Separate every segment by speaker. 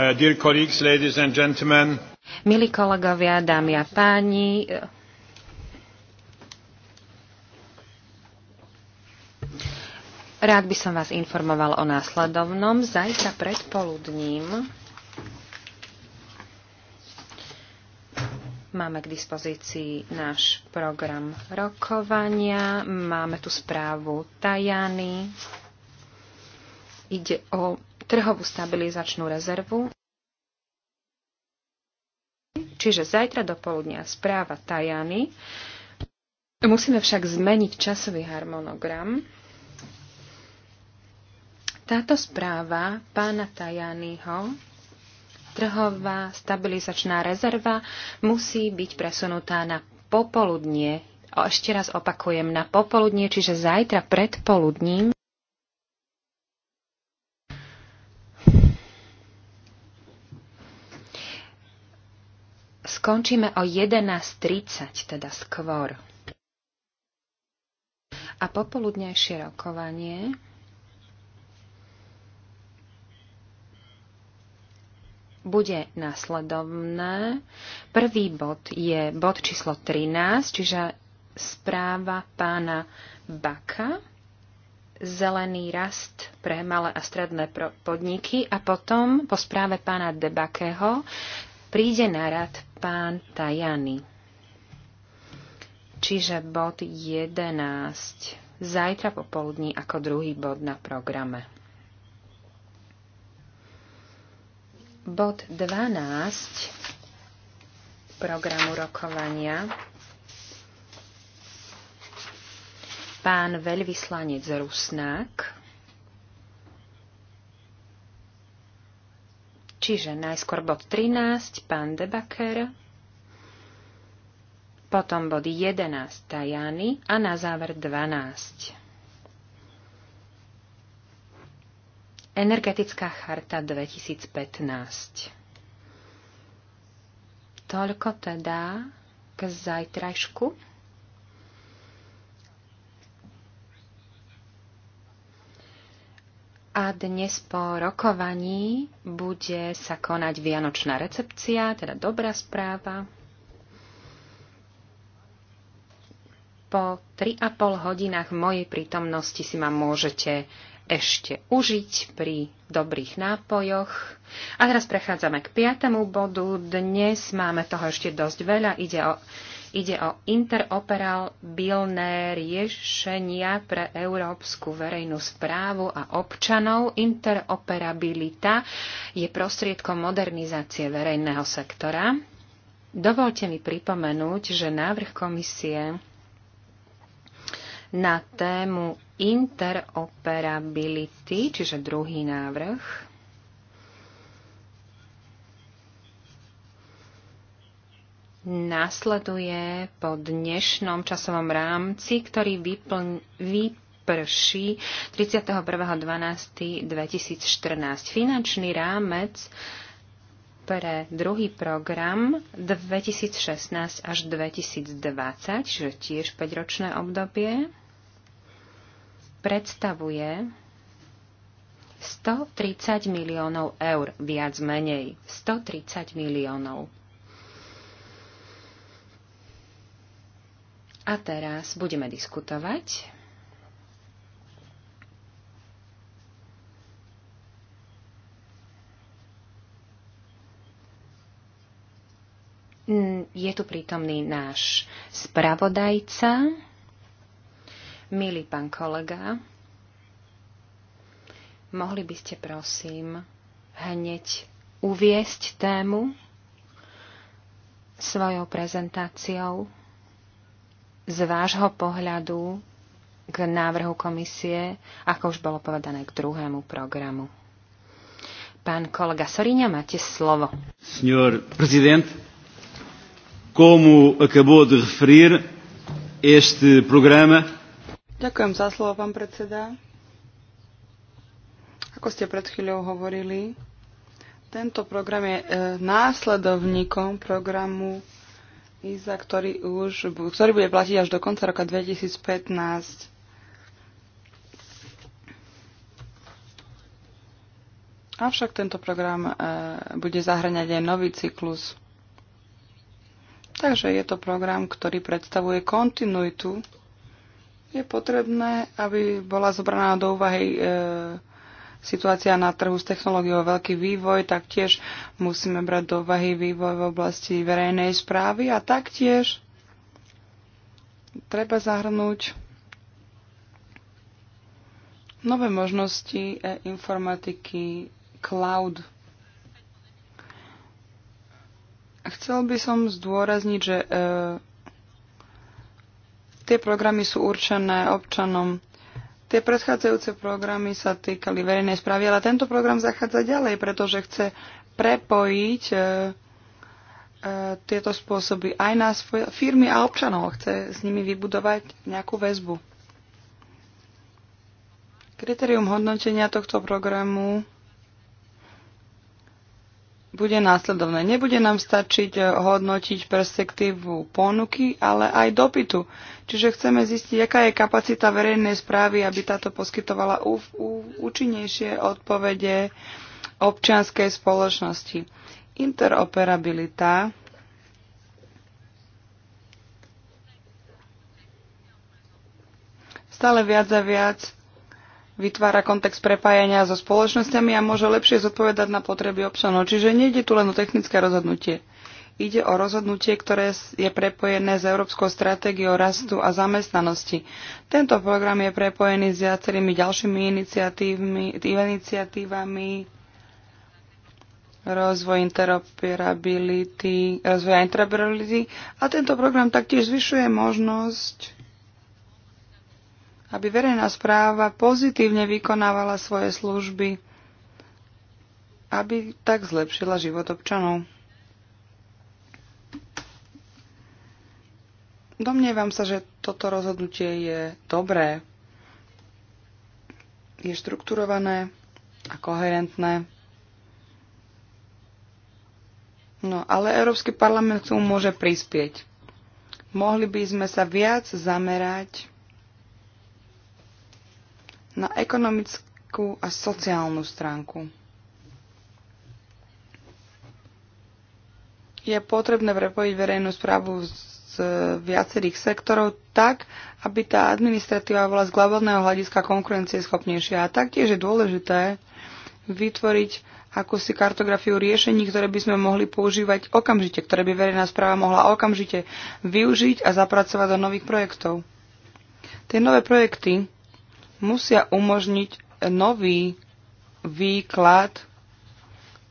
Speaker 1: Uh, dear colleagues, ladies and gentlemen.
Speaker 2: Milí kolegovia, dámy a páni, rád by som vás informoval o následovnom. Zajtra predpoludním Máme k dispozícii náš program rokovania, máme tu správu Tajany. Ide o trhovú stabilizačnú rezervu. Čiže zajtra do poludnia správa Tajany. Musíme však zmeniť časový harmonogram. Táto správa pána Tajányho, trhová stabilizačná rezerva, musí byť presunutá na popoludnie. O, ešte raz opakujem, na popoludnie, čiže zajtra predpoludním. Končíme o 11.30, teda skôr. A popoludnejšie rokovanie bude následovné. Prvý bod je bod číslo 13, čiže správa pána Baka, zelený rast pre malé a stredné podniky a potom po správe pána Debakeho príde na rad pán Tajany. Čiže bod 11. Zajtra popoludní ako druhý bod na programe. Bod 12 programu rokovania pán veľvyslanec Rusnák Čiže najskôr bod 13, pán Debaker, potom bod 11, Tajany a na záver 12. Energetická charta 2015. Toľko teda k zajtrajšku. A dnes po rokovaní bude sa konať vianočná recepcia, teda dobrá správa. Po 3,5 hodinách mojej prítomnosti si ma môžete ešte užiť pri dobrých nápojoch. A teraz prechádzame k piatému bodu. Dnes máme toho ešte dosť veľa. Ide o Ide o interoperabilné riešenia pre európsku verejnú správu a občanov. Interoperabilita je prostriedkom modernizácie verejného sektora. Dovolte mi pripomenúť, že návrh komisie na tému interoperability, čiže druhý návrh, nasleduje po dnešnom časovom rámci, ktorý vyplň, vyprší 31.12.2014. Finančný rámec pre druhý program 2016 až 2020, čiže tiež 5-ročné obdobie, predstavuje 130 miliónov eur, viac menej. 130 miliónov A teraz budeme diskutovať. Mm, je tu prítomný náš spravodajca, milý pán kolega. Mohli by ste prosím hneď uviesť tému svojou prezentáciou? z vášho pohľadu k návrhu komisie, ako už bolo povedané, k druhému programu. Pán kolega Soríňa, máte slovo.
Speaker 1: Senhor prezident, komu acabou de referir, este programa...
Speaker 3: Ďakujem za slovo, pán predseda. Ako ste pred chvíľou hovorili, tento program je e, následovníkom programu ISA, ktorý, už, ktorý bude platiť až do konca roka 2015. Avšak tento program e, bude zahrňať aj nový cyklus. Takže je to program, ktorý predstavuje kontinuitu. Je potrebné, aby bola zobraná do úvahy e, situácia na trhu s technológiou, veľký vývoj, taktiež musíme brať do vahy vývoj v oblasti verejnej správy a taktiež treba zahrnúť nové možnosti informatiky cloud. Chcel by som zdôrazniť, že e, tie programy sú určené občanom Tie predchádzajúce programy sa týkali verejnej správy, ale tento program zachádza ďalej, pretože chce prepojiť e, e, tieto spôsoby aj na svoje firmy a občanov. Chce s nimi vybudovať nejakú väzbu. Kritérium hodnotenia tohto programu bude následovné. Nebude nám stačiť eh, hodnotiť perspektívu ponuky, ale aj dopytu. Čiže chceme zistiť, aká je kapacita verejnej správy, aby táto poskytovala ú, ú, účinnejšie odpovede občianskej spoločnosti. Interoperabilita stále viac a viac vytvára kontext prepájania so spoločnosťami a môže lepšie zodpovedať na potreby občanov. Čiže nejde tu len o technické rozhodnutie. Ide o rozhodnutie, ktoré je prepojené s Európskou stratégiou rastu a zamestnanosti. Tento program je prepojený s viacerými ďalšími iniciatívami, rozvoj interoperability, rozvoja interoperability a tento program taktiež zvyšuje možnosť aby verejná správa pozitívne vykonávala svoje služby, aby tak zlepšila život občanov. Domnievam sa, že toto rozhodnutie je dobré, je štrukturované a koherentné. No, ale Európsky parlament tu môže prispieť. Mohli by sme sa viac zamerať na ekonomickú a sociálnu stránku. Je potrebné prepojiť verejnú správu z viacerých sektorov tak, aby tá administratíva bola z globálneho hľadiska konkurencieschopnejšia. A taktiež je dôležité vytvoriť akúsi kartografiu riešení, ktoré by sme mohli používať okamžite, ktoré by verejná správa mohla okamžite využiť a zapracovať do nových projektov. Tie nové projekty musia umožniť nový výklad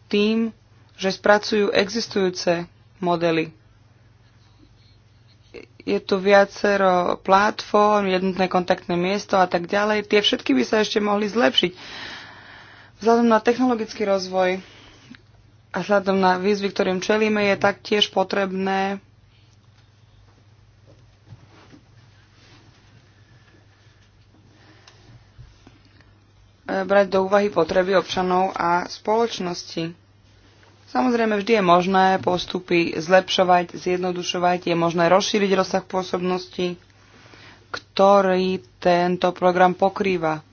Speaker 3: tým, že spracujú existujúce modely. Je tu viacero platform, jednotné kontaktné miesto a tak ďalej. Tie všetky by sa ešte mohli zlepšiť. Vzhľadom na technologický rozvoj a vzhľadom na výzvy, ktorým čelíme, je taktiež potrebné E, brať do úvahy potreby občanov a spoločnosti. Samozrejme, vždy je možné postupy zlepšovať, zjednodušovať, je možné rozšíriť rozsah pôsobnosti, ktorý tento program pokrýva.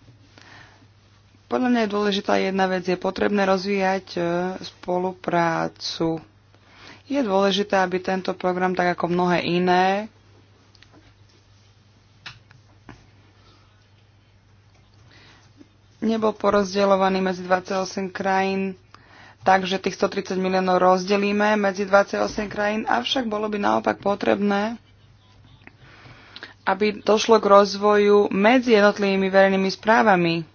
Speaker 3: Podľa mňa je dôležitá jedna vec, je potrebné rozvíjať e, spoluprácu. Je dôležité, aby tento program, tak ako mnohé iné, nebol porozdeľovaný medzi 28 krajín, takže tých 130 miliónov rozdelíme medzi 28 krajín, avšak bolo by naopak potrebné, aby došlo k rozvoju medzi jednotlivými verejnými správami.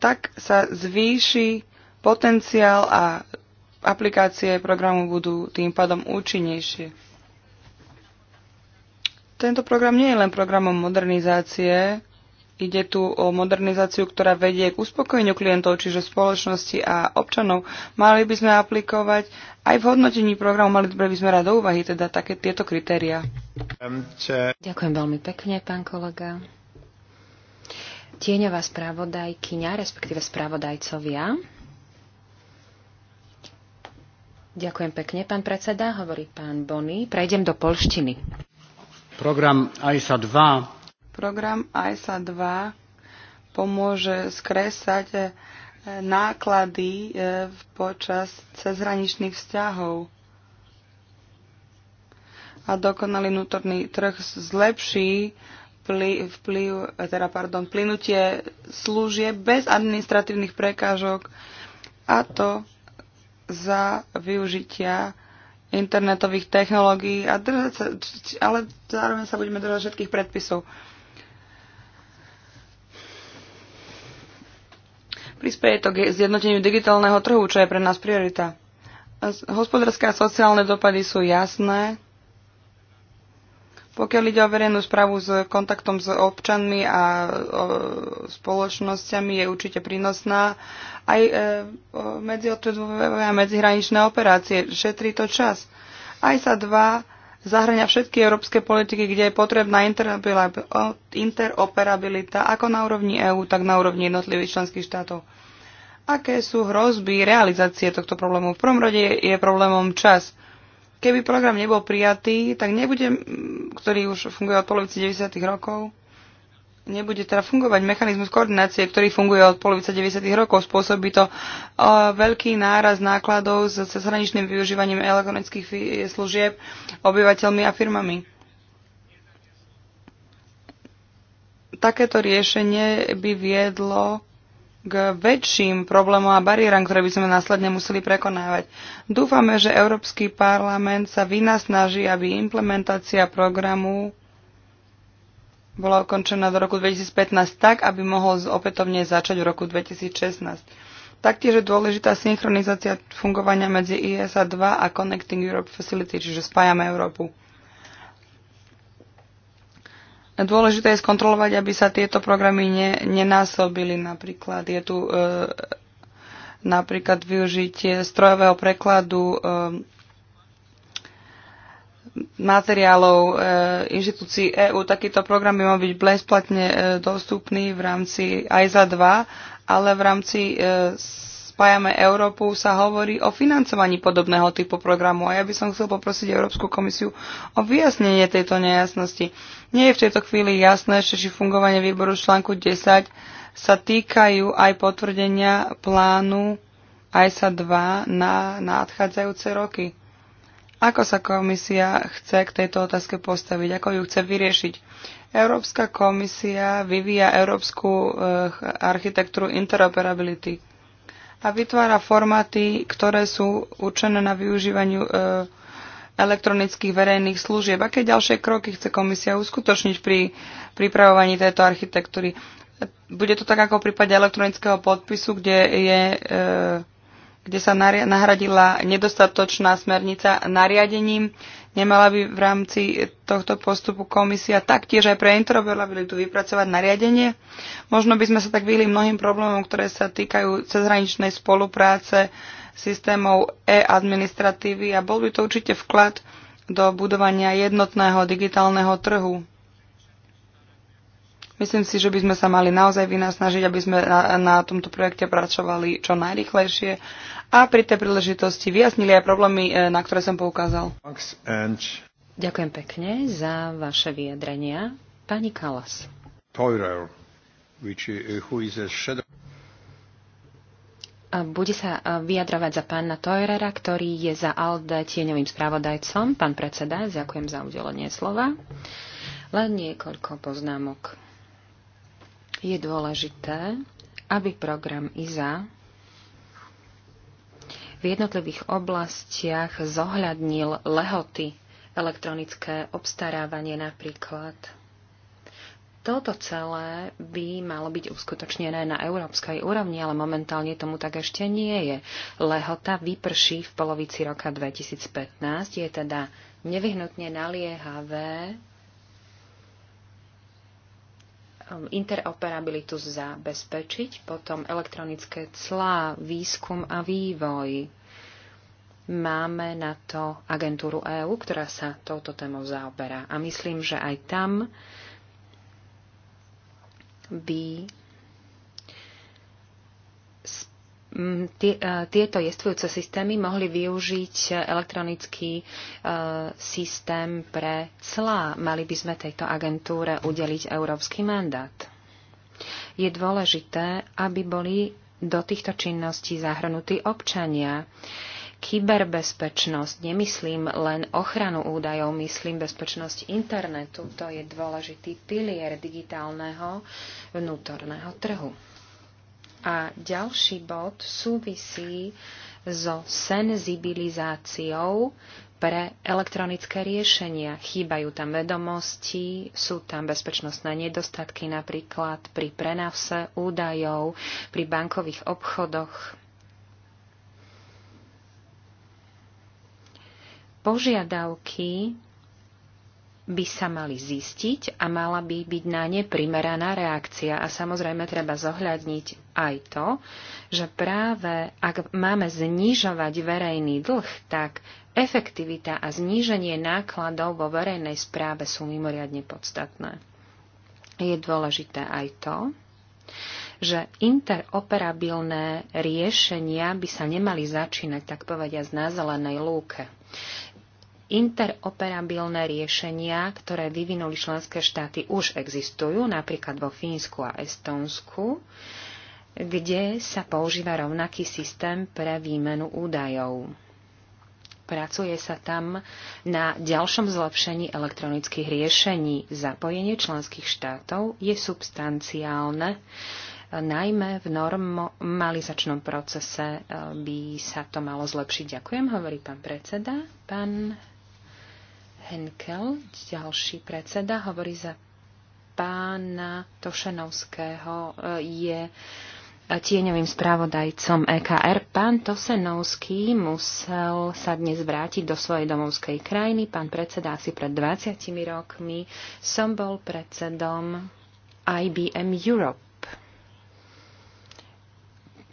Speaker 3: Tak sa zvýši potenciál a aplikácie programu budú tým pádom účinnejšie. Tento program nie je len programom modernizácie, Ide tu o modernizáciu, ktorá vedie k uspokojeniu klientov, čiže spoločnosti a občanov. Mali by sme aplikovať aj v hodnotení programu, mali by sme rať do úvahy teda také tieto kritériá. Ďakujem veľmi pekne, pán
Speaker 2: kolega. Tieňová správodajkyňa, respektíve správodajcovia. Ďakujem pekne, pán predseda,
Speaker 3: hovorí pán Bony.
Speaker 2: Prejdem do polštiny. Program ISA 2
Speaker 3: Program ISA 2 pomôže skresať e, náklady e, počas cezhraničných vzťahov a dokonalý vnútorný trh zlepší vplyv, e, teda pardon, plynutie služieb bez administratívnych prekážok a to za využitia internetových technológií, a držať sa, ale zároveň sa budeme držať všetkých predpisov. Prispieje to k zjednoteniu digitálneho trhu, čo je pre nás priorita. Hospodárske a sociálne dopady sú jasné. Pokiaľ ide o verejnú správu s kontaktom s občanmi a spoločnosťami, je určite prínosná. Aj e, a medzihraničné operácie šetrí to čas. Aj sa dva zahrania všetky európske politiky, kde je potrebná interoperabilita ako na úrovni EÚ, tak na úrovni jednotlivých členských štátov. Aké sú hrozby realizácie tohto problému? V prvom rode je problémom čas. Keby program nebol prijatý, tak nebude, ktorý už funguje od polovici 90. rokov, nebude teda fungovať mechanizmus koordinácie, ktorý funguje od polovice 90. rokov. Spôsobí to veľký náraz nákladov s cezhraničným využívaním elektronických služieb obyvateľmi a firmami. Takéto riešenie by viedlo k väčším problémom a bariéram, ktoré by sme následne museli prekonávať. Dúfame, že Európsky parlament sa vynasnaží, aby implementácia programu bola ukončená do roku 2015 tak, aby mohol opätovne začať v roku 2016. Taktiež je dôležitá synchronizácia fungovania medzi ISA 2 a Connecting Europe Facility, čiže spájame Európu. Dôležité je skontrolovať, aby sa tieto programy ne, nenásobili. Napríklad je tu e, napríklad využitie strojového prekladu e, materiálov e, inštitúcií EÚ. Takýto program by mal byť bezplatne e, dostupný v rámci ISA 2, ale v rámci e, Spájame Európu sa hovorí o financovaní podobného typu programu a ja by som chcel poprosiť Európsku komisiu o vyjasnenie tejto nejasnosti. Nie je v tejto chvíli jasné, že či fungovanie výboru článku 10 sa týkajú aj potvrdenia plánu ISA 2 na nadchádzajúce roky. Ako sa komisia chce k tejto otázke postaviť? Ako ju chce vyriešiť? Európska komisia vyvíja európsku eh, architektúru interoperability a vytvára formáty, ktoré sú určené na využívaniu eh, elektronických verejných služieb. Aké ďalšie kroky chce komisia uskutočniť pri pripravovaní tejto architektúry? Bude to tak ako v prípade elektronického podpisu, kde je eh, kde sa nahradila nedostatočná smernica nariadením. Nemala by v rámci tohto postupu komisia taktiež aj pre interoperabilitu vypracovať nariadenie? Možno by sme sa tak vyhli mnohým problémom, ktoré sa týkajú cezhraničnej spolupráce systémov e-administratívy a bol by to určite vklad do budovania jednotného digitálneho trhu. Myslím si, že by sme sa mali naozaj vynasnažiť, aby sme na, na tomto projekte pracovali čo najrychlejšie a pri tej príležitosti vyjasnili aj problémy, e, na ktoré som poukázal. Ďakujem pekne
Speaker 2: za vaše vyjadrenia.
Speaker 3: Pani Kalas.
Speaker 1: Teurer, which, e, who is a shadow...
Speaker 2: Bude sa e, vyjadrovať za pána Toirera, ktorý je za ALDE tieňovým spravodajcom. Pán predseda, ďakujem za udelenie slova. Len niekoľko poznámok je dôležité, aby program IZA v jednotlivých oblastiach zohľadnil lehoty elektronické obstarávanie napríklad. Toto celé by malo byť uskutočnené na európskej úrovni, ale momentálne tomu tak ešte nie je. Lehota vyprší v polovici roka 2015, je teda nevyhnutne naliehavé Um, interoperabilitu zabezpečiť, potom elektronické clá, výskum a vývoj. Máme na to agentúru EÚ, ktorá sa touto témou zaoberá. A myslím, že aj tam by E, tieto jestvujúce systémy mohli využiť elektronický e, systém pre clá. Mali by sme tejto agentúre udeliť európsky mandát. Je dôležité, aby boli do týchto činností zahrnutí občania. Kyberbezpečnosť, nemyslím len ochranu údajov, myslím bezpečnosť internetu. To je dôležitý pilier digitálneho vnútorného trhu. A ďalší bod súvisí so senzibilizáciou pre elektronické riešenia. Chýbajú tam vedomosti, sú tam bezpečnostné nedostatky napríklad pri prenavse údajov, pri bankových obchodoch. Požiadavky by sa mali zistiť a mala by byť na ne primeraná reakcia. A samozrejme treba zohľadniť aj to, že práve ak máme znižovať verejný dlh, tak efektivita a zníženie nákladov vo verejnej správe sú mimoriadne podstatné. Je dôležité aj to, že interoperabilné riešenia by sa nemali začínať, tak povediať, na zelenej lúke interoperabilné riešenia, ktoré vyvinuli členské štáty, už existujú, napríklad vo Fínsku a Estónsku, kde sa používa rovnaký systém pre výmenu údajov. Pracuje sa tam na ďalšom zlepšení elektronických riešení. Zapojenie členských štátov je substanciálne, najmä v normalizačnom procese eh, by sa to malo zlepšiť. Ďakujem, hovorí pán predseda. Pán Henkel, ďalší predseda, hovorí za pána Tošenovského, e, je tieňovým správodajcom EKR. Pán Tosenovský musel sa dnes vrátiť do svojej domovskej krajiny. Pán predseda, asi pred 20 rokmi som bol predsedom IBM Europe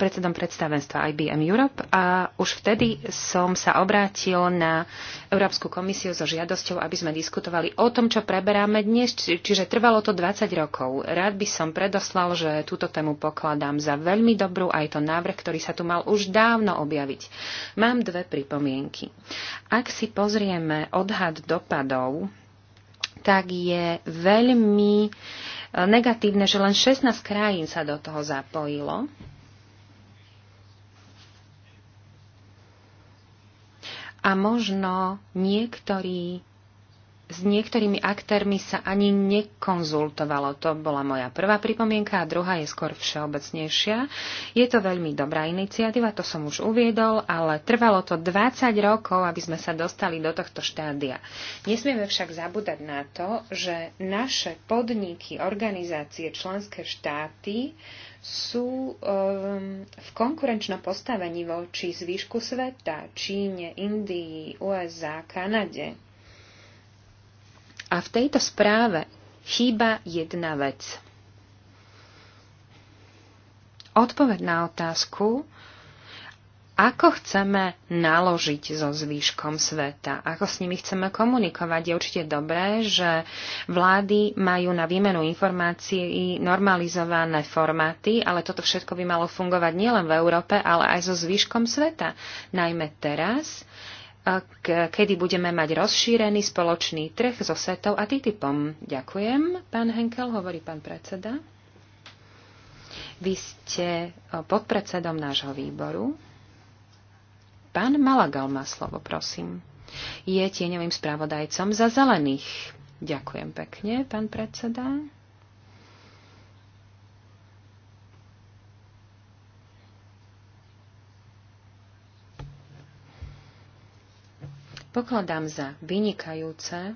Speaker 2: predsedom predstavenstva IBM Europe a už vtedy som sa obrátil na Európsku komisiu so žiadosťou, aby sme diskutovali o tom, čo preberáme dnes, čiže trvalo to 20 rokov. Rád by som predoslal, že túto tému pokladám za veľmi dobrú a je to návrh, ktorý sa tu mal už dávno objaviť. Mám dve pripomienky. Ak si pozrieme odhad dopadov, tak je veľmi eh, negatívne, že len 16 krajín sa do toho zapojilo a možno niektorí s niektorými aktérmi sa ani nekonzultovalo. To bola moja prvá pripomienka a druhá je skôr všeobecnejšia. Je to veľmi dobrá iniciatíva, to som už uviedol, ale trvalo to 20 rokov, aby sme sa dostali do tohto štádia. Nesmieme však zabúdať na to, že naše podniky, organizácie, členské štáty sú ehm, v konkurenčnom postavení voči zvýšku sveta, Číne, Indii, USA, Kanade. A v tejto správe chýba jedna vec. Odpoveď na otázku, ako chceme naložiť so zvýškom sveta, ako s nimi chceme komunikovať. Je určite dobré, že vlády majú na výmenu informácií normalizované formáty, ale toto všetko by malo fungovať nielen v Európe, ale aj so zvýškom sveta. Najmä teraz, kedy budeme mať rozšírený spoločný trh so setou a TTIPom. Ďakujem, pán Henkel, hovorí pán predseda. Vy ste podpredsedom nášho výboru. Pán Malagal má slovo, prosím. Je tieňovým správodajcom za zelených. Ďakujem pekne, pán predseda. Pokladám za vynikajúce,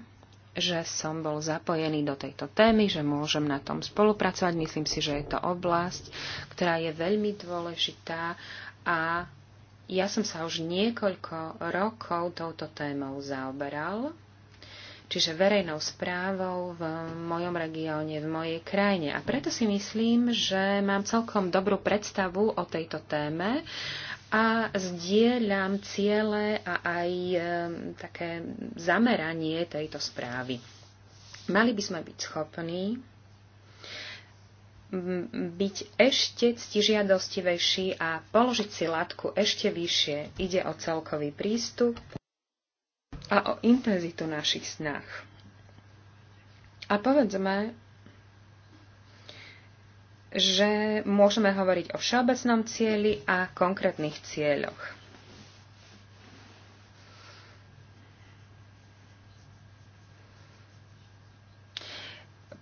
Speaker 2: že som bol zapojený do tejto témy, že môžem na tom spolupracovať. Myslím si, že je to oblasť, ktorá je veľmi dôležitá a ja som sa už niekoľko rokov touto témou zaoberal, čiže verejnou správou v mojom regióne, v mojej krajine. A preto si myslím, že mám celkom dobrú predstavu o tejto téme a zdieľam ciele a aj e, také zameranie tejto správy. Mali by sme byť schopní byť ešte ctižiadostivejší a položiť si látku ešte vyššie. Ide o celkový prístup a o intenzitu našich snách. A povedzme, že môžeme hovoriť o všeobecnom cieli a konkrétnych cieľoch.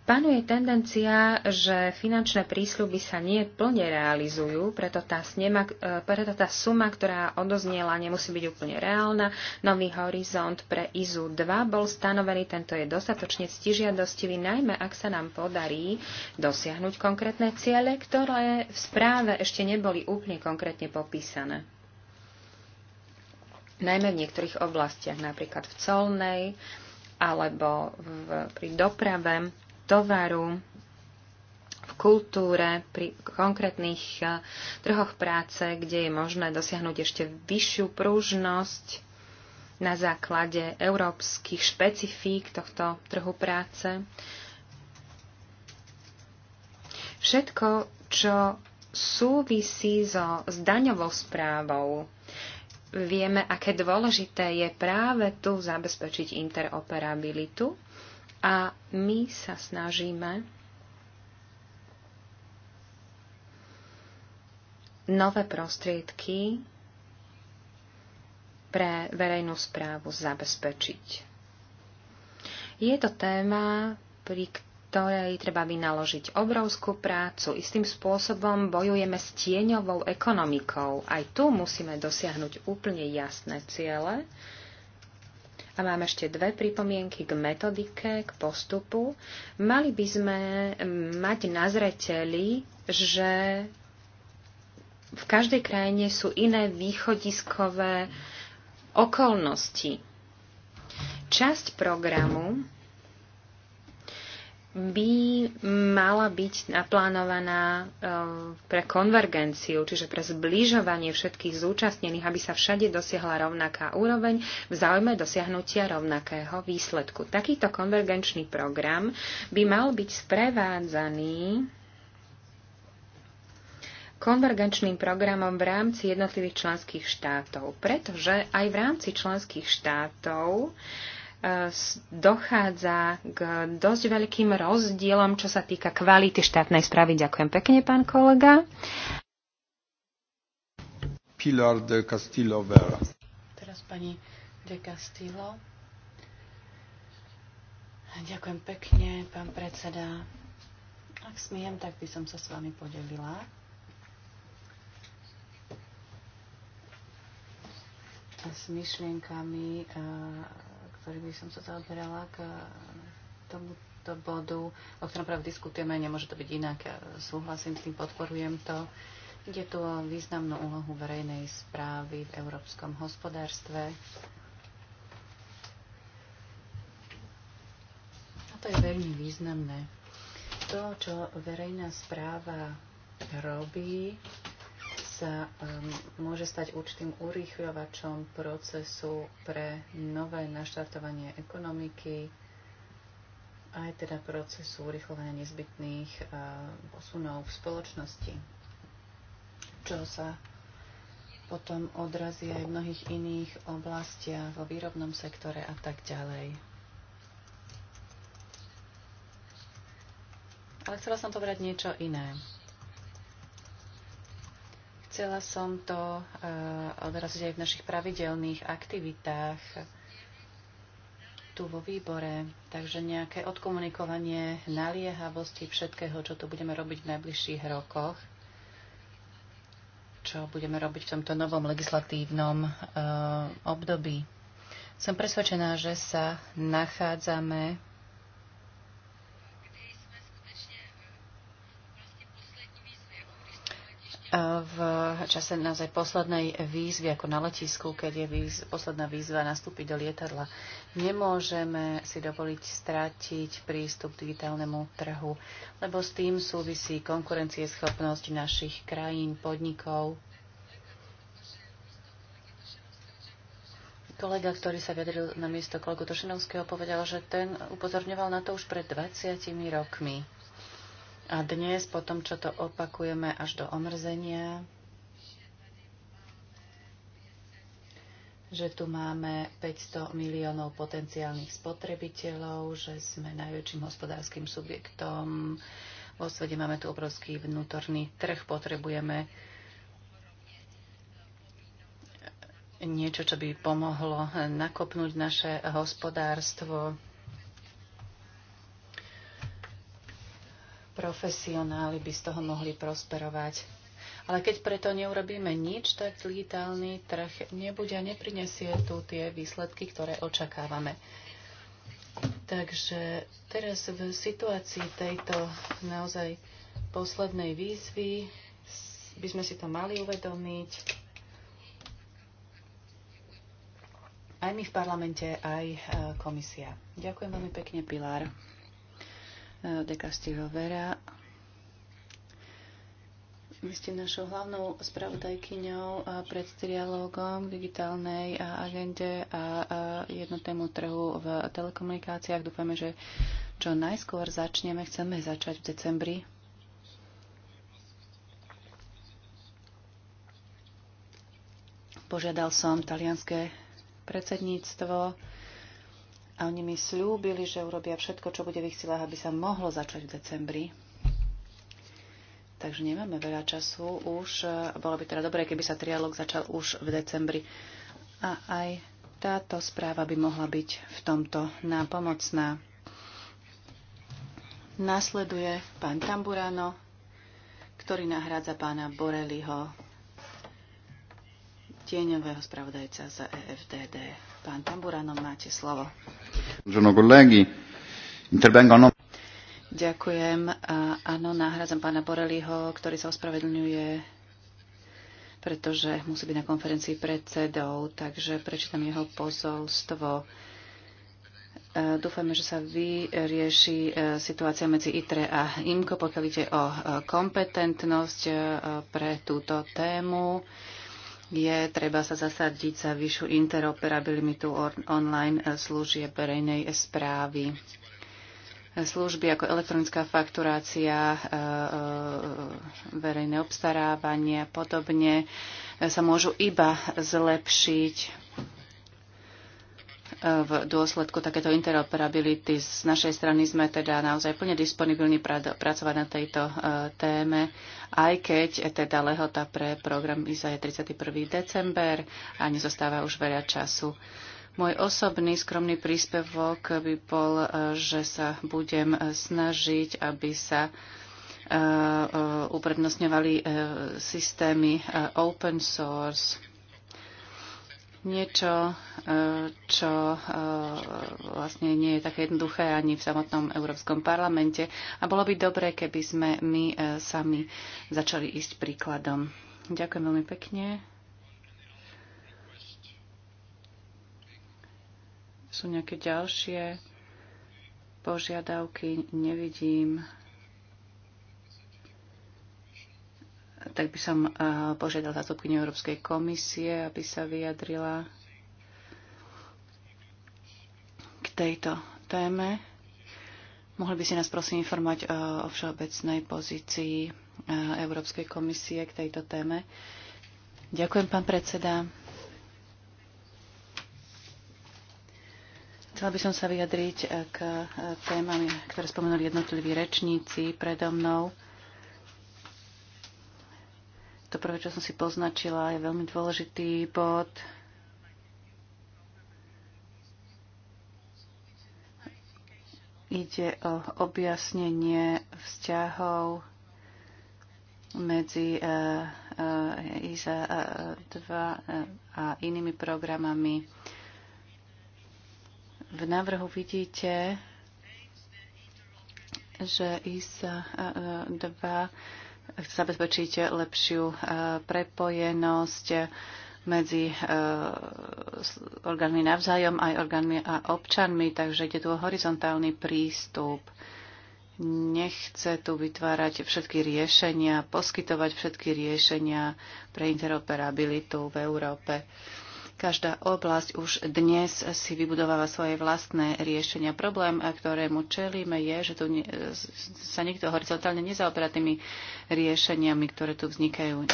Speaker 2: Panuje tendencia, že finančné prísľuby sa nie plne realizujú, preto tá, snema, e, preto tá suma, ktorá odozniela, nemusí byť úplne reálna. Nový horizont pre IZU 2 bol stanovený, tento je dostatočne stižiadostivý, najmä ak sa nám podarí dosiahnuť konkrétne ciele, ktoré v správe ešte neboli úplne konkrétne popísané. Najmä v niektorých oblastiach, napríklad v colnej alebo v, pri doprave tovaru, v kultúre, pri konkrétnych e, trhoch práce, kde je možné dosiahnuť ešte vyššiu prúžnosť na základe európskych špecifík tohto trhu práce. Všetko, čo súvisí so zdaňovou správou, vieme, aké dôležité je práve tu zabezpečiť interoperabilitu a my sa snažíme nové prostriedky pre verejnú správu zabezpečiť. Je to téma, pri ktorej treba vynaložiť obrovskú prácu. Istým spôsobom bojujeme s tieňovou ekonomikou. Aj tu musíme dosiahnuť úplne jasné ciele, a mám ešte dve pripomienky k metodike, k postupu. Mali by sme mm, mať na zreteli, že v každej krajine sú iné východiskové okolnosti. Časť programu by mala byť naplánovaná eh, pre konvergenciu, čiže pre zbližovanie všetkých zúčastnených, aby sa všade dosiahla rovnaká úroveň v záujme dosiahnutia rovnakého výsledku. Takýto konvergenčný program by mal byť sprevádzaný konvergenčným programom v rámci jednotlivých členských štátov, pretože aj v rámci členských štátov uh, E, dochádza k dosť veľkým rozdielom, čo sa týka kvality štátnej správy. Ďakujem pekne, pán kolega.
Speaker 1: Pilar de Castillo Vera.
Speaker 4: Teraz pani de Castillo. Ďakujem pekne, pán predseda. Ak smiem, tak by som sa s vami podelila s myšlienkami ktorý by som sa zaoberala k e, tomuto bodu, o ktorom práve diskutujeme, nemôže to byť inak. Súhlasím s tým, podporujem to. Ide tu o významnú úlohu verejnej správy v európskom hospodárstve. A to je veľmi významné. To, čo verejná správa robí, sa um, môže stať určitým urýchľovačom procesu pre nové naštartovanie ekonomiky, aj teda procesu urýchľovania nezbytných uh, posunov v spoločnosti, čo sa potom odrazí aj v mnohých iných oblastiach, vo výrobnom sektore a tak ďalej. Ale chcela som povedať niečo iné. Chcela som to eh, odraziť aj v našich pravidelných aktivitách tu vo výbore, takže nejaké odkomunikovanie naliehavosti všetkého, čo tu budeme robiť v najbližších rokoch, čo budeme robiť v tomto novom legislatívnom uh, období. Som presvedčená, že sa nachádzame v čase naozaj poslednej výzvy, ako na letisku, keď je výz, posledná výzva nastúpiť do lietadla. Nemôžeme si dovoliť stratiť prístup k digitálnemu trhu, lebo s tým súvisí konkurencieschopnosť našich krajín, podnikov. Kolega, ktorý sa vyjadril na miesto kolegu Tošinovského, povedal, že ten upozorňoval na to už pred 20 rokmi. A dnes, po tom, čo to opakujeme až do omrzenia, že tu máme 500 miliónov potenciálnych spotrebiteľov, že sme najväčším hospodárskym subjektom. Vo svete máme tu obrovský vnútorný trh, potrebujeme niečo, čo by pomohlo nakopnúť naše hospodárstvo. profesionáli by z toho mohli prosperovať. Ale keď preto neurobíme nič, tak digitálny trh nebude a neprinesie tu tie výsledky, ktoré očakávame. Takže teraz v situácii tejto naozaj poslednej výzvy by sme si to mali uvedomiť. Aj my v parlamente, aj e, komisia. Ďakujem veľmi pekne, Pilár. Eh, de Castillo Vera. Vy ste našou hlavnou spravodajkyňou eh, pred trialógom k digitálnej eh, agende a jednotnému trhu v telekomunikáciách. Dúfame, že čo najskôr začneme. Chceme začať v decembri. Požiadal som talianské predsedníctvo a oni mi slúbili, že urobia všetko, čo bude v ich silách, aby sa mohlo začať v decembri. Takže nemáme veľa času už. Bolo by teda dobré, keby sa trialog začal už v decembri. A aj táto správa by mohla byť v tomto nápomocná. Nasleduje pán Tamburano, ktorý nahrádza pána Boreliho, tieňového spravodajca za EFDD. Pán Tamburano, máte slovo. Ďakujem. Áno, náhradzam pána Boreliho, ktorý sa ospravedlňuje, pretože musí byť na konferencii predsedov, takže prečítam jeho pozolstvo. E, Dúfame, že sa vyrieši e, situácia medzi ITRE a IMKO, pokiaľ ide o e, kompetentnosť pre túto tému je treba sa zasadiť za vyššiu interoperabilitu online eh, služieb verejnej správy. Služby ako elektronická fakturácia, eh, eh, verejné obstarávanie a podobne sa môžu iba zlepšiť v dôsledku takéto interoperability. Z našej strany sme teda naozaj plne disponibilní pracovať na tejto e, téme, aj keď teda lehota pre program ISA je 31. december a nezostáva už veľa času. Môj osobný skromný príspevok by bol, e, že sa budem e, snažiť, aby sa uprednostňovali systémy open source niečo, e, čo e, vlastne nie je také jednoduché ani v samotnom Európskom parlamente. A bolo by dobré, keby sme my e, sami začali ísť príkladom. Ďakujem veľmi pekne. Sú nejaké ďalšie požiadavky? Nevidím. tak by som eh, požiadal zástupkyňu Európskej komisie, aby sa vyjadrila k tejto téme. Mohli by si nás prosím informovať eh, o všeobecnej pozícii eh, Európskej komisie k tejto téme. Ďakujem, pán predseda. Chcela by som sa vyjadriť k témam, ktoré spomenuli jednotliví rečníci predo mnou. To prvé, čo som si poznačila, je veľmi dôležitý bod. Ide o objasnenie vzťahov medzi eh, eh, ISA 2 eh, a inými programami. V návrhu vidíte, že ISA 2 zabezpečiť lepšiu e, prepojenosť medzi e, orgánmi navzájom aj orgánmi a občanmi, takže ide tu o horizontálny prístup. Nechce tu vytvárať všetky riešenia, poskytovať všetky riešenia pre interoperabilitu v Európe. Každá oblasť už dnes si vybudováva svoje vlastné riešenia. Problém, ktorému čelíme, je, že tu sa nikto horizontálne nezaoberá tými riešeniami, ktoré tu vznikajú.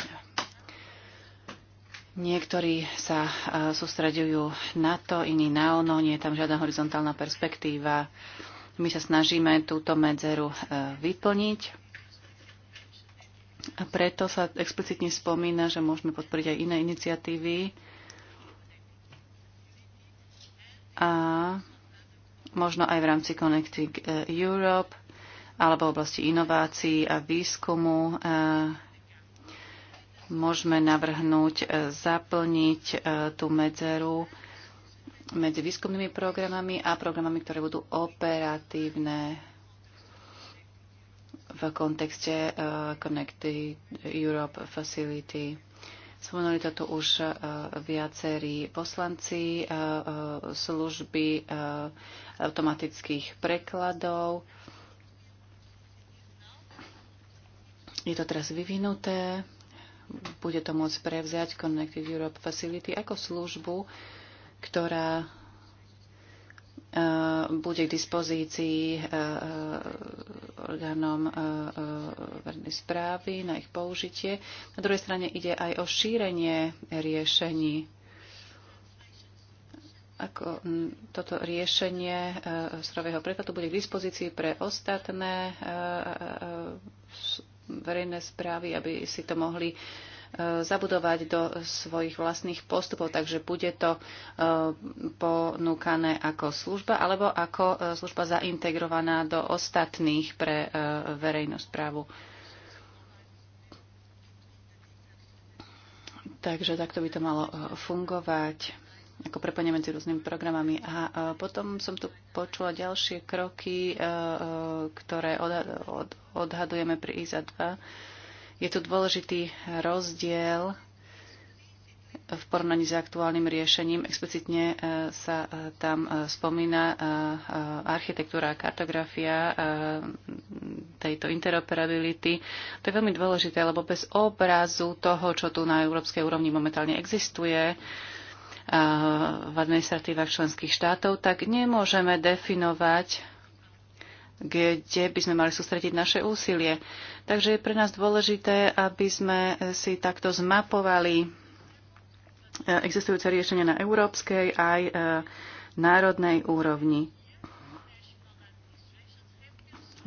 Speaker 4: Niektorí sa e, sústreďujú na to, iní na ono, nie je tam žiadna horizontálna perspektíva. My sa snažíme túto medzeru e, vyplniť. A preto sa explicitne spomína, že môžeme podporiť aj iné iniciatívy, a možno aj v rámci Connecting eh, Europe alebo v oblasti inovácií a výskumu eh, môžeme navrhnúť eh, zaplniť tú medzeru medzi výskumnými programami a programami, ktoré budú operatívne v kontekste Connected Europe Facility. Spomenuli to tu už e, viacerí poslanci, e, e, služby automatických prekladov. Je to teraz vyvinuté, bude to môcť prevziať Connected Europe Facility ako službu, ktorá E, bude k dispozícii e, e, orgánom verejnej správy na ich použitie. Na druhej strane ide aj o šírenie riešení. Ako toto riešenie strojového prekladu bude k dispozícii pre ostatné verejné správy, aby si to mohli zabudovať do svojich vlastných postupov, takže bude to e, ponúkané ako služba alebo ako e, služba zaintegrovaná do ostatných pre e, verejnú správu. Takže takto by to malo fungovať ako prepojenie medzi rôznymi programami. A potom som tu počula ďalšie kroky, ktoré odhadujeme pri ISA 2 je tu dôležitý rozdiel v porovnaní s aktuálnym riešením. Explicitne e, sa e, tam e, spomína architektúra a kartografia tejto interoperability. To je veľmi dôležité, lebo bez obrazu toho, čo tu na európskej úrovni momentálne existuje, v administratívach členských štátov, tak nemôžeme definovať kde by sme mali sústrediť naše úsilie. Takže je pre nás dôležité, aby sme si takto zmapovali e, existujúce riešenia na európskej aj e, národnej úrovni.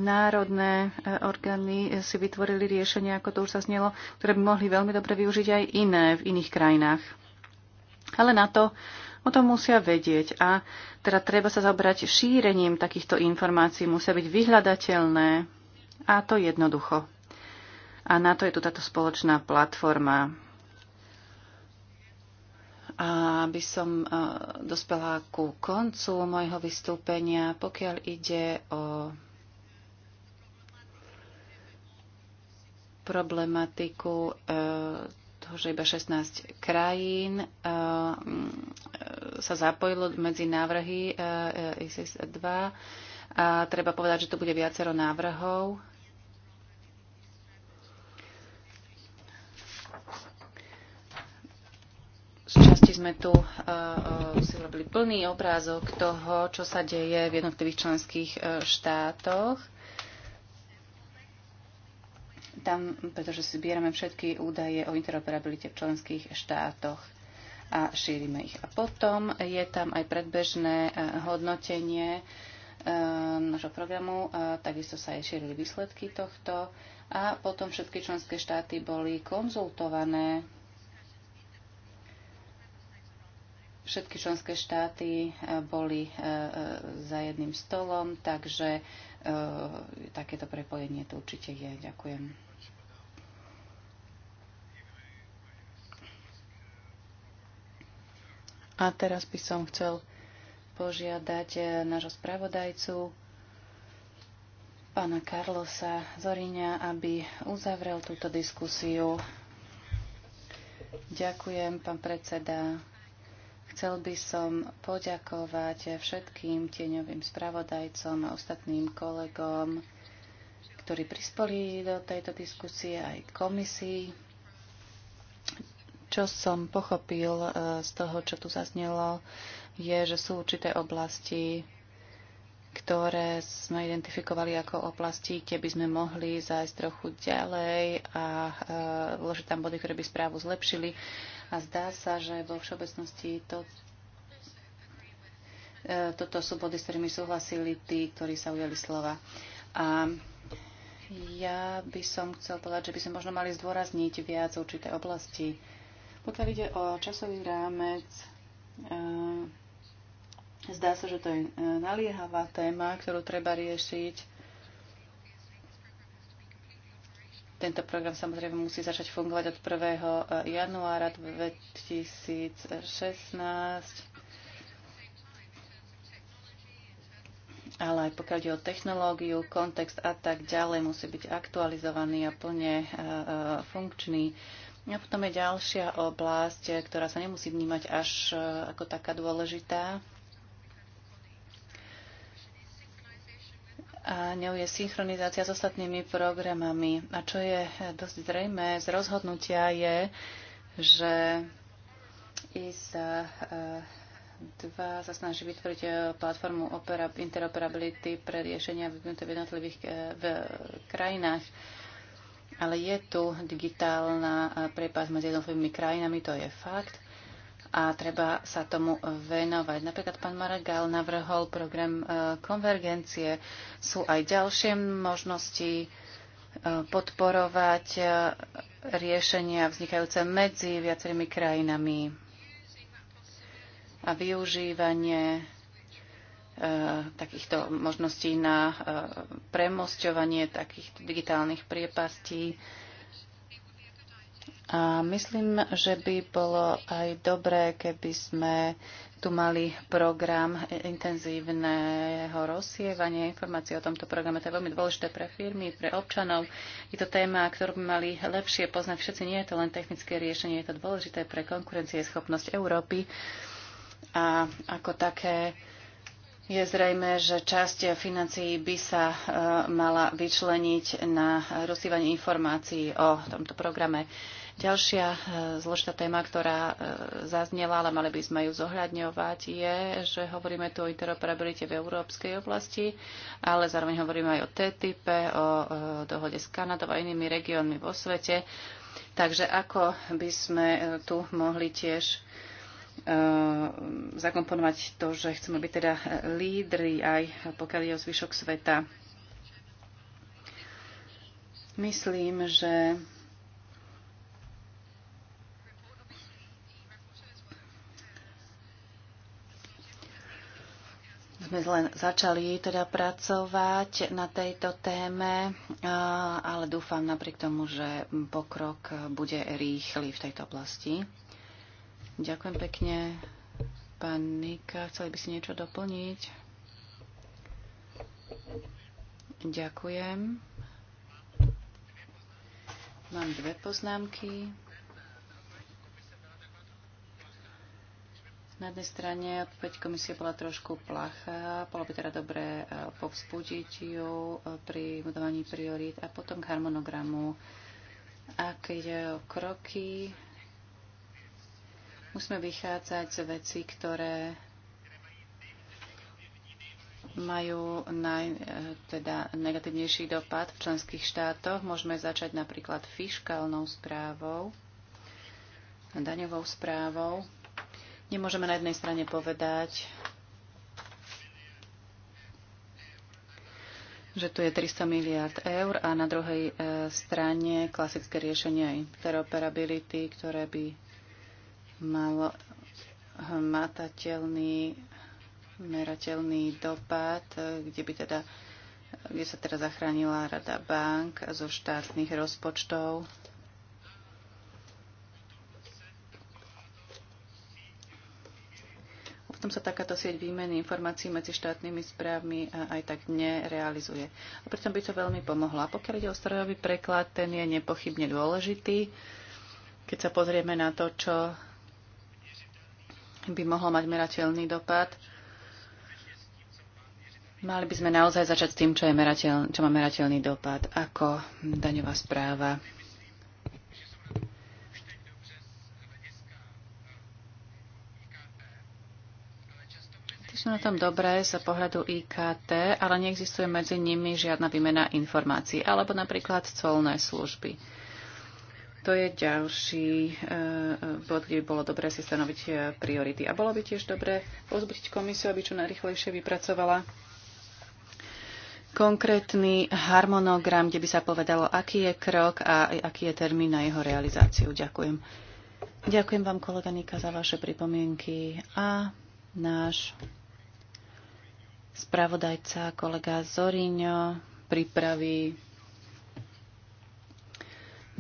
Speaker 4: Národné e, orgány si vytvorili riešenia, ako to už sa znelo, ktoré by mohli veľmi dobre využiť aj iné v iných krajinách. Ale na to O tom musia vedieť a teda treba sa zabrať šírením takýchto informácií, musia byť vyhľadateľné a to jednoducho. A na to je tu táto spoločná platforma. A aby som e, dospela ku koncu môjho vystúpenia, pokiaľ ide o problematiku e, toho, že iba 16 krajín eh, mm, sa zapojilo medzi návrhy eh, ISIS-2. A treba povedať, že tu bude viacero návrhov. Z časti sme tu uh, si robili plný obrázok toho, čo sa deje v jednotlivých členských štátoch tam, pretože si zbierame všetky údaje o interoperabilite v členských štátoch a šírime ich. A potom je tam aj predbežné eh, hodnotenie eh, nášho programu, takisto sa aj šírili výsledky tohto a potom všetky členské štáty boli konzultované. Všetky členské štáty eh, boli za jedným stolom, takže takéto prepojenie tu určite je. Ďakujem. A teraz by som chcel požiadať eh, nášho spravodajcu, pána Carlosa Zoriňa, aby uzavrel túto diskusiu. Ďakujem, pán predseda. Chcel by som poďakovať všetkým tieňovým spravodajcom a ostatným kolegom, ktorí prispolí do tejto diskusie aj komisii čo som pochopil e, z toho, čo tu zaznelo, je, že sú určité oblasti, ktoré sme identifikovali ako oblasti, kde by sme mohli zájsť trochu ďalej a e, vložiť tam body, ktoré by správu zlepšili. A zdá sa, že vo všeobecnosti to, e, toto sú body, s ktorými súhlasili tí, ktorí sa ujeli slova. A ja by som chcel povedať, že by sme možno mali zdôrazniť viac určité oblasti. Pokiaľ ide o časový rámec, e, zdá sa, že to je e, naliehavá téma, ktorú treba riešiť. Tento program samozrejme musí začať fungovať od 1. E, januára 2016. ale aj pokiaľ ide o technológiu, kontext a tak ďalej, musí byť aktualizovaný a plne funkčný. A potom je ďalšia oblasť, ktorá sa nemusí vnímať až e, ako taká dôležitá. A ňou je synchronizácia s ostatnými programami. A čo je e, dosť zrejme z rozhodnutia je, že ISA 2 e, sa snaží vytvoriť platformu interoperability pre riešenia vyvinuté v jednotlivých v krajinách ale je tu digitálna prepas medzi jednotlivými krajinami, to je fakt a treba sa tomu venovať. Napríklad pán Maragal navrhol program e, konvergencie. Sú aj ďalšie možnosti e, podporovať e, riešenia vznikajúce medzi viacerými krajinami a využívanie Eh, takýchto možností na eh, premosťovanie takých digitálnych priepastí. A myslím, že by bolo aj dobré, keby sme tu mali program intenzívneho rozsievania informácií o tomto programe. To je veľmi dôležité pre firmy, pre občanov. Je to téma, ktorú by mali lepšie poznať všetci. Nie je to len technické riešenie, je to dôležité pre konkurencieschopnosť Európy a ako také je zrejme, že časť financií by sa e, mala vyčleniť na rozsývanie informácií o tomto programe. Ďalšia e, zložitá téma, ktorá e, zaznela, ale mali by sme ju zohľadňovať, je, že hovoríme tu o interoperabilite v európskej oblasti, ale zároveň hovoríme aj o TTIP, o dohode s Kanadou a inými regiónmi vo svete. Takže ako by sme tu mohli tiež Eh, zakomponovať to, že chceme byť teda lídry aj pokiaľ je o zvyšok sveta. Myslím, že sme len začali teda pracovať na tejto téme, eh, ale dúfam napriek tomu, že pokrok bude rýchly v tejto oblasti. Ďakujem pekne. Pán Nika, chceli by si niečo doplniť? Ďakujem. Mám dve poznámky. Na jednej strane odpäť komisie bola trošku plachá, bolo by teda dobré e, povzbudiť ju e, pri budovaní priorít a potom k harmonogramu. Aké je o kroky, Musíme vychádzať z veci, ktoré majú naj, e, teda negatívnejší dopad v členských štátoch. Môžeme začať napríklad fiškálnou správou, daňovou správou. Nemôžeme na jednej strane povedať, že tu je 300 miliard eur a na druhej e, strane klasické riešenie interoperability, ktoré by malo hmatateľný, merateľný dopad, kde by teda kde sa teda zachránila Rada bank zo štátnych rozpočtov. potom sa takáto sieť výmeny informácií medzi štátnymi správmi aj tak nerealizuje. A preto by to veľmi pomohlo. A pokiaľ ide o strojový preklad, ten je nepochybne dôležitý. Keď sa pozrieme na to, čo by mohlo mať merateľný dopad. Mali by sme naozaj začať s tým, čo, je merateľ, čo má merateľný dopad, ako daňová správa. Tí sú na tom dobré z pohľadu IKT, ale neexistuje medzi nimi žiadna výmena informácií, alebo napríklad colné služby. To je ďalší eh, bod, kde by bolo dobré si stanoviť eh, priority. A bolo by tiež dobré pozbudiť komisiu, aby čo najrychlejšie vypracovala konkrétny harmonogram, kde by sa povedalo, aký je krok a aký je termín na jeho realizáciu. Ďakujem. Ďakujem vám, kolega Nika, za vaše pripomienky a náš spravodajca, kolega Zoriňo, pripraví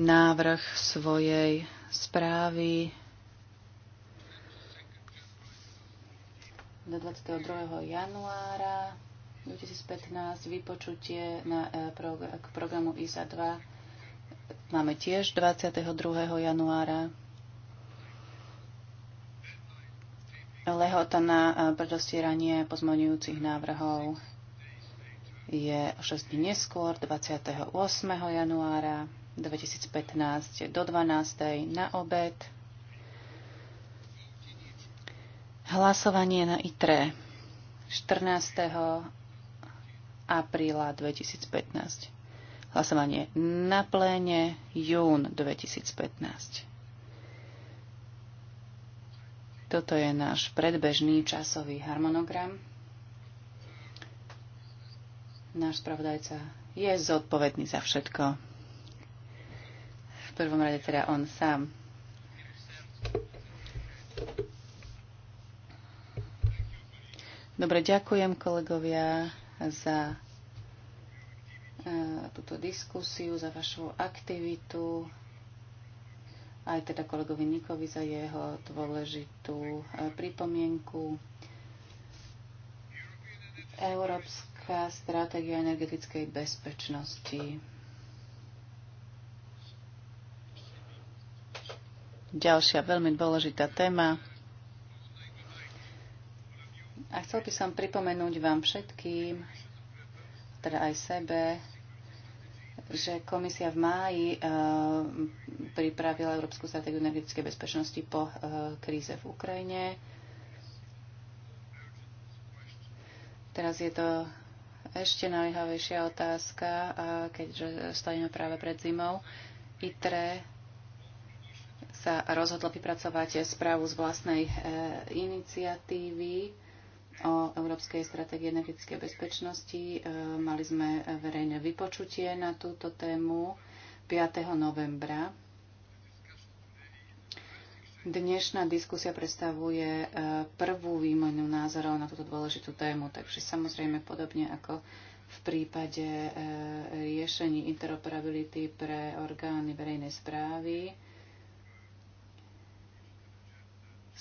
Speaker 4: návrh svojej správy do 22. januára 2015 vypočutie na, e, k programu ISA 2 máme tiež 22. januára. Lehota na e, predostieranie pozmoňujúcich návrhov je 6 dní neskôr, 28. januára. 2015 do 12. na obed. Hlasovanie na ITRE 14. apríla 2015. Hlasovanie na pléne jún 2015. Toto je náš predbežný časový harmonogram. Náš spravodajca je zodpovedný za všetko prvom rade teda on sám. Dobre, ďakujem kolegovia za eh, túto diskusiu, za vašu aktivitu, aj teda kolegovi Nikovi za jeho dôležitú eh, pripomienku. Európska stratégia energetickej bezpečnosti. Ďalšia veľmi dôležitá téma. A chcel by som pripomenúť vám všetkým, teda aj sebe, že komisia v máji e, pripravila Európsku stratégiu energetickej bezpečnosti po e, kríze v Ukrajine. Teraz je to ešte naliehavejšia otázka, keďže stojíme práve pred zimou. ITRE sa rozhodlo vypracovať správu z vlastnej e, iniciatívy o Európskej stratégie energetickej bezpečnosti. E, mali sme verejné vypočutie na túto tému 5. novembra. Dnešná diskusia predstavuje e, prvú výmenu názorov na túto dôležitú tému, takže samozrejme podobne ako v prípade riešení interoperability pre orgány verejnej správy,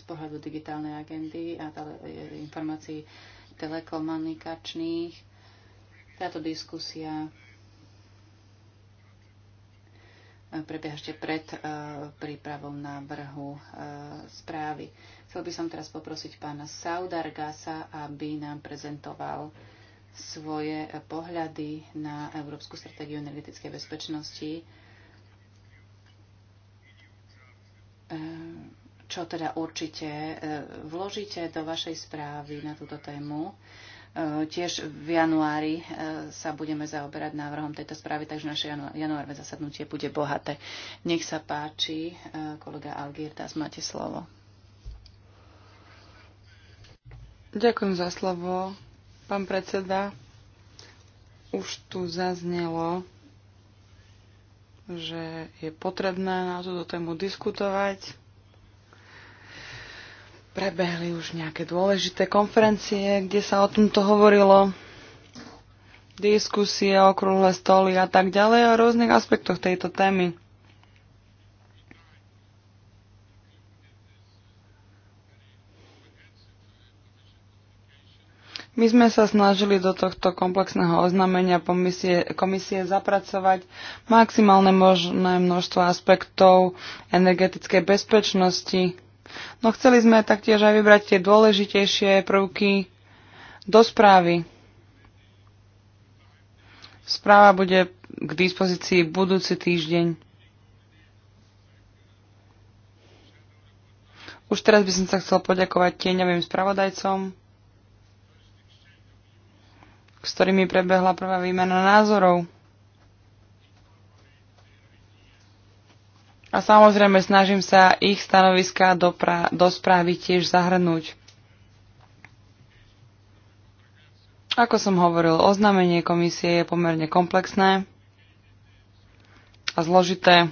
Speaker 4: z pohľadu digitálnej agendy a informácií telekomunikačných. Táto diskusia prebieha ešte pred e, prípravou návrhu e, správy. Chcel by som teraz poprosiť pána Saudargasa, aby nám prezentoval svoje pohľady na Európsku stratégiu energetickej bezpečnosti. E, čo teda určite e, vložíte do vašej správy na túto tému. E, tiež v januári e, sa budeme zaoberať návrhom tejto správy, takže naše januárové zasadnutie bude bohaté. Nech sa páči, kolega Algirdas, máte slovo.
Speaker 3: Ďakujem za slovo, pán predseda. Už tu zaznelo, že je potrebné na túto tému diskutovať. Prebehli už nejaké dôležité konferencie, kde sa o tomto hovorilo, diskusie, okrúhle stoly a tak ďalej o rôznych aspektoch tejto témy. My sme sa snažili do tohto komplexného oznámenia komisie, komisie zapracovať maximálne možné množstvo aspektov energetickej bezpečnosti, No chceli sme taktiež aj vybrať tie dôležitejšie prvky do správy. Správa bude k dispozícii budúci týždeň. Už teraz by som sa chcel poďakovať tieňovým spravodajcom, s ktorými prebehla prvá výmena názorov. A samozrejme snažím sa ich stanoviská do, pra- do správy tiež zahrnúť. Ako som hovoril, oznámenie komisie je pomerne komplexné a zložité.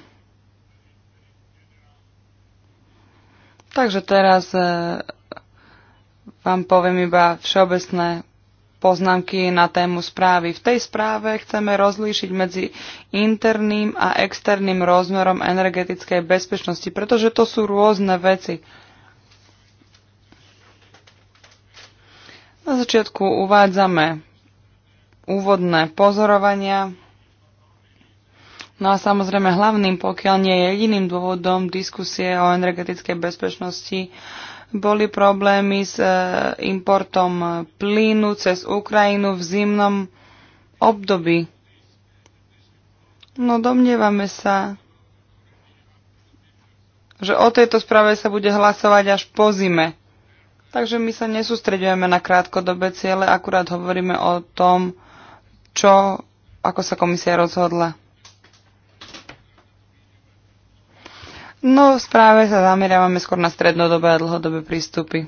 Speaker 3: Takže teraz e, vám poviem iba všeobecné poznámky na tému správy. V tej správe chceme rozlíšiť medzi interným a externým rozmerom energetickej bezpečnosti, pretože to sú rôzne veci. Na začiatku uvádzame úvodné pozorovania. No a samozrejme hlavným, pokiaľ nie je jediným dôvodom diskusie o energetickej bezpečnosti, uh, boli problémy s e, importom e, plynu cez Ukrajinu v zimnom období. No domnievame sa, že o tejto správe sa bude hlasovať až po zime. Takže my sa nesústredujeme na krátkodobé ciele, akurát hovoríme o tom, čo, ako sa komisia rozhodla. No, v správe sa zameriavame skôr na strednodobé a dlhodobé prístupy.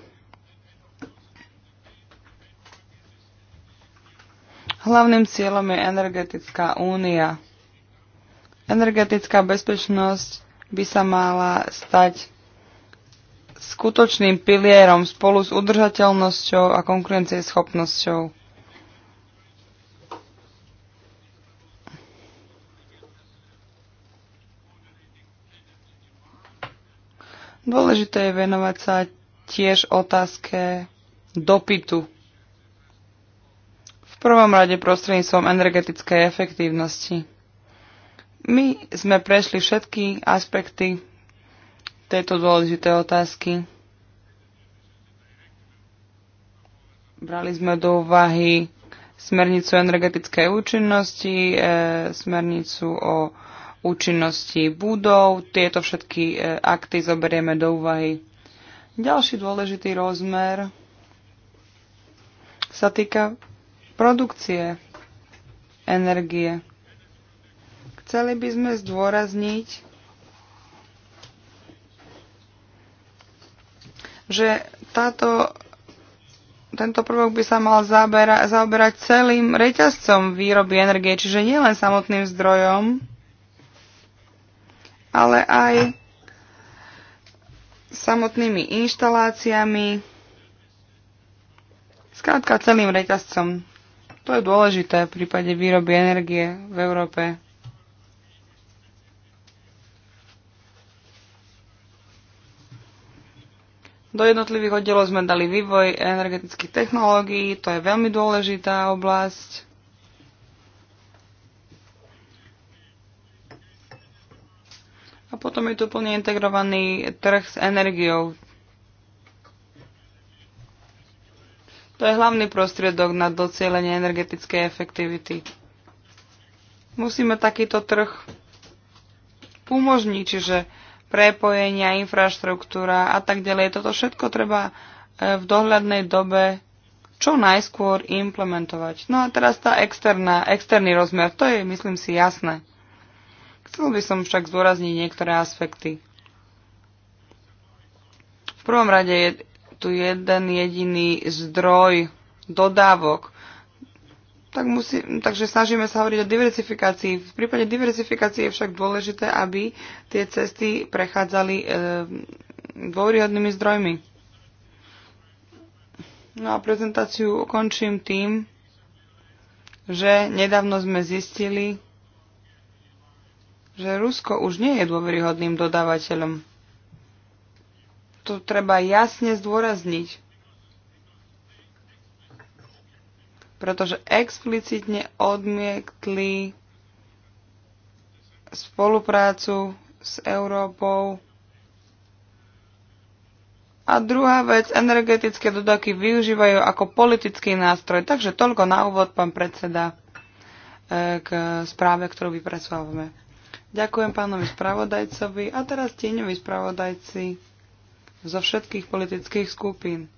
Speaker 3: Hlavným cieľom je energetická únia. Energetická bezpečnosť by sa mala stať skutočným pilierom spolu s udržateľnosťou a konkurencieschopnosťou. Dôležité je venovať sa tiež otázke dopytu. V prvom rade prostredníctvom energetickej efektívnosti. My sme prešli všetky aspekty tejto dôležité otázky. Brali sme do úvahy smernicu energetickej účinnosti, e, smernicu o účinnosti budov. Tieto všetky e, akty zoberieme do úvahy. Ďalší dôležitý rozmer sa týka produkcie energie. Chceli by sme zdôrazniť, že táto, tento prvok by sa mal zaobera, zaoberať celým reťazcom výroby energie, čiže nielen samotným zdrojom, ale aj samotnými inštaláciami, skrátka celým reťazcom. To je dôležité v prípade výroby energie v Európe. Do jednotlivých oddelov sme dali vývoj energetických technológií, to je veľmi dôležitá oblasť. A potom je tu plne integrovaný trh s energiou. To je hlavný prostriedok na docielenie energetickej efektivity. Musíme takýto trh umožniť, čiže prepojenia, infraštruktúra a tak ďalej. Toto všetko treba e, v dohľadnej dobe čo najskôr implementovať. No a teraz tá externá, externý rozmer, to je, myslím si, jasné. Chcel by som však zdôrazniť niektoré aspekty. V prvom rade je tu jeden jediný zdroj dodávok, tak musí, takže snažíme sa hovoriť o diversifikácii. V prípade diversifikácie je však dôležité, aby tie cesty prechádzali e, dôveryhodnými zdrojmi. No a prezentáciu ukončím tým, že nedávno sme zistili, že Rusko už nie je dôveryhodným dodávateľom. To treba jasne zdôrazniť. Pretože explicitne odmietli spoluprácu s Európou. A druhá vec, energetické dodaky využívajú ako politický nástroj. Takže toľko na úvod, pán predseda, e, k správe, ktorú vypracovávame. Ďakujem pánovi spravodajcovi a teraz tieňovi spravodajci zo všetkých politických skupín.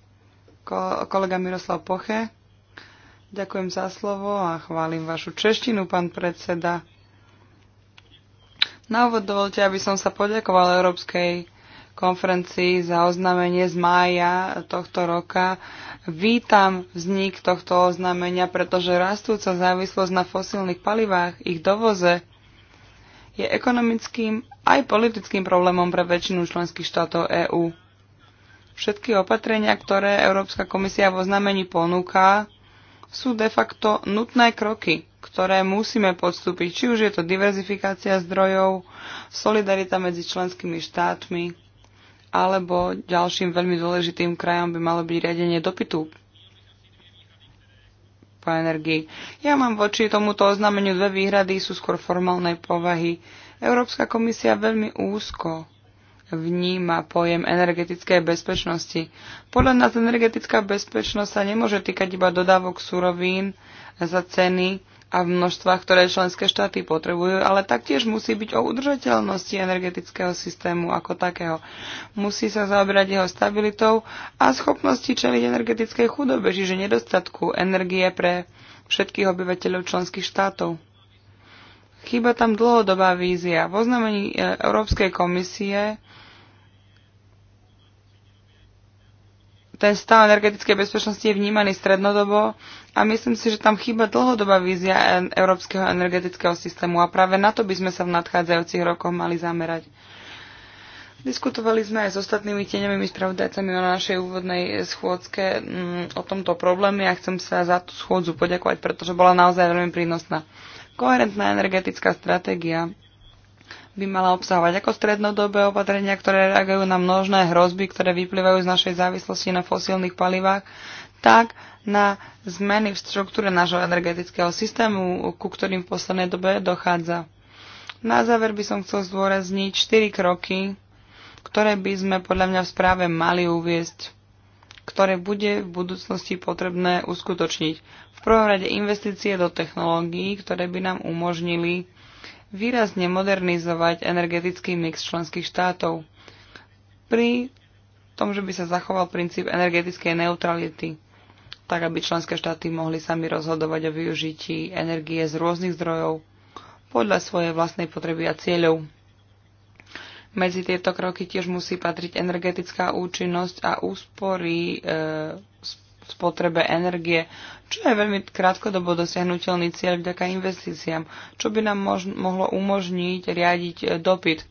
Speaker 3: Ko- kolega Miroslav Poche, ďakujem za slovo a chválim vašu češtinu, pán predseda. Na úvod dovolte, aby som sa poďakoval Európskej konferencii za oznámenie z mája tohto roka. Vítam vznik tohto oznámenia, pretože rastúca závislosť na fosílnych palivách, ich dovoze je ekonomickým aj politickým problémom pre väčšinu členských štátov EÚ. Všetky opatrenia, ktoré Európska komisia vo znamení ponúka, sú de facto nutné kroky, ktoré musíme podstúpiť, či už je to diverzifikácia zdrojov, solidarita medzi členskými štátmi, alebo ďalším veľmi dôležitým krajom by malo byť riadenie dopytu po energii. Ja mám voči tomuto oznámeniu dve výhrady, sú skôr formálnej povahy. Európska komisia veľmi úzko vníma pojem energetickej bezpečnosti. Podľa nás energetická bezpečnosť sa nemôže týkať iba dodávok surovín za ceny, a v množstvách, ktoré členské štáty potrebujú, ale taktiež musí byť o udržateľnosti energetického systému ako takého. Musí sa zaoberať jeho stabilitou a schopnosti čeliť energetickej chudobe, čiže nedostatku energie pre všetkých obyvateľov členských štátov. Chýba tam dlhodobá vízia. V oznámení e, Európskej komisie ten stav energetickej bezpečnosti je vnímaný strednodobo a myslím si, že tam chýba dlhodobá vízia európskeho energetického systému a práve na to by sme sa v nadchádzajúcich rokoch mali zamerať. Diskutovali sme aj s ostatnými tieňovými spravodajcami na našej úvodnej schôdzke mm, o tomto probléme a chcem sa za tú schôdzu poďakovať, pretože bola naozaj veľmi prínosná. Koherentná energetická stratégia by mala obsahovať ako strednodobé opatrenia, ktoré reagujú na množné hrozby, ktoré vyplývajú z našej závislosti na fosílnych palivách, tak na zmeny v štruktúre nášho energetického systému, ku ktorým v poslednej dobe dochádza. Na záver by som chcel zdôrazniť 4 kroky, ktoré by sme podľa mňa v správe mali uviesť, ktoré bude v budúcnosti potrebné uskutočniť. V prvom rade investície do technológií, ktoré by nám umožnili výrazne modernizovať energetický mix členských štátov pri tom, že by sa zachoval princíp energetickej neutrality, tak aby členské štáty mohli sami rozhodovať o využití energie z rôznych zdrojov podľa svojej vlastnej potreby a cieľov. Medzi tieto kroky tiež musí patriť energetická účinnosť a úspory e, spotrebe energie, čo je veľmi krátkodobo dosiahnutelný cieľ vďaka investíciám, čo by nám mohlo umožniť riadiť e, dopyt.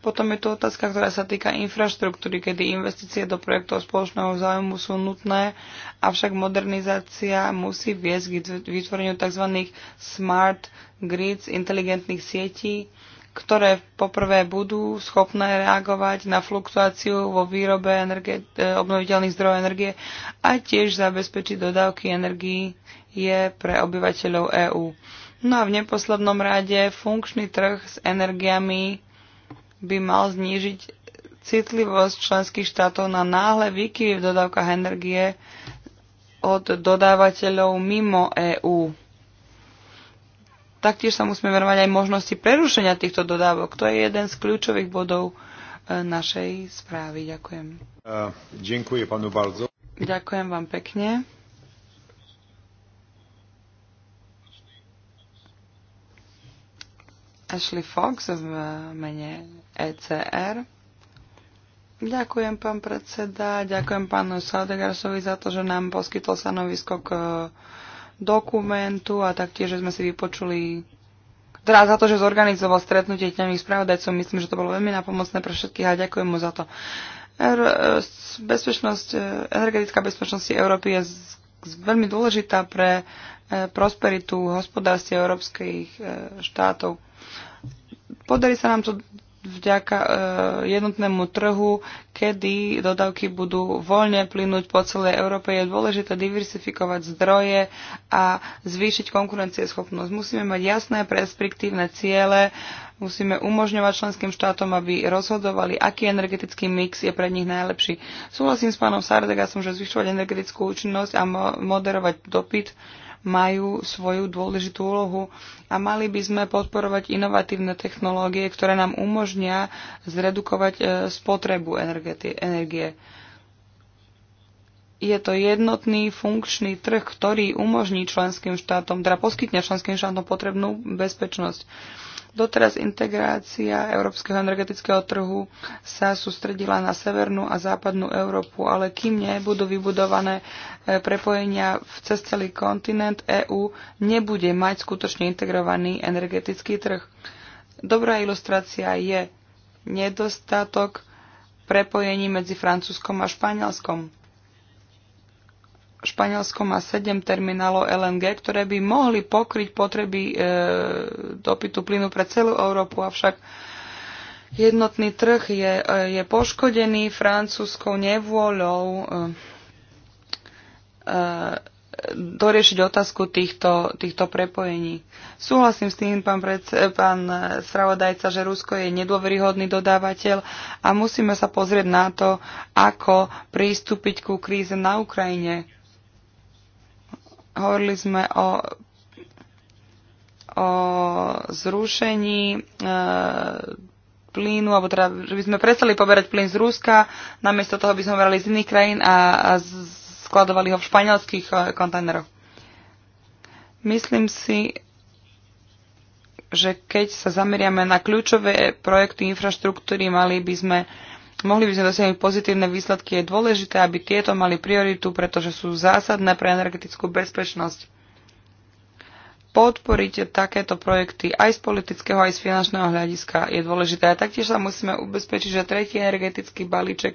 Speaker 3: Potom je tu otázka, ktorá sa týka infraštruktúry, kedy investície do projektov spoločného záujmu sú nutné, avšak modernizácia musí viesť k vytvoreniu tzv. smart grids, inteligentných sietí, ktoré poprvé budú schopné reagovať na fluktuáciu vo výrobe energie, e, obnoviteľných zdrojov energie a tiež zabezpečiť dodávky energii je pre obyvateľov EÚ. No a v neposlednom rade funkčný trh s energiami by mal znížiť citlivosť členských štátov na náhle výkyvy v dodávkach energie od dodávateľov mimo EÚ. Taktiež sa musíme venovať aj možnosti prerušenia týchto dodávok. To je jeden z kľúčových bodov e, našej správy. Ďakujem.
Speaker 1: Ďakujem panu bardzo.
Speaker 3: Ďakujem vám pekne. Ashley Fox v mene ECR. Ďakujem, pán predseda. Ďakujem pánu Sadegarsovi za to, že nám poskytol stanovisko k dokumentu a taktiež, že sme si vypočuli teda za to, že zorganizoval stretnutie ťaných spravodajcov, myslím, že to bolo veľmi napomocné pre všetkých a ďakujem mu za to. Er, e, bezpečnosť, e, energetická bezpečnosť Európy je veľmi dôležitá pre e, prosperitu hospodárstie európskych štátov. Podarí sa nám to vďaka e, jednotnému trhu, kedy dodávky budú voľne plynúť po celej Európe, je dôležité diversifikovať zdroje a zvýšiť konkurencieschopnosť. Musíme mať jasné perspektívne ciele, musíme umožňovať členským štátom, aby rozhodovali, aký energetický mix je pre nich najlepší. Súhlasím s pánom Sardegasom, že zvyšovať energetickú účinnosť a moderovať dopyt majú svoju dôležitú úlohu a mali by sme podporovať inovatívne technológie, ktoré nám umožnia zredukovať e, spotrebu energie. Je to jednotný funkčný trh, ktorý umožní členským štátom, teda poskytne členským štátom potrebnú bezpečnosť. Doteraz integrácia európskeho energetického trhu sa sústredila na severnú a západnú Európu, ale kým nebudú vybudované e, prepojenia cez celý kontinent, EÚ nebude mať skutočne integrovaný energetický trh. Dobrá ilustrácia je nedostatok prepojení medzi Francúzskom a Španielskom Španielsko má 7 terminálov LNG, ktoré by mohli pokryť potreby e, dopytu plynu pre celú Európu, avšak jednotný trh je, e, je poškodený francúzskou nevôľou e, e, doriešiť otázku týchto, týchto prepojení. Súhlasím s tým, pán, pred, e, pán e, spravodajca, že Rusko je nedôveryhodný dodávateľ a musíme sa pozrieť na to, ako pristúpiť ku kríze na Ukrajine Hovorili sme o, o zrušení e, plynu, alebo teda, že by sme prestali poberať plyn z Ruska, namiesto toho by sme brali z iných krajín a, a skladovali ho v španielských e, kontajneroch. Myslím si, že keď sa zameriame na kľúčové projekty infraštruktúry, mali by sme uh, mohli by sme dosiahnuť pozitívne výsledky, je dôležité, aby tieto mali prioritu, pretože sú zásadné pre energetickú bezpečnosť. Podporiť takéto projekty aj z politického, aj z finančného hľadiska je dôležité. A taktiež sa musíme ubezpečiť, že tretí energetický balíček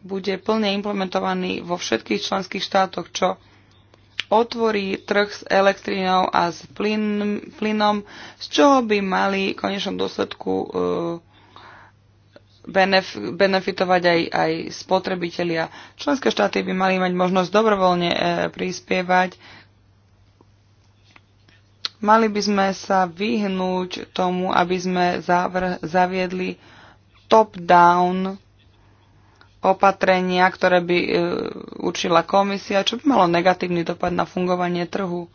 Speaker 3: bude plne implementovaný vo všetkých členských štátoch, čo otvorí trh s elektrínou a s plynom, z čoho by mali v konečnom dôsledku e, benef- benefitovať aj, aj spotrebitelia. Členské štáty by mali mať možnosť dobrovoľne e, prispievať. Mali by sme sa vyhnúť tomu, aby sme zavr- zaviedli top-down opatrenia, ktoré by e, určila komisia, čo by malo negatívny dopad na fungovanie trhu.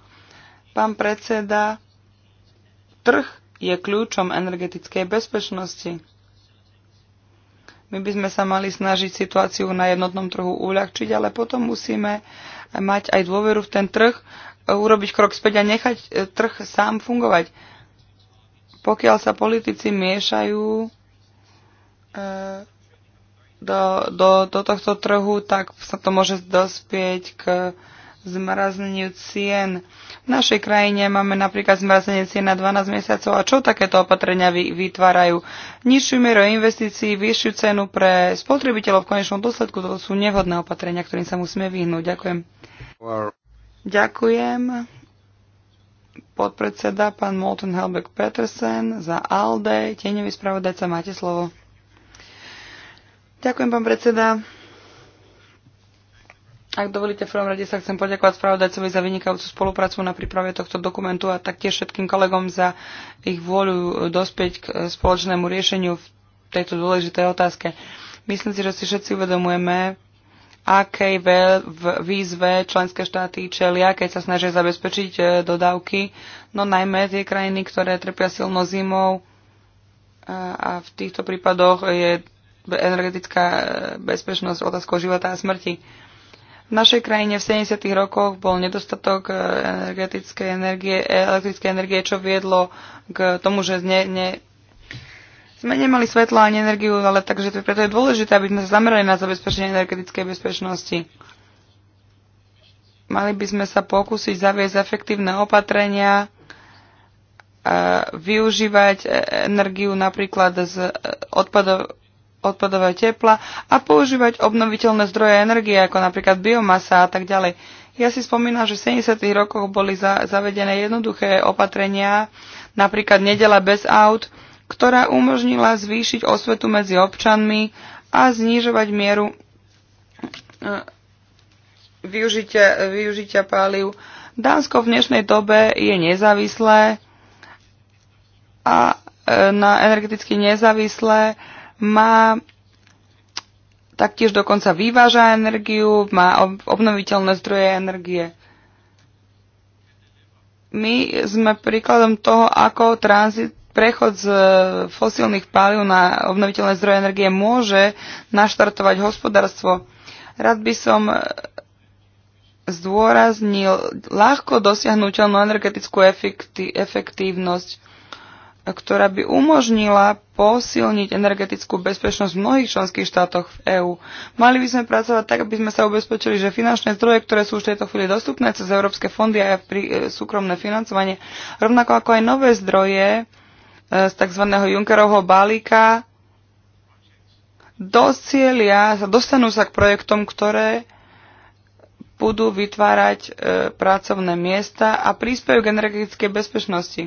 Speaker 3: Pán predseda, trh je kľúčom energetickej bezpečnosti. My by sme sa mali snažiť situáciu na jednotnom trhu uľahčiť, ale potom musíme mať aj dôveru v ten trh, e, urobiť krok späť a nechať e, trh sám fungovať. Pokiaľ sa politici miešajú e, do, do, do tohto trhu, tak sa to môže dospieť k zmrazneniu cien. V našej krajine máme napríklad zmrazenie cien na 12 mesiacov a čo takéto opatrenia vytvárajú? Nižšiu mieru investícií, vyššiu cenu pre spotrebiteľov v konečnom dôsledku, to sú nevhodné opatrenia, ktorým sa musíme vyhnúť. Ďakujem. Ďakujem. Podpredseda pán Molten Helbeck Petersen za ALDE. Tieňový spravodajca, máte slovo. Ďakujem, pán predseda. Ak dovolíte, v prvom rade sa chcem poďakovať spravodajcovi za vynikajúcu spoluprácu na príprave tohto dokumentu a taktiež všetkým kolegom za ich vôľu dospieť k spoločnému riešeniu v tejto dôležitej otázke. Myslím si, že si všetci uvedomujeme, akej výzve členské štáty čelia, keď sa snažia zabezpečiť e, dodávky, no najmä tie krajiny, ktoré trpia silno zimou e, a v týchto prípadoch je energetická e, bezpečnosť otázkou života a smrti v našej krajine v 70. rokoch bol nedostatok eh, energetickej energie, elektrickej energie, čo viedlo k tomu, že ne, ne, sme nemali svetlo ani energiu, ale takže to, preto je dôležité, aby sme sa zamerali na zabezpečenie energetickej bezpečnosti. Mali by sme sa pokúsiť zaviesť efektívne opatrenia, eh, využívať eh, energiu napríklad z odpadov, odpadového tepla a používať obnoviteľné zdroje energie, ako napríklad biomasa a tak ďalej. Ja si spomínam, že v 70. rokoch boli za, zavedené jednoduché opatrenia, napríklad nedela bez aut, ktorá umožnila zvýšiť osvetu medzi občanmi a znižovať mieru eh, využitia, využitia páliv. Dánsko v dnešnej dobe je nezávislé a eh, na energeticky nezávislé má taktiež dokonca vyváža energiu, má obnoviteľné zdroje energie. My sme príkladom toho, ako tranzit, prechod z e, fosílnych palív na obnoviteľné zdroje energie môže naštartovať hospodárstvo. Rád by som e, zdôraznil ľahko dosiahnuteľnú energetickú efektívnosť ktorá by umožnila posilniť energetickú bezpečnosť v mnohých členských štátoch v EÚ. Mali by sme pracovať tak, aby sme sa ubezpečili, že finančné zdroje, ktoré sú už v tejto chvíli dostupné cez európske fondy a pri e, súkromné financovanie, rovnako ako aj nové zdroje e, z tzv. Junckerovho balíka, docielia, dostanú sa k projektom, ktoré budú vytvárať e, pracovné miesta a príspevok k energetickej bezpečnosti.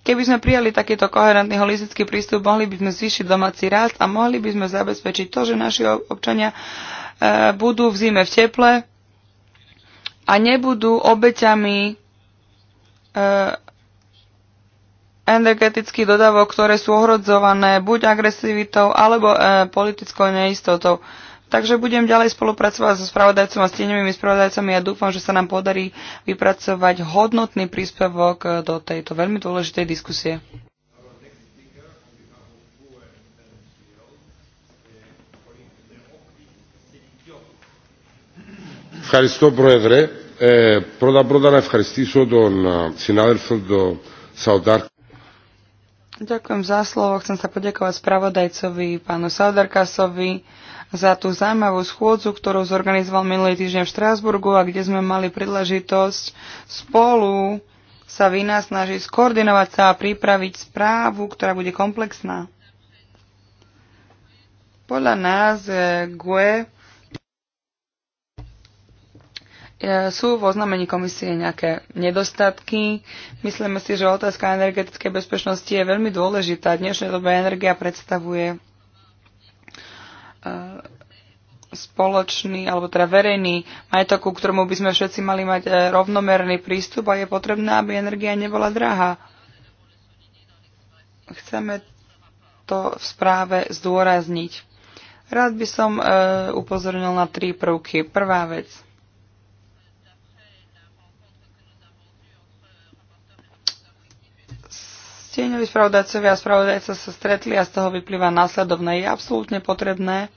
Speaker 3: Keby sme prijali takýto koherentný holistický prístup, mohli by sme zvýšiť domáci rast a mohli by sme zabezpečiť to, že naši občania e, budú v zime v teple a nebudú obeťami e, energetických dodávok, ktoré sú ohrodzované buď agresivitou alebo e, politickou neistotou. Takže budem ďalej spolupracovať so spravodajcom a s tieňovými spravodajcami a ja dúfam, že sa nám podarí vypracovať hodnotný príspevok eh, do tejto veľmi dôležitej diskusie.
Speaker 1: Ευχαριστώ Πρόεδρε. Ε, πρώτα πρώτα να ευχαριστήσω τον συνάδελφο τον Σαουτάρ.
Speaker 3: Ďakujem za slovo. Chcem sa poďakovať τον Σαουτάρ Κασόβι za tú zaujímavú schôdzu, ktorú zorganizoval minulý týždeň v Štrásburgu a kde sme mali príležitosť spolu sa vynasnažiť skoordinovať sa a pripraviť správu, ktorá bude komplexná. Podľa nás eh, GUE eh, sú v oznamení komisie nejaké nedostatky. Myslíme si, že otázka energetickej bezpečnosti je veľmi dôležitá. Dnešné dnešnej dobe energia predstavuje E, spoločný alebo teda verejný majetok, ku ktorému by sme všetci mali mať e, rovnomerný prístup a je potrebné, aby energia nebola drahá. Chceme to v správe zdôrazniť. Rád by som e, upozornil na tri prvky. Prvá vec – Tieňoví spravodajcovia a spravodajca sa stretli a z toho vyplýva následovné. Je absolútne potrebné,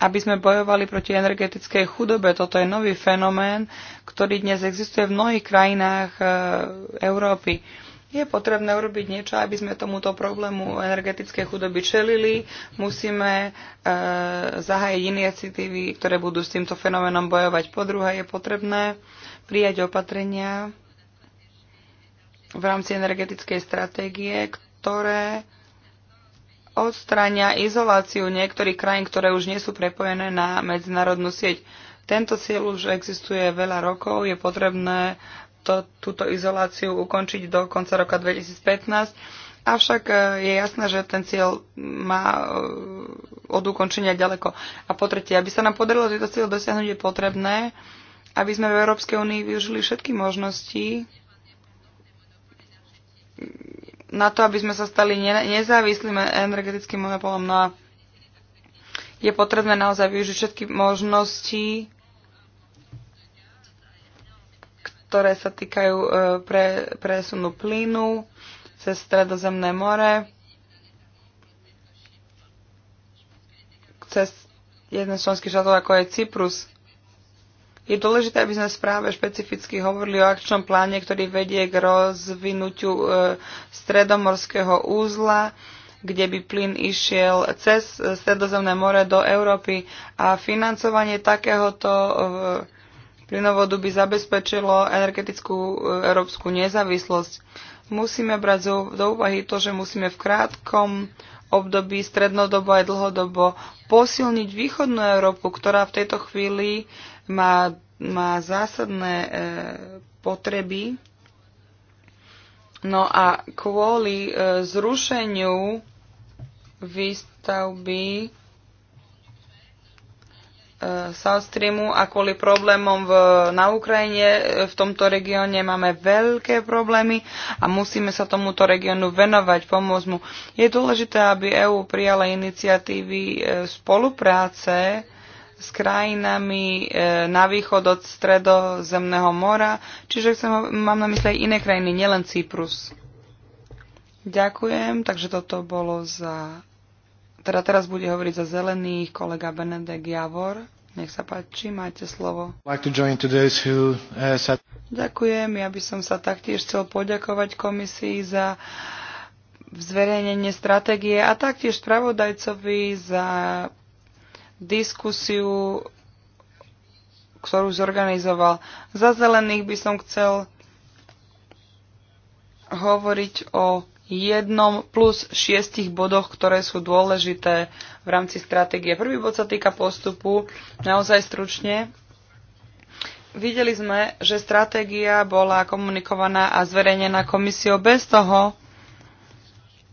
Speaker 3: aby sme bojovali proti energetickej chudobe. Toto je nový fenomén, ktorý dnes existuje v mnohých krajinách e, Európy. Je potrebné urobiť niečo, aby sme tomuto problému energetickej chudoby čelili. Musíme e, zahájiť iniciatívy, ktoré budú s týmto fenoménom bojovať. Po druhé, je potrebné prijať opatrenia, v rámci energetickej stratégie, ktoré odstráňa izoláciu niektorých krajín, ktoré už nie sú prepojené na medzinárodnú sieť. Tento cieľ už existuje veľa rokov, je potrebné to, túto izoláciu ukončiť do konca roka 2015, avšak e, je jasné, že ten cieľ má e, od ukončenia ďaleko. A po tretie, aby sa nám podarilo tieto cieľ dosiahnuť, je potrebné, aby sme v Európskej únii využili všetky možnosti, na to, aby sme sa stali nezávislým energetickým monopolom. No a je potrebné naozaj využiť všetky možnosti, ktoré sa týkajú e, pre, presunu plynu cez Stredozemné more, cez jeden členský štátov, ako je Cyprus. Je dôležité, aby sme správe špecificky hovorili o akčnom pláne, ktorý vedie k rozvinutiu e, stredomorského úzla, kde by plyn išiel cez Stredozemné more do Európy a financovanie takéhoto e, plynovodu by zabezpečilo energetickú e, európsku nezávislosť. Musíme brať do úvahy to, že musíme v krátkom období strednodobo aj dlhodobo posilniť východnú Európu, ktorá v tejto chvíli má, má zásadné e, potreby. No a kvôli e, zrušeniu výstavby South Streamu a kvôli problémom v, na Ukrajine e, v tomto regióne máme veľké problémy a musíme sa tomuto regiónu venovať, pomôcť mu. Je dôležité, aby EÚ prijala iniciatívy e, spolupráce s krajinami e, na východ od stredozemného mora, čiže chcem, mám na mysle aj iné krajiny, nielen Cyprus. Ďakujem, takže toto bolo za teda teraz bude hovoriť za zelených kolega Benedek Javor. Nech sa páči, máte slovo.
Speaker 1: Like to join who, uh, sat...
Speaker 3: Ďakujem, ja by som sa taktiež chcel poďakovať komisii za zverejnenie stratégie a taktiež spravodajcovi za diskusiu, ktorú zorganizoval. Za zelených by som chcel hovoriť o jednom plus šiestich bodoch, ktoré sú dôležité v rámci stratégie. Prvý bod sa týka postupu. Naozaj stručne. Videli sme, že stratégia bola komunikovaná a zverejnená komisiou bez toho,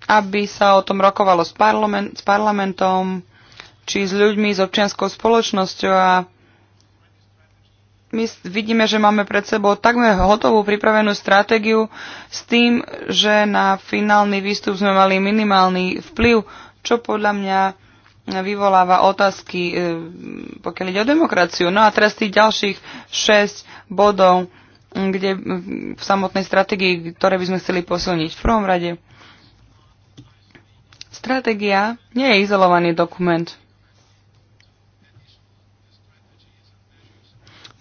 Speaker 3: aby sa o tom rokovalo s, parlament, s parlamentom či s ľuďmi, s občianskou spoločnosťou a my vidíme, že máme pred sebou takmer hotovú pripravenú stratégiu s tým, že na finálny výstup sme mali minimálny vplyv, čo podľa mňa vyvoláva otázky, e, pokiaľ ide o demokraciu. No a teraz tých ďalších 6 bodov, kde v samotnej stratégii, ktoré by sme chceli posilniť. V prvom rade, stratégia nie je izolovaný dokument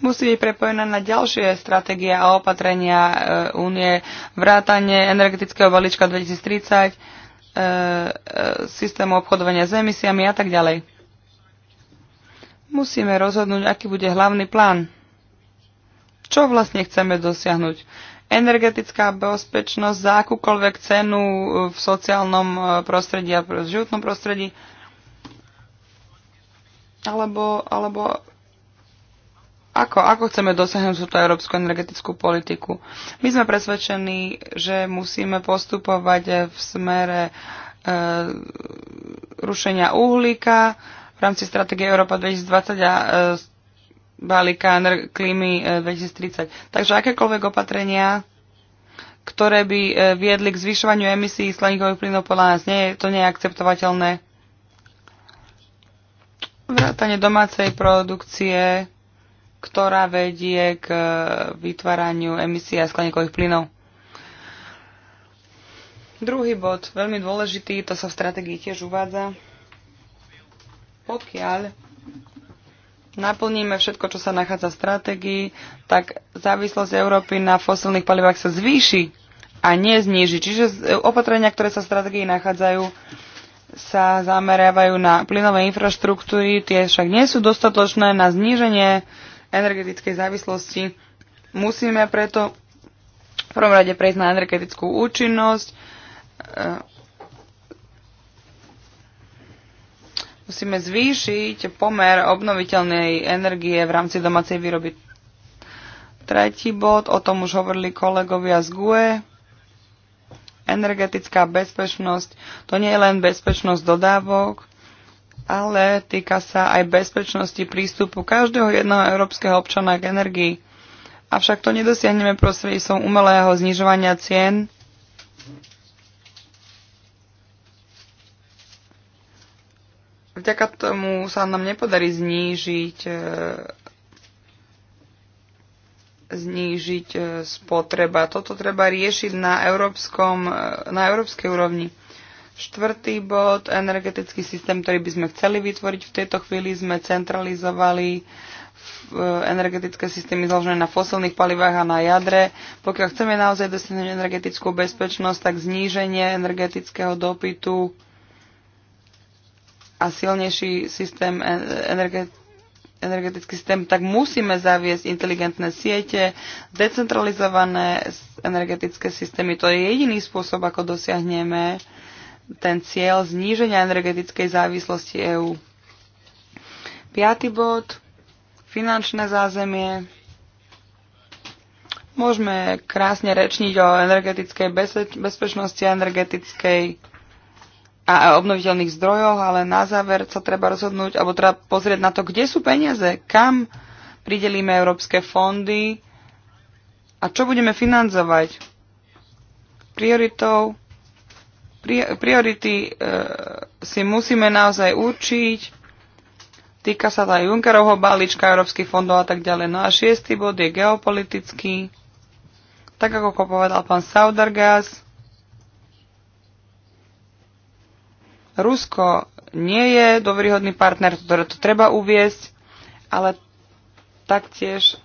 Speaker 3: musí byť prepojená na ďalšie stratégie a opatrenia e, únie, vrátanie energetického balíčka 2030, e, e, systému obchodovania s emisiami a tak ďalej. Musíme rozhodnúť, aký bude hlavný plán. Čo vlastne chceme dosiahnuť? Energetická bezpečnosť za akúkoľvek cenu v sociálnom prostredí a v životnom prostredí? Alebo, alebo ako, ako chceme dosiahnuť túto európsku energetickú politiku. My sme presvedčení, že musíme postupovať v smere e, rušenia uhlíka v rámci stratégie Európa 2020 a e, balíka klímy 2030. E, Takže akékoľvek opatrenia, ktoré by e, viedli k zvyšovaniu emisí skleníkových plynov podľa nás nie je to neakceptovateľné. Vrátanie domácej produkcie ktorá vedie k e, vytváraniu emisí a skleníkových plynov. Druhý bod, veľmi dôležitý, to sa v stratégii tiež uvádza. Pokiaľ naplníme všetko, čo sa nachádza v stratégii, tak závislosť Európy na fosilných palivách sa zvýši a nezníži. Čiže opatrenia, ktoré sa v stratégii nachádzajú, sa zameriavajú na plynové infraštruktúry, tie však nie sú dostatočné na zníženie energetickej závislosti. Musíme preto v prvom rade prejsť na energetickú účinnosť. E, musíme zvýšiť pomer obnoviteľnej energie v rámci domácej výroby. Tretí bod, o tom už hovorili kolegovia z GUE energetická bezpečnosť, to nie je len bezpečnosť dodávok, ale týka sa aj bezpečnosti prístupu každého jedného európskeho občana k energii. Avšak to nedosiahneme prostredníctvom umelého znižovania cien vďaka tomu sa nám nepodarí znížiť e, znížiť e, spotreba. Toto treba riešiť na, európskom, e, na európskej úrovni. Štvrtý bod, energetický systém, ktorý by sme chceli vytvoriť. V tejto chvíli sme centralizovali e, energetické systémy založené na fosilných palivách a na jadre. Pokiaľ chceme naozaj dosiahnuť energetickú bezpečnosť, tak zníženie energetického dopytu a silnejší systém e, energetického energetický systém, tak musíme zaviesť inteligentné siete, decentralizované energetické systémy. To je jediný spôsob, ako dosiahneme ten cieľ zníženia energetickej závislosti EÚ. Piatý bod, finančné zázemie. Môžeme krásne rečniť o energetickej bezpečnosti a energetickej a obnoviteľných zdrojoch, ale na záver sa treba rozhodnúť, alebo treba pozrieť na to, kde sú peniaze, kam pridelíme európske fondy a čo budeme financovať. Prioritou Priority e, si musíme naozaj určiť. Týka sa to aj Junckerovho balíčka, európskych fondov a tak ďalej. No a šiestý bod je geopolitický. Tak ako povedal pán Saudargas, Rusko nie je dobrýhodný partner, ktoré to treba uviesť, ale taktiež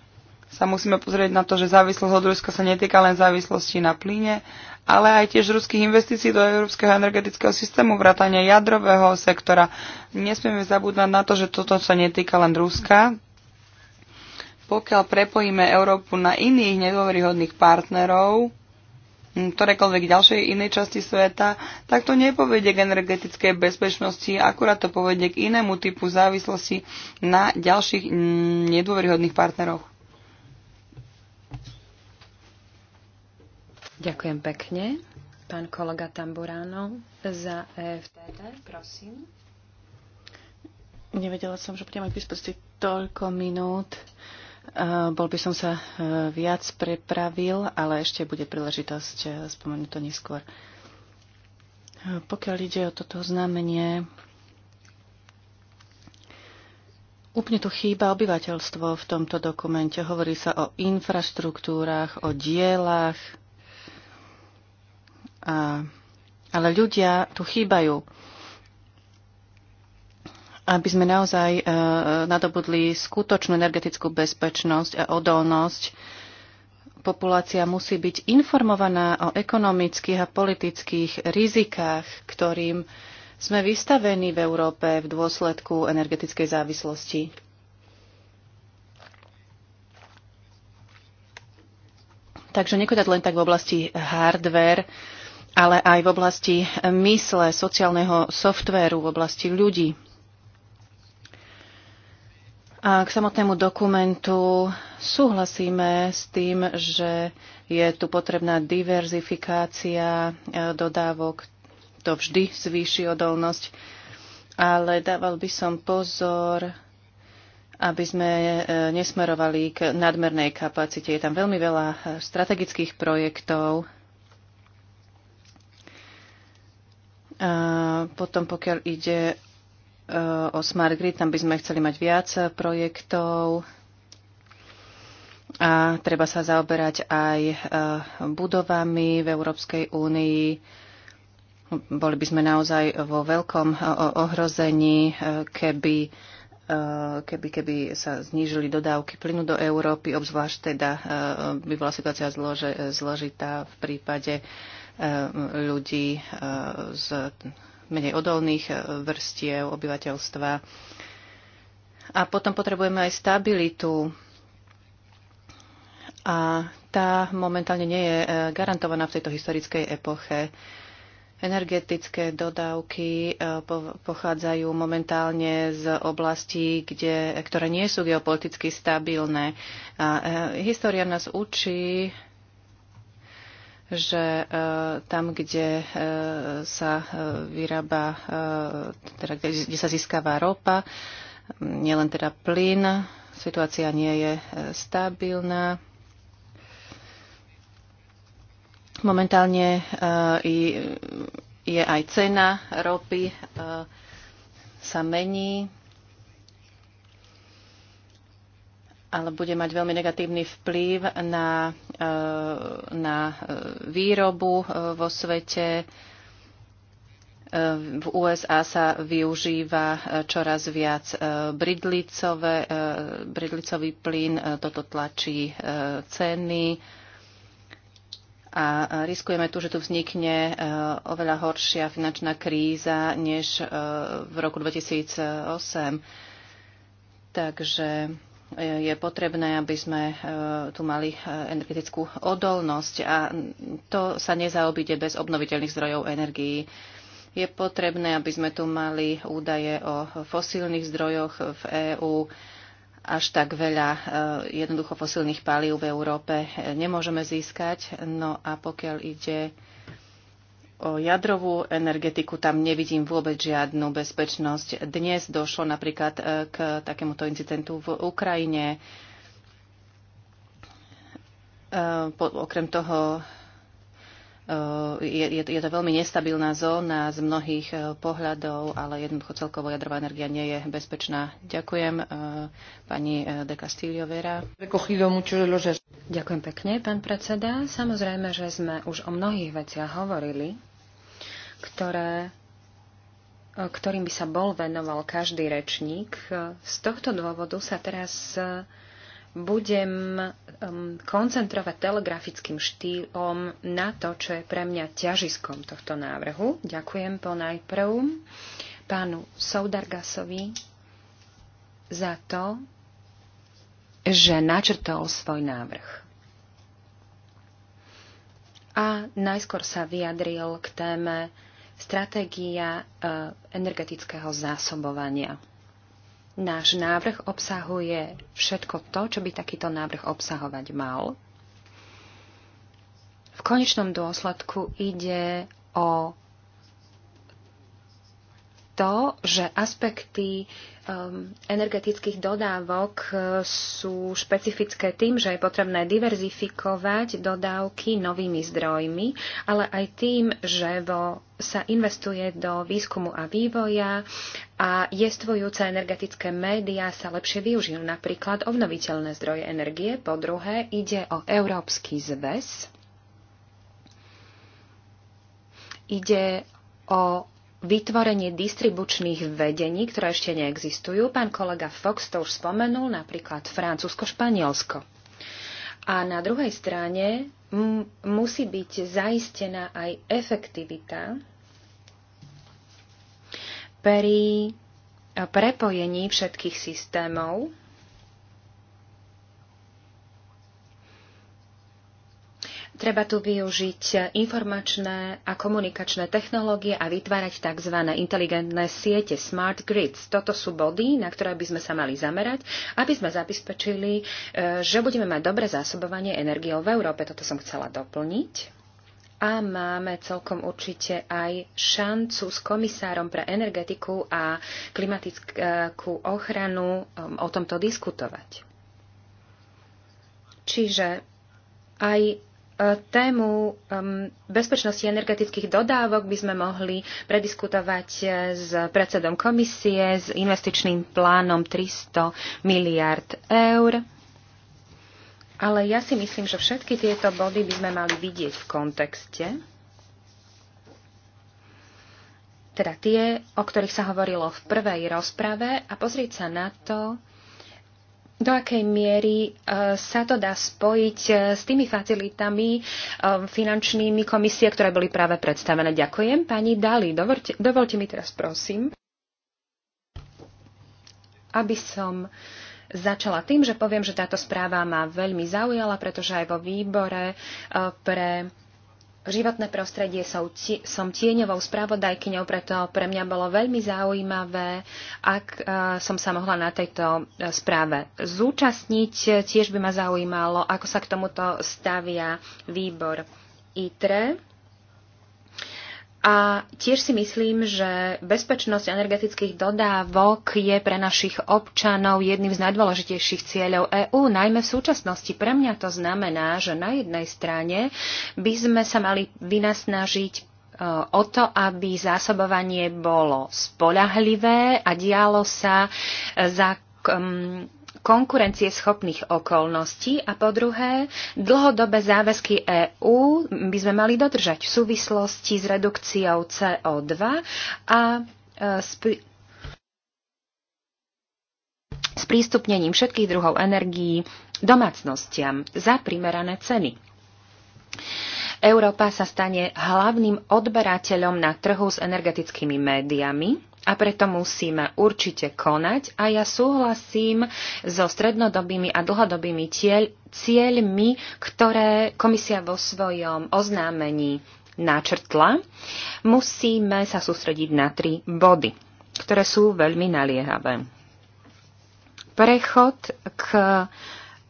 Speaker 3: sa musíme pozrieť na to, že závislosť od Ruska sa netýka len závislosti na plyne, ale aj tiež ruských investícií do európskeho energetického systému, vrátania jadrového sektora. Nesmieme zabúdať na to, že toto sa netýka len Ruska. Pokiaľ prepojíme Európu na iných nedôveryhodných partnerov, hm, ktorékoľvek ďalšej inej časti sveta, tak to nepovedie k energetickej bezpečnosti, akurát to povedie k inému typu závislosti na ďalších hm, nedôveryhodných partneroch. Ďakujem pekne.
Speaker 2: Pán kolega Tamburáno za EFTD, prosím.
Speaker 4: Nevedela som, že budem mať k toľko minút. Bol by som sa e, viac prepravil, ale ešte bude príležitosť e, spomenúť to neskôr. E, pokiaľ ide o toto znamenie, Úplne tu chýba obyvateľstvo v tomto dokumente. Hovorí sa o infraštruktúrach, o dielach, a, ale ľudia tu chýbajú aby sme naozaj e, nadobudli skutočnú energetickú bezpečnosť a odolnosť. Populácia musí byť informovaná o ekonomických a politických rizikách, ktorým sme vystavení v Európe v dôsledku energetickej závislosti. Takže nekodať len tak v oblasti hardware, ale aj v oblasti mysle, sociálneho softvéru, v oblasti ľudí. A k samotnému dokumentu súhlasíme s tým, že je tu potrebná diverzifikácia e, dodávok. To vždy zvýši odolnosť, ale dával by som pozor, aby sme e, nesmerovali k nadmernej kapacite. Je tam veľmi veľa e, strategických projektov, Eh, potom pokiaľ ide eh, o Smart Grid, tam by sme chceli mať viac projektov a treba sa zaoberať aj eh, budovami v Európskej únii. Boli by sme naozaj vo veľkom ohrození, keby, keby, keby sa znížili dodávky plynu do Európy, obzvlášť teda by bola situácia zlože, zložitá v prípade Eh, ľudí eh, z menej odolných eh, vrstiev obyvateľstva. A potom potrebujeme aj stabilitu. A tá momentálne nie je garantovaná v tejto historickej epoche. Energetické dodávky pochádzajú momentálne z oblastí, kde, ktoré nie sú geopoliticky stabilné. A história nás učí, že e, tam, kde e, sa e, vyrába, teda kde, kde sa získava ropa, nielen teda plyn, situácia nie je stabilná. Momentálne je aj cena ropy sa mení ale bude mať veľmi negatívny vplyv na, e, na e, výrobu e, vo svete. V USA sa využíva čoraz viac bridlicové, bridlicový plyn, toto tlačí ceny a riskujeme tu, že tu vznikne oveľa horšia finančná kríza než v roku 2008. Takže je potrebné, aby sme e, tu mali e, energetickú odolnosť a to sa nezaobíde bez obnoviteľných zdrojov energií. Je potrebné, aby sme tu mali údaje o fosílnych zdrojoch v EÚ. Až tak veľa e, jednoducho fosílnych palív v Európe nemôžeme získať. No a pokiaľ ide o jadrovú energetiku, tam nevidím vôbec žiadnu bezpečnosť. Dnes došlo napríklad e, k takémuto incidentu v Ukrajine. E, okrem toho e, je, je, je to veľmi nestabilná zóna z mnohých pohľadov, ale jednoducho celkovo jadrová energia nie je bezpečná. Ďakujem pani de Castillo Vera.
Speaker 2: Ďakujem pekne, pán predseda. Samozrejme, že sme už o mnohých veciach hovorili ktoré, e, ktorým by sa bol venoval každý rečník. Z tohto dôvodu sa teraz e, budem koncentrovať telegrafickým štýlom na to, čo je pre mňa ťažiskom tohto návrhu. Ďakujem najprv pánu Soudargasovi za to, že načrtol svoj návrh. A najskôr sa vyjadril k téme stratégia e, energetického zásobovania. Náš návrh obsahuje všetko to, čo by takýto návrh obsahovať mal. V konečnom dôsledku ide o to, že aspekty um, energetických dodávok uh, sú špecifické tým, že je potrebné diverzifikovať dodávky novými zdrojmi, ale aj tým, že vo, sa investuje do výskumu a vývoja a jestvujúce energetické médiá sa lepšie využijú, napríklad obnoviteľné zdroje energie. Po druhé, ide o Európsky zväz. Ide o vytvorenie distribučných vedení, ktoré ešte neexistujú. Pán kolega Fox to už spomenul, napríklad Francúzsko-Španielsko. A na druhej strane musí byť zaistená aj efektivita pri prepojení všetkých systémov Treba tu využiť informačné a komunikačné technológie a vytvárať tzv. inteligentné siete, smart grids. Toto sú body, na ktoré by sme sa mali zamerať, aby sme zabezpečili, e, že budeme mať dobré zásobovanie energiou v Európe. Toto som chcela doplniť. A máme celkom určite aj šancu s komisárom pre energetiku a klimatickú ochranu um, o tomto diskutovať. Čiže aj tému um, bezpečnosti energetických dodávok by sme mohli prediskutovať eh, s predsedom komisie s investičným plánom 300 miliard eur. Ale ja si myslím, že všetky tieto body by sme mali vidieť v kontexte. Teda tie, o ktorých sa hovorilo v prvej rozprave a pozrieť sa na to, do akej miery e, sa to dá spojiť e, s tými facilitami e, finančnými komisie, ktoré boli práve predstavené. Ďakujem. Pani Dali, dovolte, dovolte mi teraz prosím, aby som začala tým, že poviem, že táto správa ma veľmi zaujala, pretože aj vo výbore pre životné prostredie som, som tieňovou spravodajkyňou, preto pre mňa bolo veľmi zaujímavé, ak e, som sa mohla na tejto e, správe zúčastniť. Tiež by ma zaujímalo, ako sa k tomuto stavia výbor ITRE. A tiež si myslím, že bezpečnosť energetických dodávok je pre našich občanov jedným z najdôležitejších cieľov EÚ, najmä v súčasnosti. Pre mňa to znamená, že na jednej strane by sme sa mali vynasnažiť e, o to, aby zásobovanie bolo spolahlivé a dialo sa za konkurencieschopných okolností a po druhé, dlhodobé záväzky EÚ by sme mali dodržať v súvislosti s redukciou CO2 a e, s prístupnením všetkých druhov energií domácnostiam za primerané ceny. Európa sa stane hlavným odberateľom na trhu s energetickými médiami a preto musíme určite konať a ja súhlasím so strednodobými a dlhodobými cieľ, cieľmi, ktoré komisia vo svojom oznámení načrtla. Musíme sa sústrediť na tri body, ktoré sú veľmi naliehavé. Prechod k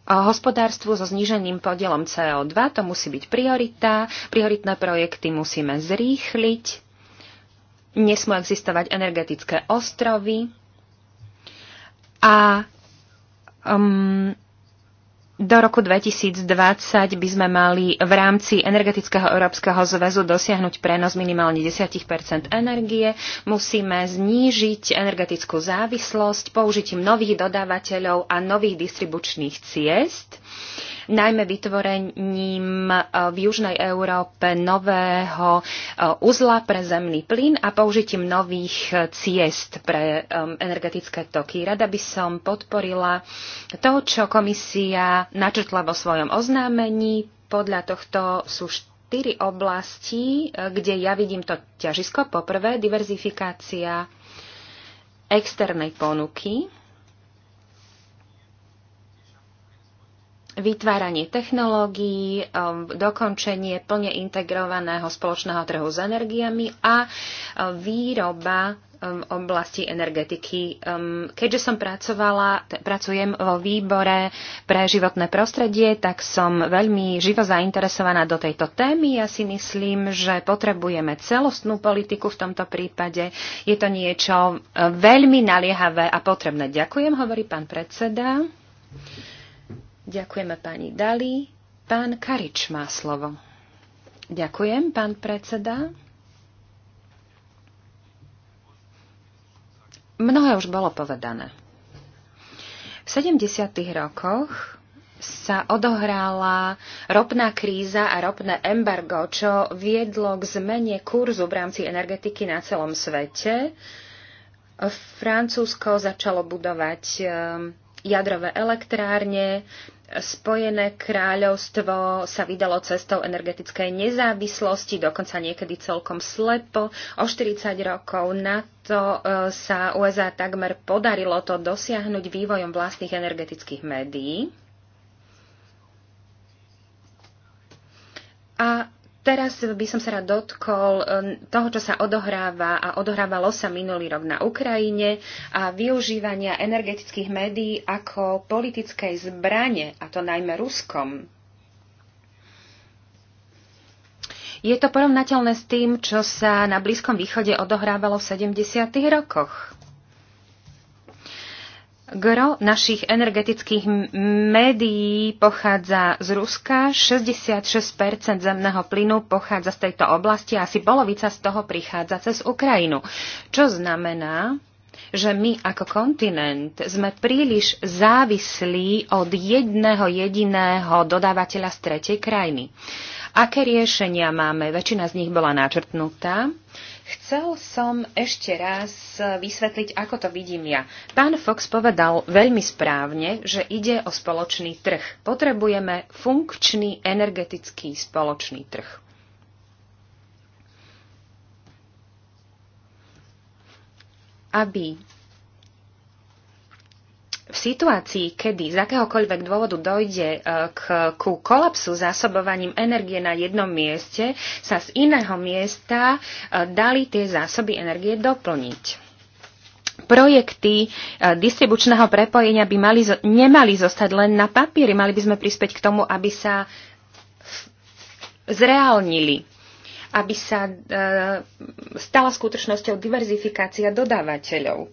Speaker 2: hospodárstvu so zníženým podielom CO2, to musí byť priorita. Prioritné projekty musíme zrýchliť nesmú existovať energetické ostrovy a um, do roku 2020 by sme mali v rámci Energetického Európskeho zväzu dosiahnuť prenos minimálne 10 energie. Musíme znížiť energetickú závislosť použitím nových dodávateľov a nových distribučných ciest. Uh, najmä vytvorením eh, v Južnej Európe nového eh, uzla pre zemný plyn a použitím nových eh, ciest pre energetické toky. Rada by som podporila to, čo komisia načrtla vo svojom oznámení. Podľa tohto sú štyri oblasti, kde ja vidím to ťažisko. Poprvé, diverzifikácia externej ponuky vytváranie technológií, um, dokončenie plne integrovaného spoločného trhu s energiami a um, výroba v um, oblasti energetiky. Keďže som pracovala, pracujem vo výbore pre životné prostredie, tak som veľmi živo zainteresovaná do tejto témy. Ja si myslím, že potrebujeme celostnú politiku v tomto prípade. Je to niečo veľmi naliehavé a potrebné. Ďakujem, hovorí pán predseda. Ďakujeme pani Dali. Pán Karič má slovo. Ďakujem, pán predseda. Mnohé už bolo povedané. V 70. rokoch sa odohrala ropná kríza a ropné embargo, čo viedlo k zmene kurzu v rámci energetiky na celom svete. Francúzsko začalo budovať eh, jadrové elektrárne, Spojené kráľovstvo sa vydalo cestou energetickej nezávislosti, dokonca niekedy celkom slepo. O 40 rokov na to e, sa USA takmer podarilo to dosiahnuť vývojom vlastných energetických médií. A Teraz by som sa rád dotkol e, toho, čo sa odohráva a odohrávalo sa minulý rok na Ukrajine a využívania energetických médií ako politickej zbrane, a to najmä Ruskom. Je to porovnateľné s tým, čo sa na Blízkom východe odohrávalo v 70. rokoch. Gro našich energetických médií pochádza z Ruska, 66 zemného plynu pochádza z tejto oblasti a asi polovica z toho prichádza cez Ukrajinu. Čo znamená, že my ako kontinent sme príliš závislí od jedného jediného dodávateľa z tretej krajiny. Aké riešenia máme? Väčšina z nich bola načrtnutá. Chcel som ešte raz vysvetliť, ako to vidím ja. Pán Fox povedal veľmi správne, že ide o spoločný trh. Potrebujeme funkčný energetický spoločný trh. Aby v situácii, kedy z akéhokoľvek dôvodu dojde e, k, ku kolapsu zásobovaním energie na jednom mieste, sa z iného miesta e, dali tie zásoby energie doplniť. Projekty e, distribučného prepojenia by mali, nemali zostať len na papieri, mali by sme prispieť k tomu, aby sa zreálnili, aby sa stala skutočnosťou diverzifikácia dodávateľov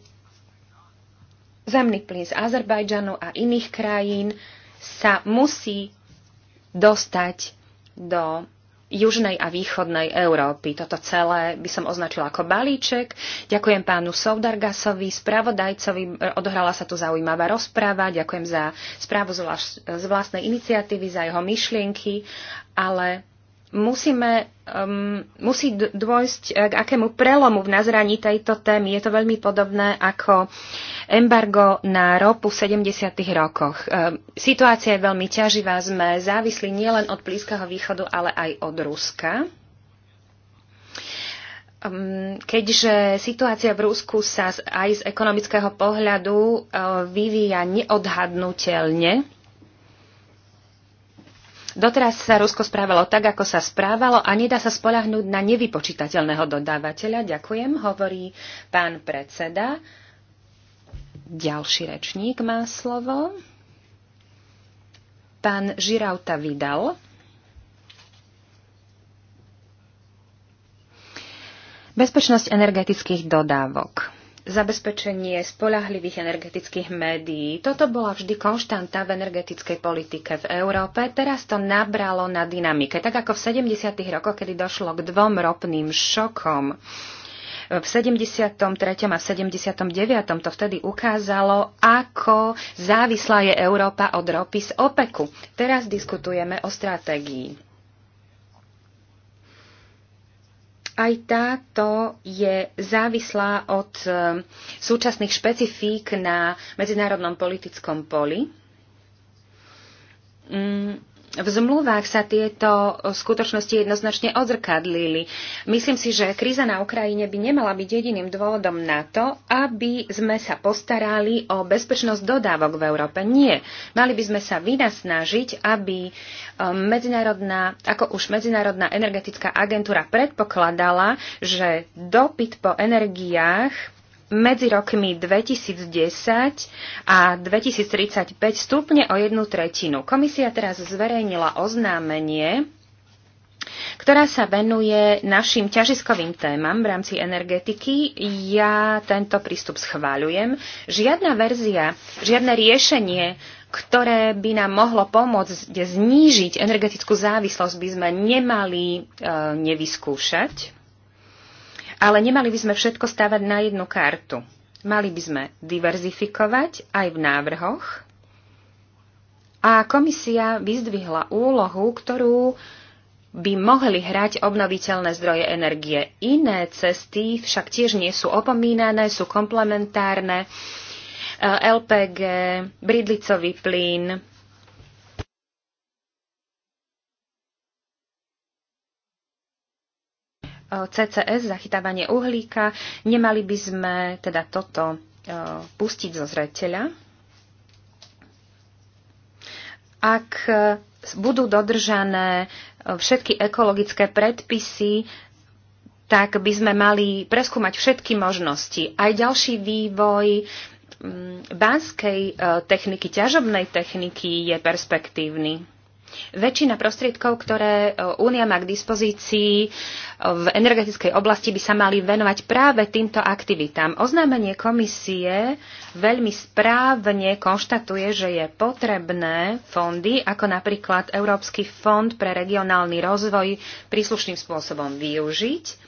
Speaker 2: zemný plyn z Azerbajdžanu a iných krajín sa musí dostať do južnej a východnej Európy. Toto celé by som označila ako balíček. Ďakujem pánu Soudargasovi, spravodajcovi. Odohrala sa tu zaujímavá rozpráva. Ďakujem za správu z vlastnej iniciatívy, za jeho myšlienky, ale musíme, um, musí dôjsť eh, k akému prelomu v nazraní tejto témy. Je to veľmi podobné ako embargo na ropu v 70. rokoch. Um, situácia je veľmi ťaživá, sme závislí nielen od Blízkeho východu, ale aj od Ruska. Um, keďže situácia v Rusku sa aj z ekonomického pohľadu uh, vyvíja neodhadnutelne, Doteraz sa Rusko správalo tak, ako sa správalo a nedá sa spolahnúť na nevypočítateľného dodávateľa. Ďakujem, hovorí pán predseda. Ďalší rečník má slovo. Pán Žirauta Vidal. Bezpečnosť energetických dodávok zabezpečenie spolahlivých energetických médií. Toto bola vždy konštanta v energetickej politike v Európe. Teraz to nabralo na dynamike. Tak ako v 70. rokoch, kedy došlo k dvom ropným šokom, v 73. a 79. to vtedy ukázalo, ako závislá je Európa od ropy z OPEKu. Teraz diskutujeme o stratégii. Aj táto je závislá od e, súčasných špecifík na medzinárodnom politickom poli. Mm, v zmluvách sa tieto skutočnosti jednoznačne odzrkadlili. Myslím si, že kríza na Ukrajine by nemala byť jediným dôvodom na to, aby sme sa postarali o bezpečnosť dodávok v Európe. Nie. Mali by sme sa vynasnažiť, aby um, medzinárodná, ako už Medzinárodná energetická agentúra predpokladala, že dopyt po energiách medzi rokmi 2010 a 2035 stupne o jednu tretinu. Komisia teraz zverejnila oznámenie, ktorá sa venuje našim ťažiskovým témam v rámci energetiky. Ja tento prístup schváľujem. Žiadna verzia, žiadne riešenie, ktoré by nám mohlo pomôcť znížiť energetickú závislosť, by sme nemali e, nevyskúšať. Ale nemali by sme všetko stávať na jednu kartu. Mali by sme diverzifikovať aj v návrhoch. A komisia vyzdvihla úlohu, ktorú by mohli hrať obnoviteľné zdroje energie. Iné cesty však tiež nie sú opomínané, sú komplementárne. LPG, bridlicový plyn, CCS, zachytávanie uhlíka. Nemali by sme teda toto e, pustiť zo zreteľa. Ak e, budú dodržané e, všetky ekologické predpisy, tak by sme mali preskúmať všetky možnosti. Aj ďalší vývoj banskej techniky, ťažobnej techniky je perspektívny. Väčšina prostriedkov, ktoré e, Únia má k dispozícii e, v energetickej oblasti, by sa mali venovať práve týmto aktivitám. Oznámenie komisie veľmi správne konštatuje, že je potrebné fondy, ako napríklad Európsky fond pre regionálny rozvoj, príslušným spôsobom využiť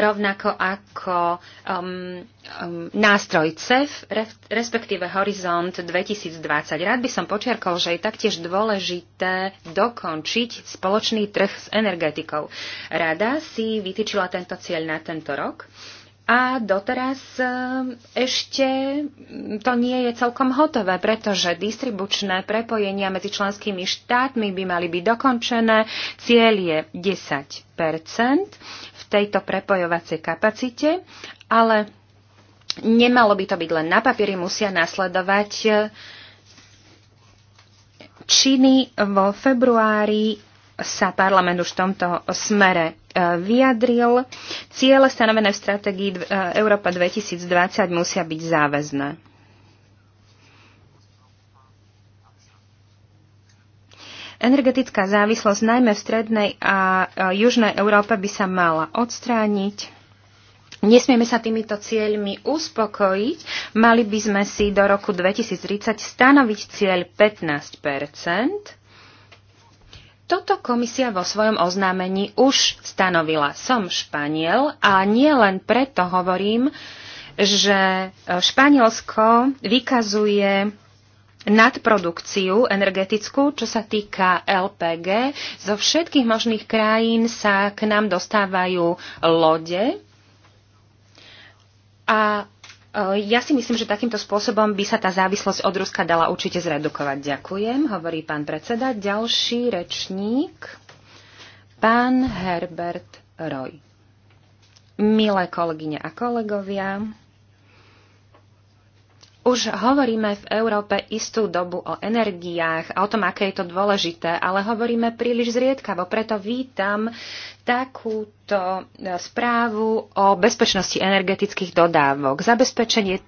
Speaker 2: rovnako ako um, um, nástroj CEF, respektíve Horizont 2020. Rád by som počiarkol, že je taktiež dôležité dokončiť spoločný trh s energetikou. Rada si vytýčila tento cieľ na tento rok. A doteraz e, ešte to nie je celkom hotové, pretože distribučné prepojenia medzi členskými štátmi by mali byť dokončené. Cieľ je 10 v tejto prepojovacej kapacite, ale nemalo by to byť len na papieri, musia nasledovať. E, činy. Vo februári sa parlament už v tomto smere Eh, vyjadril. Ciele stanovené v stratégii eh, Európa 2020 musia byť záväzné. Energetická závislosť najmä v strednej a eh, južnej Európe by sa mala odstrániť. Nesmieme sa týmito cieľmi uspokojiť. Mali by sme si do roku 2030 stanoviť cieľ 15 toto komisia vo svojom oznámení už stanovila. Som Španiel a nie len preto hovorím, že e, Španielsko vykazuje nadprodukciu energetickú, čo sa týka LPG. Zo všetkých možných krajín sa k nám dostávajú lode a Eh, ja si myslím, že takýmto spôsobom by sa tá závislosť od Ruska dala určite zredukovať. Ďakujem, hovorí pán predseda. Ďalší rečník, pán Herbert Roy. Milé kolegyne a kolegovia, už hovoríme v Európe istú dobu o energiách a o tom, aké je to dôležité, ale hovoríme príliš zriedkavo. Preto vítam takúto e, správu o bezpečnosti energetických dodávok. Zabezpečenie e,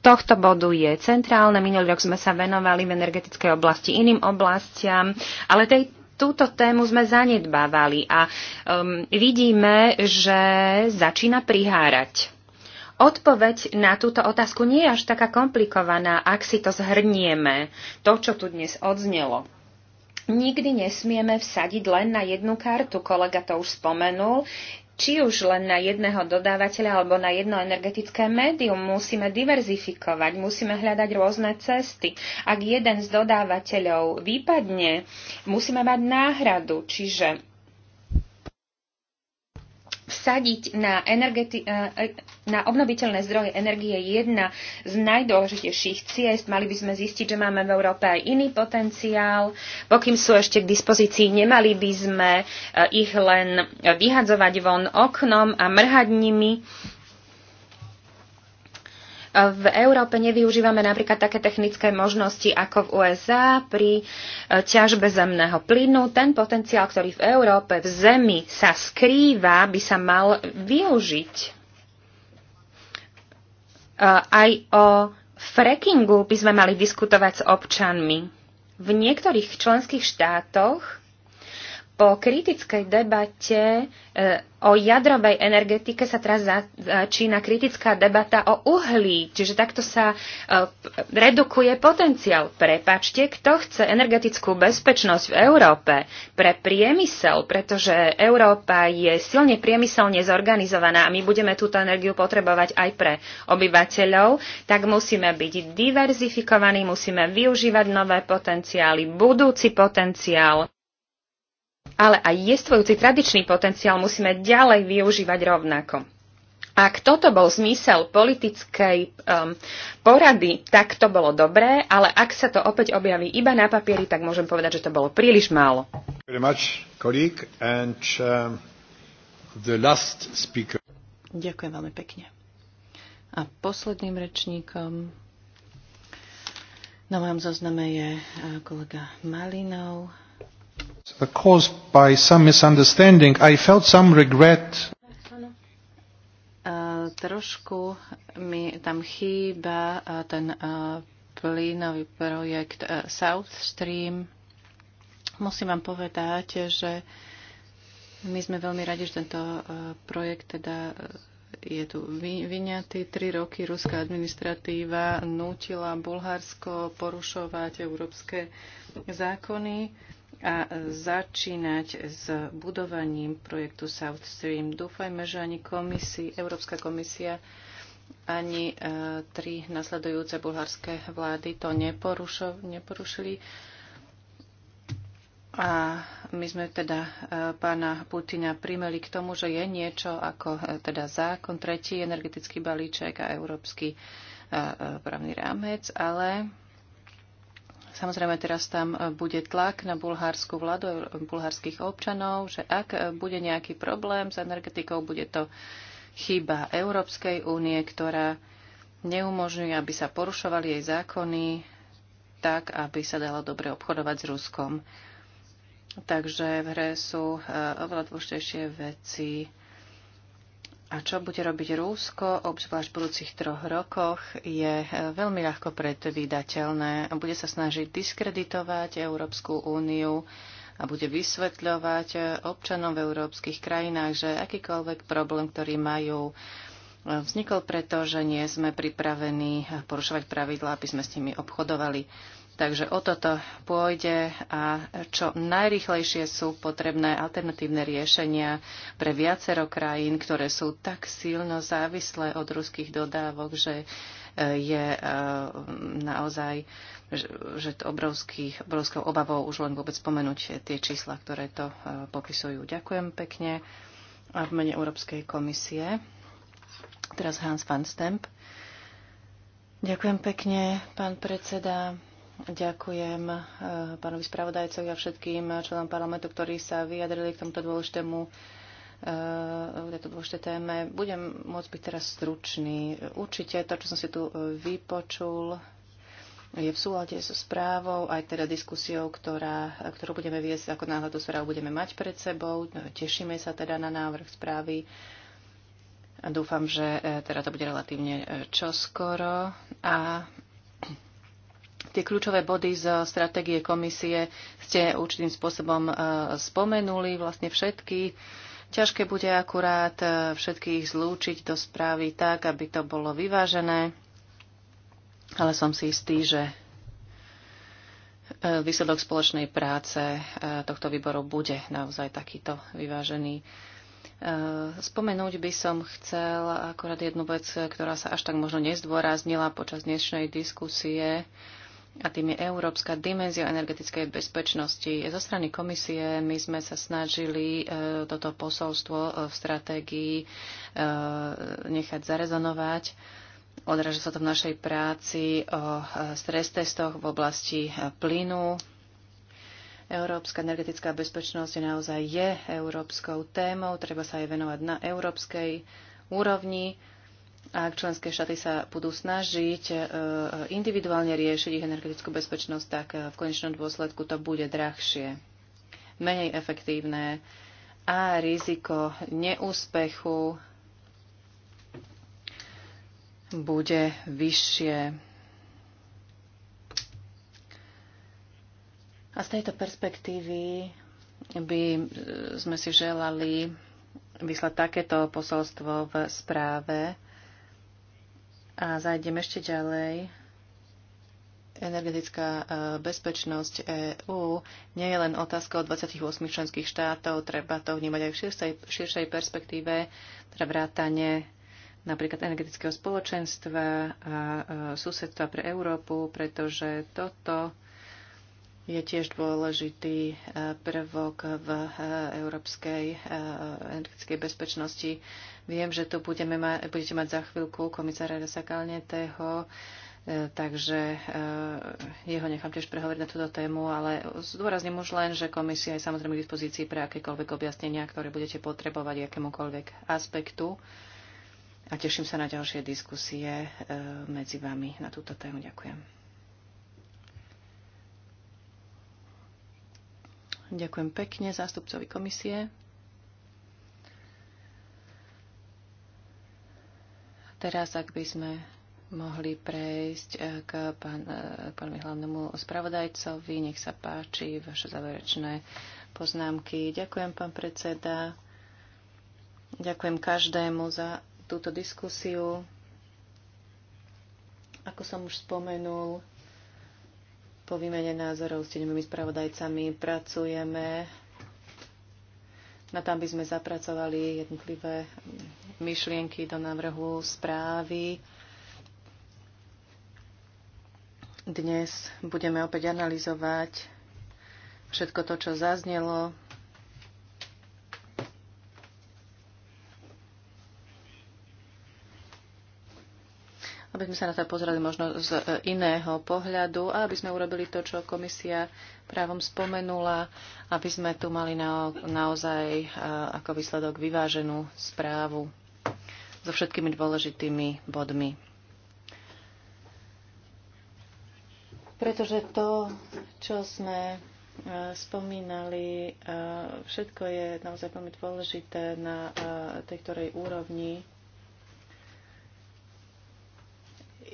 Speaker 2: tohto bodu je centrálne. Minulý rok sme sa venovali v energetickej oblasti iným oblastiam, ale tej, túto tému sme zanedbávali a um, vidíme, že začína prihárať Odpoveď na túto otázku nie je až taká komplikovaná, ak si to zhrnieme, to, čo tu dnes odznelo. Nikdy nesmieme vsadiť len na jednu kartu, kolega to už spomenul, či už len na jedného dodávateľa alebo na jedno energetické médium. Musíme diverzifikovať, musíme hľadať rôzne cesty. Ak jeden z dodávateľov vypadne, musíme mať náhradu, čiže vsadiť na, energeti- e, e, na obnoviteľné zdroje energie je jedna z najdôležitejších ciest. Mali by sme zistiť, že máme v Európe aj iný potenciál. Pokým sú ešte k dispozícii, nemali by sme e, ich len vyhadzovať von oknom a mrhať nimi. V Európe nevyužívame napríklad také technické možnosti ako v USA pri e, ťažbe zemného plynu. Ten potenciál, ktorý v Európe v zemi sa skrýva, by sa mal využiť. E, aj o frackingu by sme mali diskutovať s občanmi. V niektorých členských štátoch po kritickej debate e, o jadrovej energetike sa teraz začína kritická debata o uhlí, čiže takto sa e, redukuje potenciál. Prepačte, kto chce energetickú bezpečnosť v Európe pre priemysel, pretože Európa je silne priemyselne zorganizovaná a my budeme túto energiu potrebovať aj pre obyvateľov, tak musíme byť diverzifikovaní, musíme využívať nové potenciály, budúci potenciál ale aj jestvujúci tradičný potenciál musíme ďalej využívať rovnako. Ak toto bol zmysel politickej um, porady, tak to bolo dobré, ale ak sa to opäť objaví iba na papieri, tak môžem povedať, že to bolo príliš
Speaker 1: málo. Um,
Speaker 4: Ďakujem veľmi pekne. A posledným rečníkom na mojom zozname je eh, kolega Malinov
Speaker 1: Caused by some misunderstanding, I felt some regret
Speaker 4: e, trošku mi tam chýba e, ten e, plynový projekt South Stream. Musím vám povedať, že my sme veľmi radi, že tento projekt teda je tu vyňatý. Tri roky ruská administratíva nútila Bulharsko porušovať európske zákony a začínať s budovaním projektu South Stream. Dúfajme, že ani komisi, Európska komisia ani e, tri nasledujúce bulharské vlády to neporušili. A my sme teda e, pána Putina primeli k tomu, že je niečo ako e, teda zákon, tretí energetický balíček a európsky právny rámec, ale Samozrejme, teraz tam e, bude tlak na bulhárskú vládu, e, bulhárskych občanov, že ak e, bude nejaký problém s energetikou, bude to chyba Európskej únie, ktorá neumožňuje, aby sa porušovali jej zákony tak, aby sa dalo dobre obchodovať s Ruskom. Takže v hre sú oveľa dôležitejšie veci a čo bude robiť Rúsko, obzvlášť v budúcich troch rokoch, je eh, veľmi ľahko predvídateľné. Bude sa snažiť diskreditovať Európsku úniu a bude vysvetľovať eh, občanom v európskych krajinách, že akýkoľvek problém, ktorý majú, eh, vznikol preto, že nie sme pripravení porušovať pravidlá, aby sme s nimi obchodovali. Takže o toto pôjde a čo najrychlejšie sú potrebné alternatívne riešenia pre viacero krajín, ktoré sú tak silno závislé od ruských dodávok, že e, je e, naozaj že to obrovských, obrovskou obavou už len vôbec spomenúť tie čísla, ktoré to e, popisujú. Ďakujem pekne a v mene Európskej komisie. Teraz Hans van Stemp. Ďakujem pekne, pán predseda. Ďakujem eh, pánovi spravodajcovi a všetkým členom parlamentu, ktorí sa vyjadrili k tomuto dôležitému eh, tejto dôležité téme. Budem môcť byť teraz stručný. Určite to, čo som si tu eh, vypočul, je v súlade so správou, aj teda diskusiou, ktorá, ktorú budeme viesť, ako náhľadu správu budeme mať pred sebou. Tešíme sa teda na návrh správy. Dúfam, že teda to bude relatívne čoskoro. A Tie kľúčové body z stratégie komisie ste určitým spôsobom e, spomenuli, vlastne všetky. Ťažké bude akurát e, všetkých zlúčiť do správy tak, aby to bolo vyvážené, ale som si istý, že e, výsledok spoločnej práce tohto výboru bude naozaj takýto vyvážený. Spomenúť by som chcel akorát jednu vec, ktorá sa až tak možno nezdôraznila počas dnešnej diskusie a tým je európska dimenzia energetickej bezpečnosti. Zo strany komisie my sme sa snažili e, toto posolstvo e, v stratégii e, nechať zarezonovať. Odraža sa to v našej práci o stres testoch v oblasti plynu. Európska energetická bezpečnosť je naozaj je európskou témou, treba sa aj venovať na európskej úrovni ak členské štáty sa budú snažiť e, individuálne riešiť ich energetickú bezpečnosť, tak e, v konečnom dôsledku to bude drahšie, menej efektívne a riziko neúspechu bude vyššie. A z tejto perspektívy by e, sme si želali vyslať takéto posolstvo v správe, a zajdem ešte ďalej. Energetická e, bezpečnosť EÚ nie je len otázka o 28 členských štátov, treba to vnímať aj v širšej, širšej perspektíve, teda vrátane napríklad energetického spoločenstva a e, susedstva pre Európu, pretože toto je tiež dôležitý e, prvok v e, európskej e, energetickej bezpečnosti. Viem, že tu budeme ma- budete mať za chvíľku komisára Kalnetého, takže jeho nechám tiež prehovoriť na túto tému, ale zdôrazním už len, že komisia je samozrejme k dispozícii pre akékoľvek objasnenia, ktoré budete potrebovať akémukoľvek aspektu. A teším sa na ďalšie diskusie medzi vami na túto tému. Ďakujem. Ďakujem pekne zástupcovi komisie. Teraz, ak by sme mohli prejsť eh, k pán, eh, pánovi hlavnému spravodajcovi. Nech sa páči vaše záverečné poznámky. Ďakujem, pán predseda. Ďakujem každému za túto diskusiu. Ako som už spomenul, po výmene názorov s tenými spravodajcami pracujeme. Na tam by sme zapracovali jednotlivé myšlienky do návrhu správy. Dnes budeme opäť analyzovať všetko to, čo zaznelo aby sme sa na to pozreli možno z e, iného pohľadu a aby sme urobili to, čo komisia právom spomenula, aby sme tu mali na, naozaj e, ako výsledok vyváženú správu so všetkými dôležitými bodmi. Pretože to, čo sme e, spomínali, všetko je naozaj veľmi dôležité na tej ktorej úrovni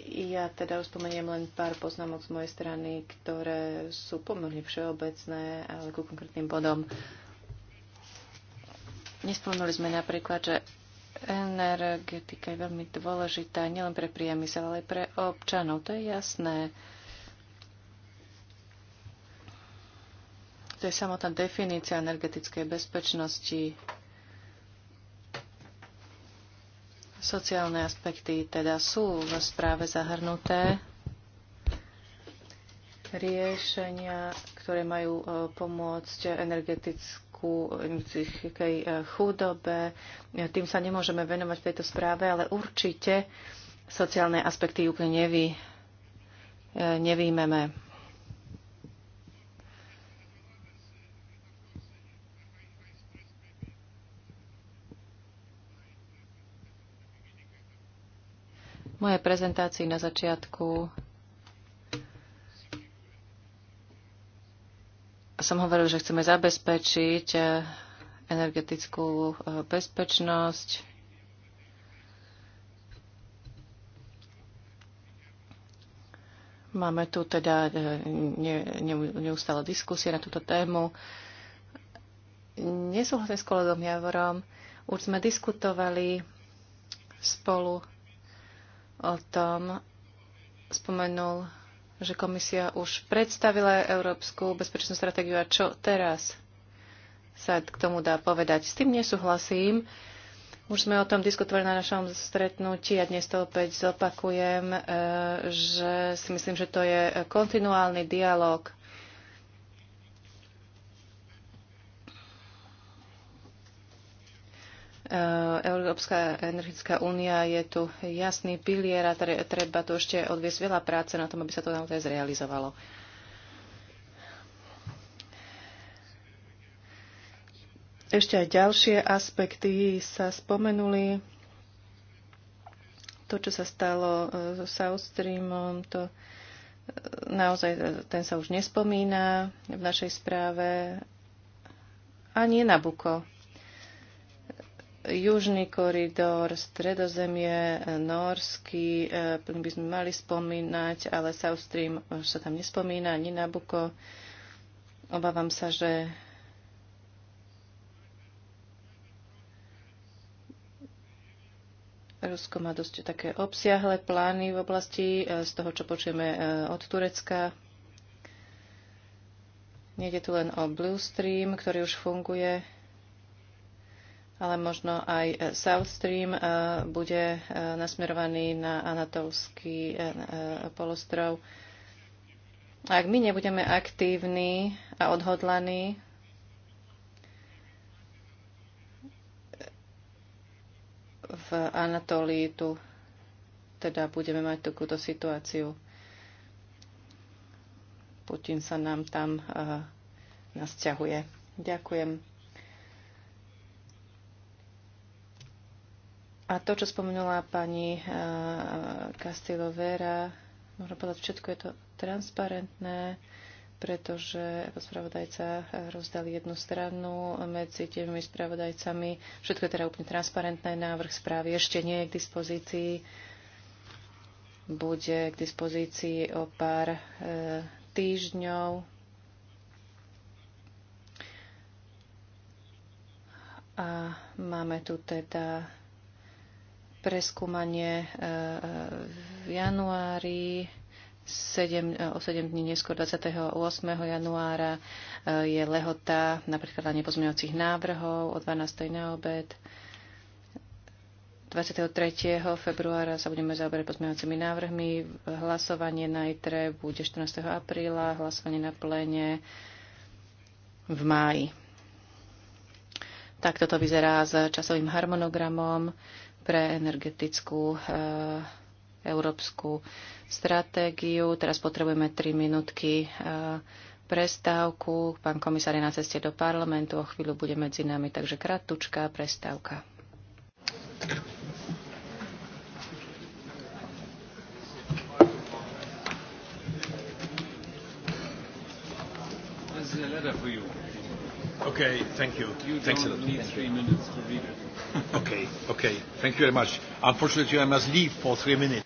Speaker 4: Ja teda uspomeniem len pár poznámok z mojej strany, ktoré sú pomerne všeobecné, ale ku konkrétnym bodom. Nespomenuli sme napríklad, že energetika je veľmi dôležitá nielen pre priemysel, ale aj pre občanov. To je jasné. To je samotná definícia energetickej bezpečnosti Sociálne aspekty teda sú v správe zahrnuté. Riešenia, ktoré majú e, pomôcť energetickú e, chudobe. E, tým sa nemôžeme venovať v tejto správe, ale určite sociálne aspekty úplne nevy, nevímeme. mojej prezentácii na začiatku som hovoril, že chceme zabezpečiť eh, energetickú eh, bezpečnosť. Máme tu teda eh, neustále diskusie na túto tému. Nesúhlasím s kolegom Javorom. Už sme diskutovali spolu o tom spomenul, že komisia už predstavila Európsku bezpečnú stratégiu a čo teraz sa k tomu dá povedať. S tým nesúhlasím. Už sme o tom diskutovali na našom stretnutí a dnes to opäť zopakujem, e, že si myslím, že to je kontinuálny dialog Eh, Európska energetická únia je tu jasný pilier a treba tu ešte odviesť veľa práce na tom, aby sa to naozaj zrealizovalo. Ešte aj ďalšie aspekty sa spomenuli. To, čo sa stalo eh, so South Streamom, to eh, naozaj ten sa už nespomína v našej správe. Ani Nabuko. Južný koridor, Stredozemie, Norský, e, by sme mali spomínať, ale South Stream sa tam nespomína, ani Nabuko. Obávam sa, že Rusko má dosť také obsiahle plány v oblasti e, z toho, čo počujeme e, od Turecka. Nejde tu len o Blue Stream, ktorý už funguje ale možno aj e, South Stream e, bude e, nasmerovaný na Anatolský polostrov. Ak my nebudeme aktívni a odhodlaní, v Anatolii tu teda budeme mať takúto situáciu. Putin sa nám tam uh, nasťahuje. Ďakujem. A to, čo spomenula pani eh, Castillo Vera, možno povedať, všetko je to transparentné, pretože ako spravodajca eh, rozdali jednu stranu medzi tými spravodajcami. Všetko je teda úplne transparentné, návrh správy ešte nie je k dispozícii. Bude k dispozícii o pár eh, týždňov. A máme tu teda preskúmanie e, e, v januári. 7, e, o 7 dní neskôr 28. januára je lehota na predkladanie pozmeňovacích návrhov o 12. na obed. 23. februára sa budeme zaoberať pozmeňovacími návrhmi. Hlasovanie na ITRE bude 14. apríla, hlasovanie na plene v máji. Tak toto vyzerá s časovým harmonogramom pre energetickú e, európsku stratégiu. Teraz potrebujeme 3 minútky e, prestávku. Pán komisár je na ceste do parlamentu, o chvíľu bude medzi nami, takže kratučká prestávka.
Speaker 1: a letter for you. Okay, thank you. You Thanks don't a lot. need three minutes to read it. Okay, okay. Thank you very much. Unfortunately, I must leave for three minutes.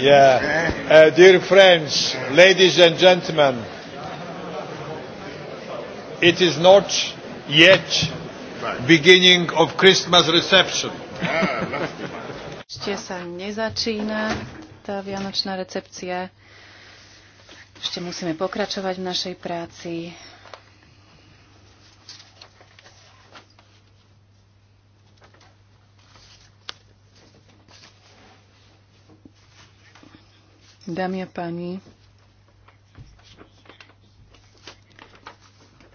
Speaker 1: Yeah. Uh, dear friends, ladies and gentlemen, it is not yet beginning of Christmas reception.
Speaker 4: Ešte sa nezačína tá vianočná recepcia. Ešte musíme pokračovať v našej práci. dámy a páni,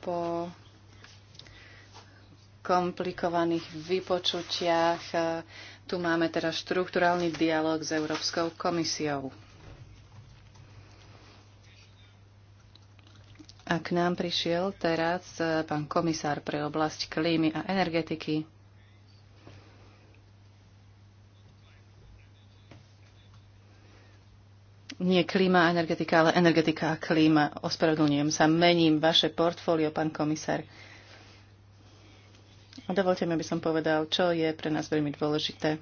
Speaker 4: po komplikovaných vypočutiach eh, tu máme teraz štruktúrálny dialog s Európskou komisiou. A k nám prišiel teraz eh, pán komisár pre oblasť klímy a energetiky, nie klíma a energetika, ale energetika a klíma. Ospravedlňujem sa, mením vaše portfólio, pán komisár. Dovolte mi, aby som povedal, čo je pre nás veľmi dôležité.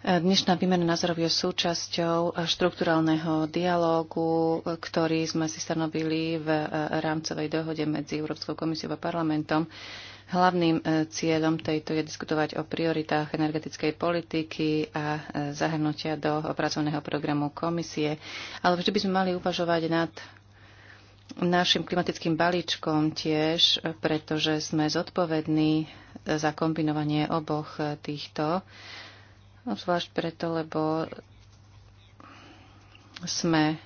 Speaker 4: Dnešná výmena názorov je súčasťou štruktúralného dialógu, ktorý sme si stanovili v rámcovej dohode medzi Európskou komisiou a parlamentom. Hlavným e, cieľom tejto je diskutovať o prioritách energetickej politiky a e, zahrnutia do pracovného programu komisie. Ale vždy by sme mali uvažovať nad našim klimatickým balíčkom tiež, pretože sme zodpovední e, za kombinovanie oboch týchto. Zvlášť preto, lebo sme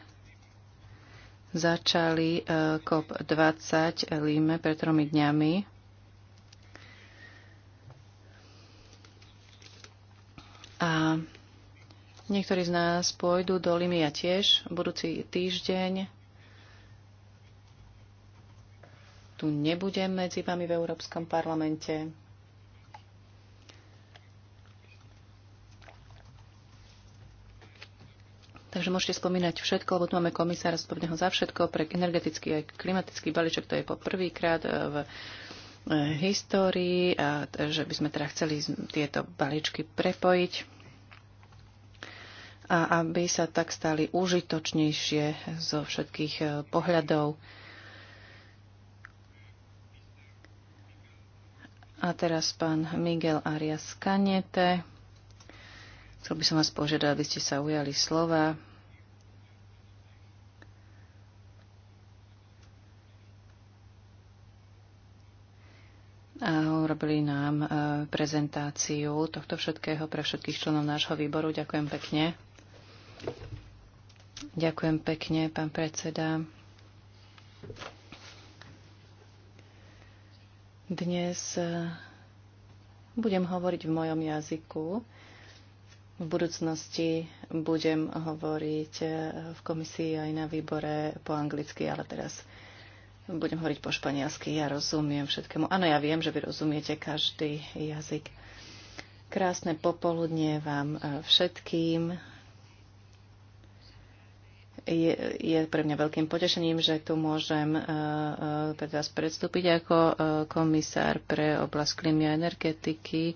Speaker 4: začali COP20 Líme pred tromi dňami Niektorí z nás pôjdu do Limia tiež budúci týždeň. Tu nebudem medzi vami v Európskom parlamente. Takže môžete spomínať všetko, lebo tu máme komisára spomínaného za všetko pre energetický a klimatický balíček. To je po prvýkrát e, v e, histórii, a, že by sme teda chceli tieto balíčky prepojiť a aby sa tak stali užitočnejšie zo všetkých eh, pohľadov. A teraz pán Miguel Arias Kanete. Chcel by som vás požiadať, aby ste sa ujali slova. A urobili nám eh, prezentáciu tohto všetkého pre všetkých členov nášho výboru. Ďakujem pekne. Ďakujem pekne, pán predseda. Dnes e, budem hovoriť v mojom jazyku. V budúcnosti budem hovoriť e, v komisii aj na výbore po anglicky, ale teraz budem hovoriť po španielsky. Ja rozumiem všetkému. Áno, ja viem, že vy rozumiete každý jazyk. Krásne popoludnie vám e, všetkým je, je pre mňa veľkým potešením, že tu môžem teraz e, predstúpiť ako e, komisár pre oblasť klímy a energetiky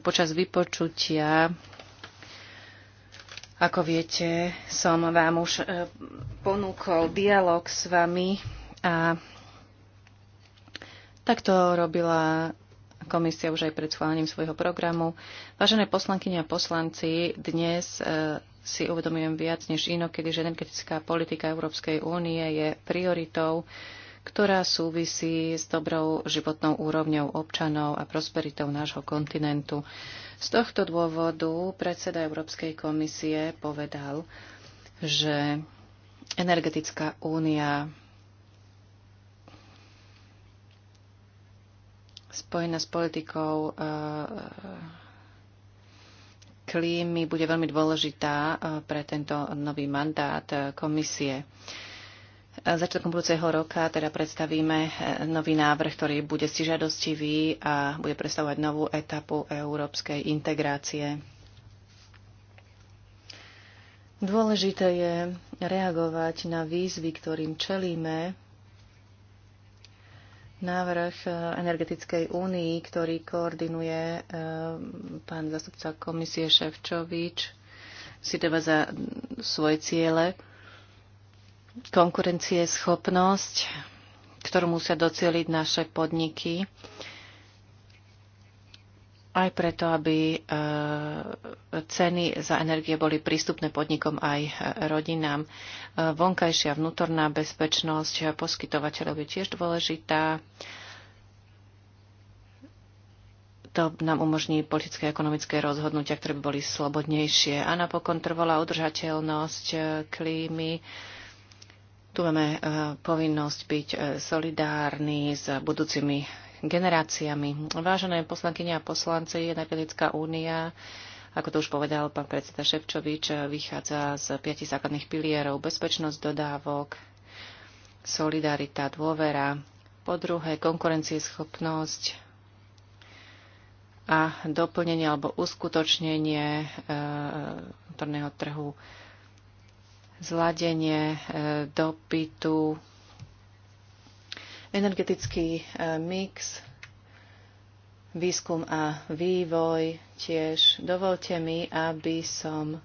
Speaker 4: počas vypočutia ako viete, som vám už e, ponúkol dialog s vami a tak to robila komisia už aj pred schválením svojho programu. Vážené poslankyne a poslanci, dnes si uvedomujem viac než inokedy, že energetická politika Európskej únie je prioritou, ktorá súvisí s dobrou životnou úrovňou občanov a prosperitou nášho kontinentu. Z tohto dôvodu predseda Európskej komisie povedal, že energetická únia spojená s politikou eh, klímy bude veľmi dôležitá eh, pre tento nový mandát eh, komisie. Začiatkom budúceho roka teda predstavíme eh, nový návrh, ktorý bude si žiadostivý a bude predstavovať novú etapu európskej integrácie. Dôležité je reagovať na výzvy, ktorým čelíme návrh e, energetickej únii, ktorý koordinuje e, pán zastupca komisie Ševčovič, si dáva za svoje ciele schopnosť, ktorú musia docieliť naše podniky aj preto, aby e, ceny za energie boli prístupné podnikom aj e, rodinám. E, vonkajšia vnútorná bezpečnosť poskytovateľov je tiež dôležitá. To nám umožní politické a ekonomické rozhodnutia, ktoré by boli slobodnejšie. A napokon trvalá udržateľnosť klímy. Tu máme povinnosť byť solidárni s budúcimi generáciami. Vážené poslankyne a poslanci, Energetická únia, ako to už povedal pán predseda Ševčovič, vychádza z piatich základných pilierov. Bezpečnosť dodávok, solidarita, dôvera, po druhé konkurencieschopnosť, a doplnenie alebo uskutočnenie eh, vnútorného trhu, zladenie eh, dopytu energetický e, mix, výskum a vývoj tiež. Dovolte mi, aby som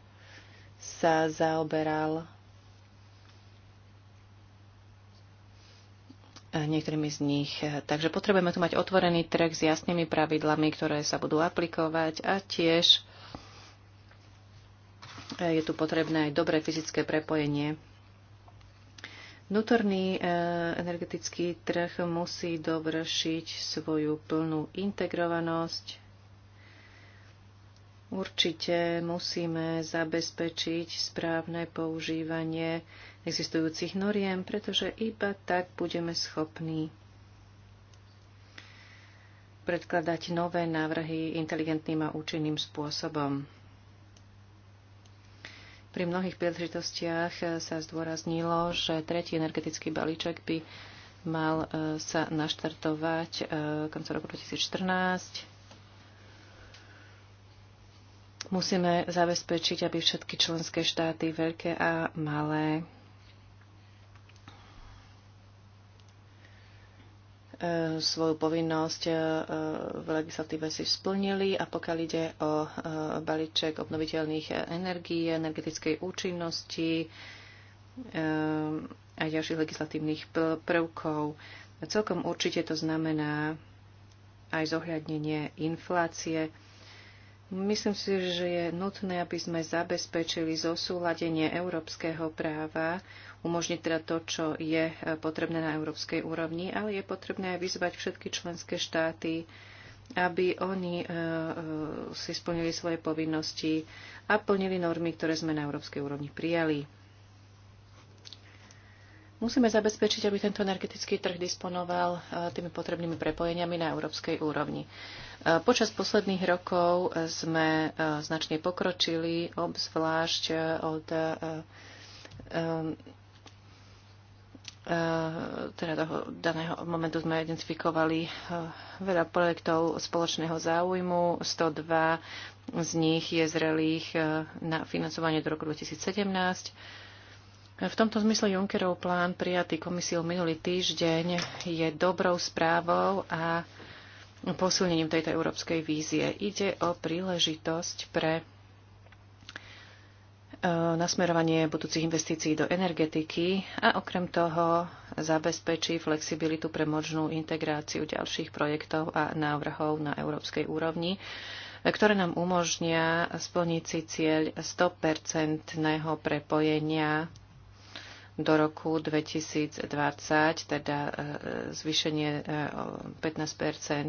Speaker 4: sa zaoberal e, niektorými z nich. Takže potrebujeme tu mať otvorený trh s jasnými pravidlami, ktoré sa budú aplikovať a tiež e, je tu potrebné aj dobré fyzické prepojenie Vnútorný e, energetický trh musí dovršiť svoju plnú integrovanosť. Určite musíme zabezpečiť správne používanie existujúcich noriem, pretože iba tak budeme schopní predkladať nové návrhy inteligentným a účinným spôsobom. Pri mnohých príležitostiach eh, sa zdôraznilo, že tretí energetický balíček by mal eh, sa naštartovať eh, koncom roku 2014. Musíme zabezpečiť, aby všetky členské štáty, veľké a malé, svoju povinnosť e, v legislatíve si splnili a pokiaľ ide o e, balíček obnoviteľných energií, energetickej účinnosti e, a ďalších legislatívnych prvkov. Celkom určite to znamená aj zohľadnenie inflácie Myslím si, že je nutné, aby sme zabezpečili zosúladenie európskeho práva, umožniť teda to, čo je eh, potrebné na európskej úrovni, ale je potrebné aj vyzvať všetky členské štáty, aby oni eh, eh, si splnili svoje povinnosti a plnili normy, ktoré sme na európskej úrovni prijali. Musíme zabezpečiť, aby tento energetický trh disponoval e, tými potrebnými prepojeniami na európskej úrovni. E, počas posledných rokov sme e, značne pokročili, obzvlášť od teda toho daného momentu sme identifikovali veľa projektov spoločného záujmu. 102 z nich je zrelých na financovanie do roku 2017 v tomto zmysle Junckerov plán prijatý komisiou minulý týždeň je dobrou správou a posilnením tejto európskej vízie. Ide o príležitosť pre e, nasmerovanie budúcich investícií do energetiky a okrem toho zabezpečí flexibilitu pre možnú integráciu ďalších projektov a návrhov na európskej úrovni, ktoré nám umožnia splniť si cieľ 100% prepojenia do roku 2020, teda e, zvýšenie 15 e,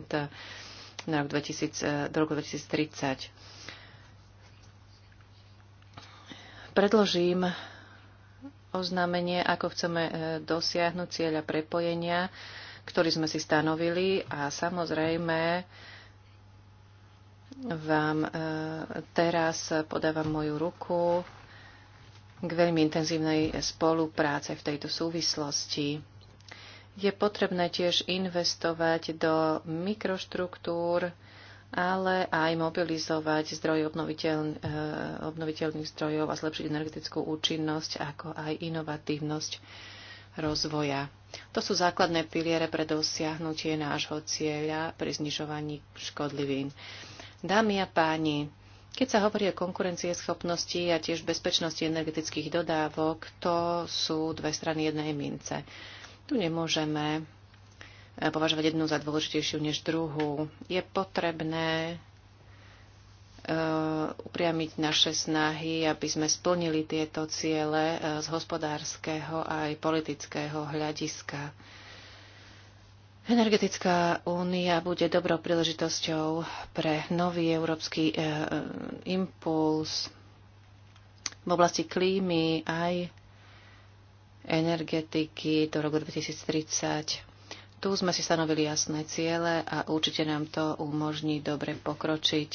Speaker 4: na rok 2000, e, do roku 2030. Predložím oznámenie, ako chceme dosiahnuť cieľa prepojenia, ktorý sme si stanovili a samozrejme vám teraz podávam moju ruku k veľmi intenzívnej spolupráce v tejto súvislosti. Je potrebné tiež investovať do mikroštruktúr, ale aj mobilizovať zdroje eh, obnoviteľných zdrojov a zlepšiť energetickú účinnosť, ako aj inovatívnosť rozvoja. To sú základné piliere pre dosiahnutie nášho cieľa pri znižovaní škodlivín. Dámy a páni, keď sa hovorí o konkurencieschopnosti a tiež bezpečnosti energetických dodávok, to sú dve strany jednej mince. Tu nemôžeme eh, považovať jednu za dôležitejšiu než druhú. Je potrebné eh, upriamiť naše snahy, aby sme splnili tieto ciele eh, z hospodárskeho a aj politického hľadiska. Energetická únia bude dobrou príležitosťou pre nový európsky e, e, impuls v oblasti klímy aj energetiky do roku 2030. Tu sme si stanovili jasné ciele a určite nám to umožní dobre pokročiť.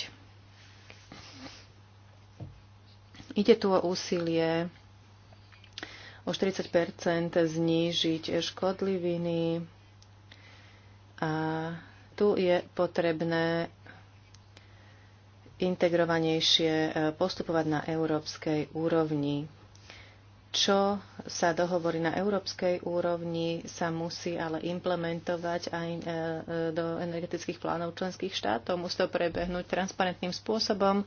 Speaker 4: Ide tu o úsilie o 40 znížiť škodliviny a tu je potrebné integrovanejšie e, postupovať na európskej úrovni. Čo sa dohovorí na európskej úrovni, sa musí ale implementovať aj e, e, do energetických plánov členských štátov. Musí to prebehnúť transparentným spôsobom,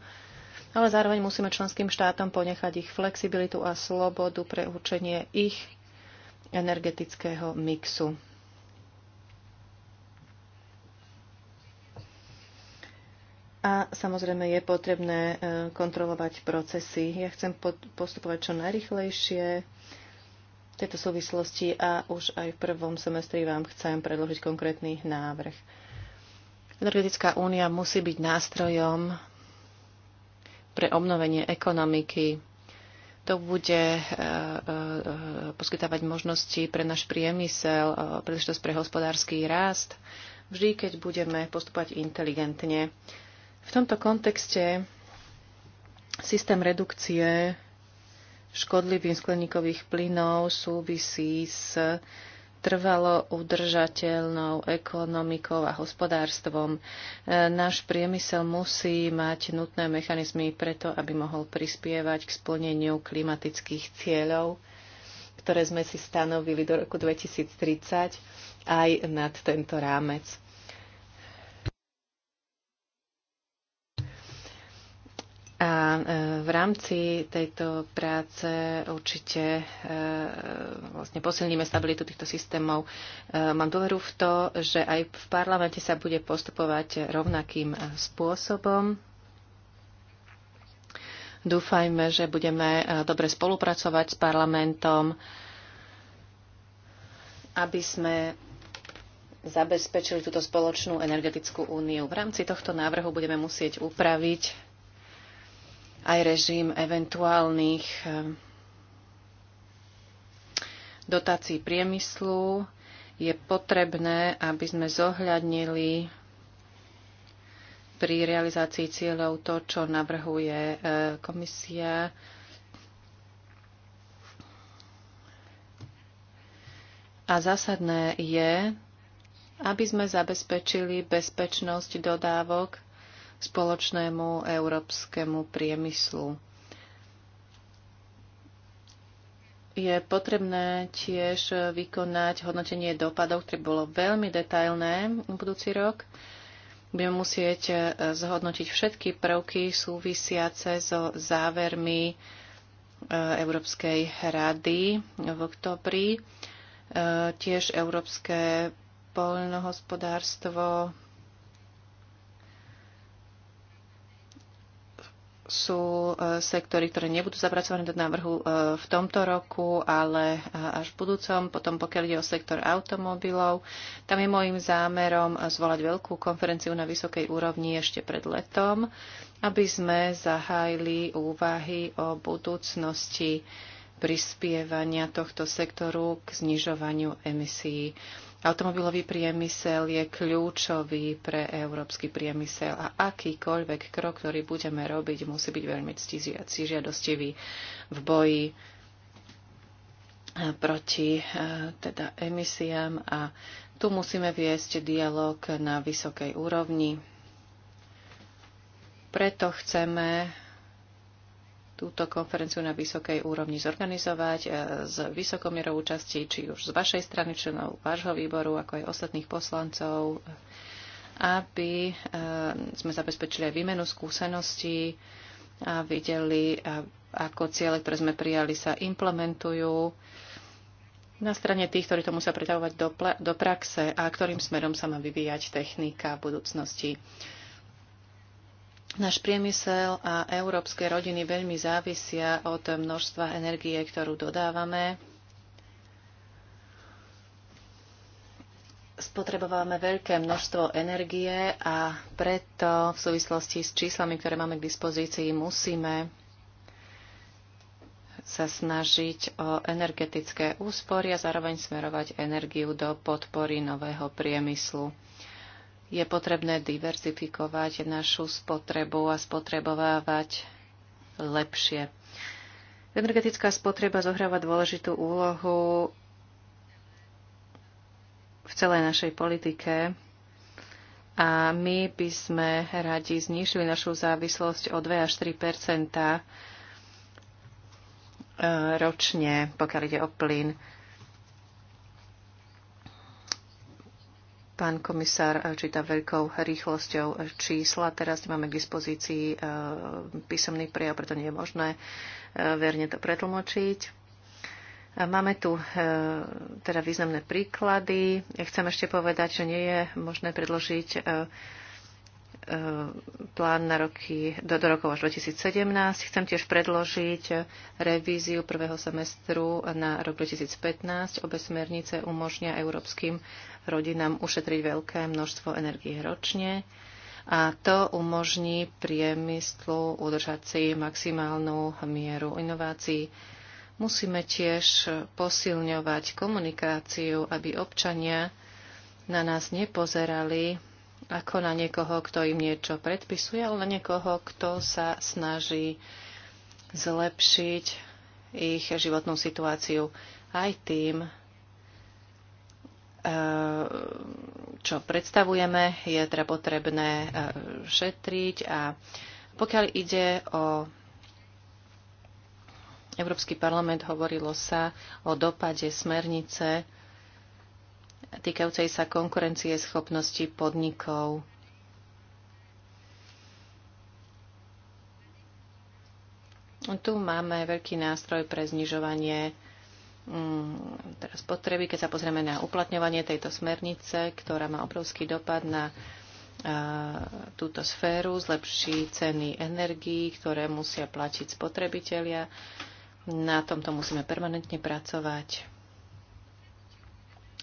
Speaker 4: ale zároveň musíme členským štátom ponechať ich flexibilitu a slobodu pre určenie ich energetického mixu. A samozrejme je potrebné e, kontrolovať procesy. Ja chcem postupovať čo najrychlejšie v tejto súvislosti a už aj v prvom semestri vám chcem predložiť konkrétny návrh. Energetická únia musí byť nástrojom pre obnovenie ekonomiky. To bude e, e, poskytávať možnosti pre náš priemysel, príležitosť pre hospodársky rast, vždy, keď budeme postupovať inteligentne. V tomto kontexte systém redukcie škodlivých skleníkových plynov súvisí s trvalo udržateľnou ekonomikou a hospodárstvom. E, náš priemysel musí mať nutné mechanizmy preto, aby mohol prispievať k splneniu klimatických cieľov, ktoré sme si stanovili do roku 2030 aj nad tento rámec. A e, v rámci tejto práce určite e, vlastne posilníme stabilitu týchto systémov. E, mám dôveru v to, že aj v parlamente sa bude postupovať rovnakým spôsobom. Dúfajme, že budeme dobre spolupracovať s parlamentom, aby sme zabezpečili túto spoločnú energetickú úniu. V rámci tohto návrhu budeme musieť upraviť aj režim eventuálnych eh, dotácií priemyslu, je potrebné, aby sme zohľadnili pri realizácii cieľov to, čo navrhuje eh, komisia. A zásadné je, aby sme zabezpečili bezpečnosť dodávok spoločnému európskemu priemyslu. Je potrebné tiež vykonať hodnotenie dopadov, ktoré bolo veľmi detailné v budúci rok. Budeme musieť zhodnotiť všetky prvky súvisiace so závermi e, Európskej rady v oktobri. E, tiež Európske poľnohospodárstvo sú e, sektory, ktoré nebudú zapracované do návrhu e, v tomto roku, ale e, až v budúcom. Potom pokiaľ ide o sektor automobilov, tam je môjim zámerom zvolať veľkú konferenciu na vysokej úrovni ešte pred letom, aby sme zahájili úvahy o budúcnosti prispievania tohto sektoru k znižovaniu emisí Automobilový priemysel je kľúčový pre európsky priemysel a akýkoľvek krok, ktorý budeme robiť, musí byť veľmi žiadostivý v boji eh, proti eh, teda emisiám a tu musíme viesť dialog na vysokej úrovni. Preto chceme túto konferenciu na vysokej úrovni zorganizovať e, s vysokou mierou účasti, či už z vašej strany, členov vášho výboru, ako aj ostatných poslancov, aby e, sme zabezpečili aj výmenu skúseností a videli, e, ako ciele, ktoré sme prijali, sa implementujú na strane tých, ktorí to musia pretavovať do, do praxe a ktorým smerom sa má vyvíjať technika v budúcnosti. Uh, Náš priemysel a európske rodiny veľmi závisia od množstva energie, ktorú dodávame. Spotrebovávame veľké množstvo energie a preto v súvislosti s číslami, ktoré máme k dispozícii, musíme sa snažiť o energetické úspory a zároveň smerovať energiu do podpory nového priemyslu je potrebné diverzifikovať našu spotrebu a spotrebovávať lepšie. Energetická spotreba zohráva dôležitú úlohu v celej našej politike a my by sme radi znižili našu závislosť o 2 až 3 e, ročne, pokiaľ ide o plyn. Pán komisár eh, číta veľkou rýchlosťou čísla. Teraz máme k dispozícii eh, písomný prejav, preto nie je možné eh, verne to pretlmočiť. Máme tu teda významné príklady. Chcem ešte povedať, že nie je možné predložiť E, plán na roky, do, do rokov až 2017. Chcem tiež predložiť revíziu prvého semestru na rok 2015. Obe smernice umožnia európskym rodinám ušetriť veľké množstvo energie ročne a to umožní priemyslu udržať si maximálnu mieru inovácií. Musíme tiež posilňovať komunikáciu, aby občania na nás nepozerali ako na niekoho, kto im niečo predpisuje, ale na niekoho, kto sa snaží zlepšiť ich životnú situáciu aj tým, e, čo predstavujeme, je teda potrebné e, šetriť a pokiaľ ide o Európsky parlament, hovorilo sa o dopade smernice týkajúcej sa konkurencie schopnosti podnikov. Tu máme veľký nástroj pre znižovanie mm, teraz potreby, keď sa pozrieme na uplatňovanie tejto smernice, ktorá má obrovský dopad na túto sféru, zlepší ceny energií, ktoré musia platiť spotrebitelia. Na tomto musíme permanentne pracovať.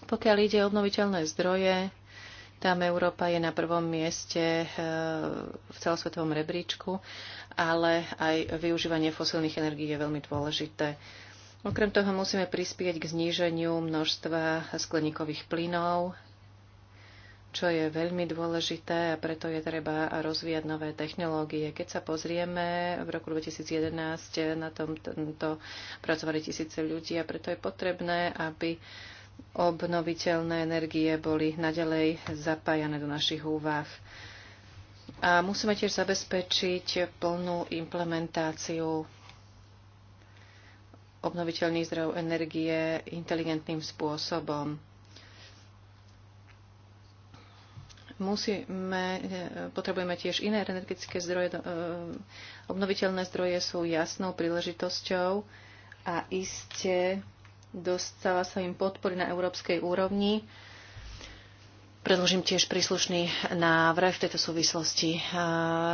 Speaker 4: Pokiaľ ide o obnoviteľné zdroje, tam Európa je na prvom mieste eh, v celosvetovom rebríčku, ale aj využívanie fosílnych energií je veľmi dôležité. Okrem toho musíme prispieť k zníženiu množstva skleníkových plynov, čo je veľmi dôležité a preto je treba rozvíjať nové technológie. Keď sa pozrieme, v roku 2011 na tomto pracovali tisíce ľudí a preto je potrebné, aby obnoviteľné energie boli naďalej zapájane do našich úvah. A musíme tiež zabezpečiť plnú implementáciu obnoviteľných zdrojov energie inteligentným spôsobom. Musíme, potrebujeme tiež iné energetické zdroje. E, obnoviteľné zdroje sú jasnou príležitosťou a iste dostala sa im podpory na európskej úrovni. Predložím tiež príslušný návrh v tejto súvislosti.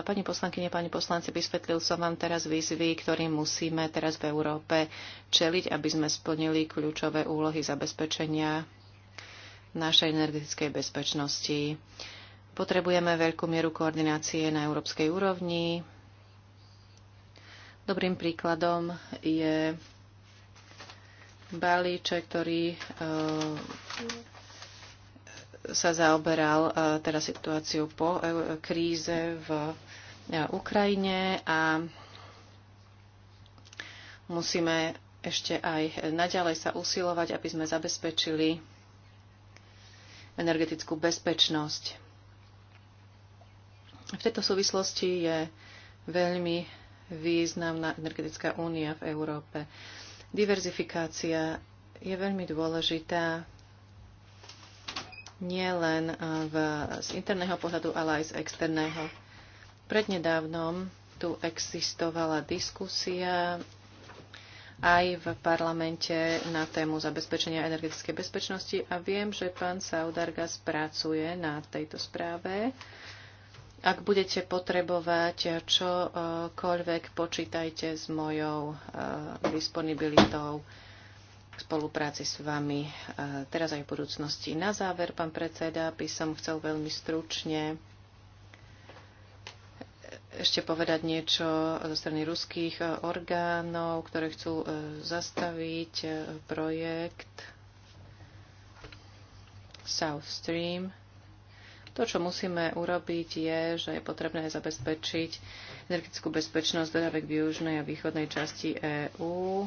Speaker 4: Pani poslankyne, pani poslanci, vysvetlil som vám teraz výzvy, ktorým musíme teraz v Európe čeliť, aby sme splnili kľúčové úlohy zabezpečenia našej energetickej bezpečnosti. Potrebujeme veľkú mieru koordinácie na európskej úrovni. Dobrým príkladom je balíček, ktorý eh, sa zaoberal eh, teraz situáciu po eh, kríze v Ukrajine a musíme ešte aj naďalej sa usilovať, aby sme zabezpečili energetickú bezpečnosť. V tejto súvislosti je veľmi významná energetická únia v Európe. Diverzifikácia je veľmi dôležitá nielen eh, z interného pohľadu, ale aj z externého. Prednedávnom tu existovala diskusia aj v parlamente na tému zabezpečenia energetickej bezpečnosti a viem, že pán Saudargas pracuje na tejto správe ak budete potrebovať čokoľvek, počítajte s mojou eh, disponibilitou v spolupráci s vami eh, teraz aj v budúcnosti. Na záver, pán predseda, by som chcel veľmi stručne eh, ešte povedať niečo zo strany ruských orgánov, ktoré chcú zastaviť projekt South Stream to, čo musíme urobiť, je, že je potrebné zabezpečiť energetickú bezpečnosť dodávek v južnej a východnej časti EÚ,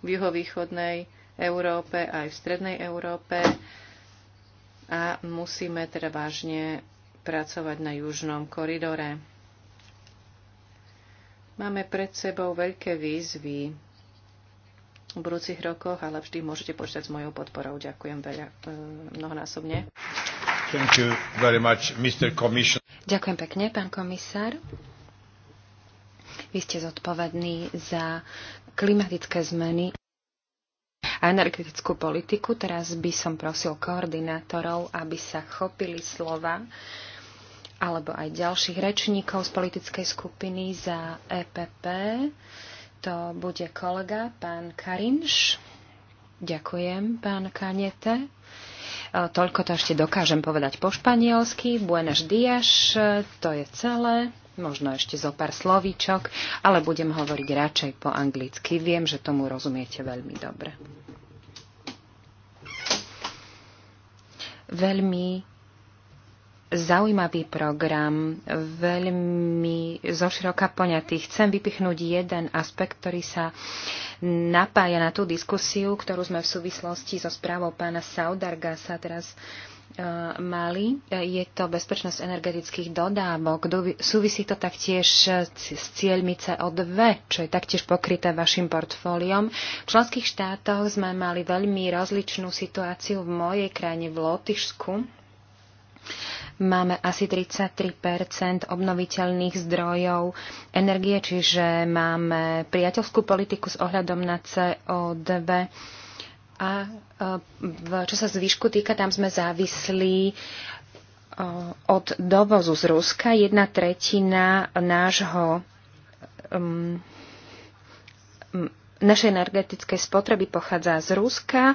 Speaker 4: v juhovýchodnej Európe aj v strednej Európe a musíme teda vážne pracovať na južnom koridore. Máme pred sebou veľké výzvy v budúcich rokoch, ale vždy môžete počítať s mojou podporou. Ďakujem veľa, e, mnohonásobne.
Speaker 1: Thank you very much, Mr.
Speaker 2: Ďakujem pekne, pán komisár. Vy ste zodpovední za klimatické zmeny a energetickú politiku. Teraz by som prosil koordinátorov, aby sa chopili slova alebo aj ďalších rečníkov z politickej skupiny za EPP. To bude kolega, pán Karinš. Ďakujem, pán Kanete. E, toľko to ešte dokážem povedať po španielsky. Buenos dias, to je celé. Možno ešte zo pár slovíčok, ale budem hovoriť radšej po anglicky. Viem, že tomu rozumiete veľmi dobre. Veľmi zaujímavý program, veľmi zoširoka poňatý. Chcem vypichnúť jeden aspekt, ktorý sa napája na tú diskusiu, ktorú sme v súvislosti so správou pána Saudarga sa teraz e, mali. E, je to bezpečnosť energetických dodávok. Súvisí to taktiež s cieľmi CO2, čo je taktiež pokryté vašim portfóliom. V členských štátoch sme mali veľmi rozličnú situáciu v mojej krajine v Lotyšsku máme asi 33 obnoviteľných zdrojov energie, čiže máme priateľskú politiku s ohľadom na CO2. A e, čo sa zvyšku týka, tam sme závislí e, od dovozu z Ruska. Jedna tretina nášho um, našej energetickej spotreby pochádza z Ruska.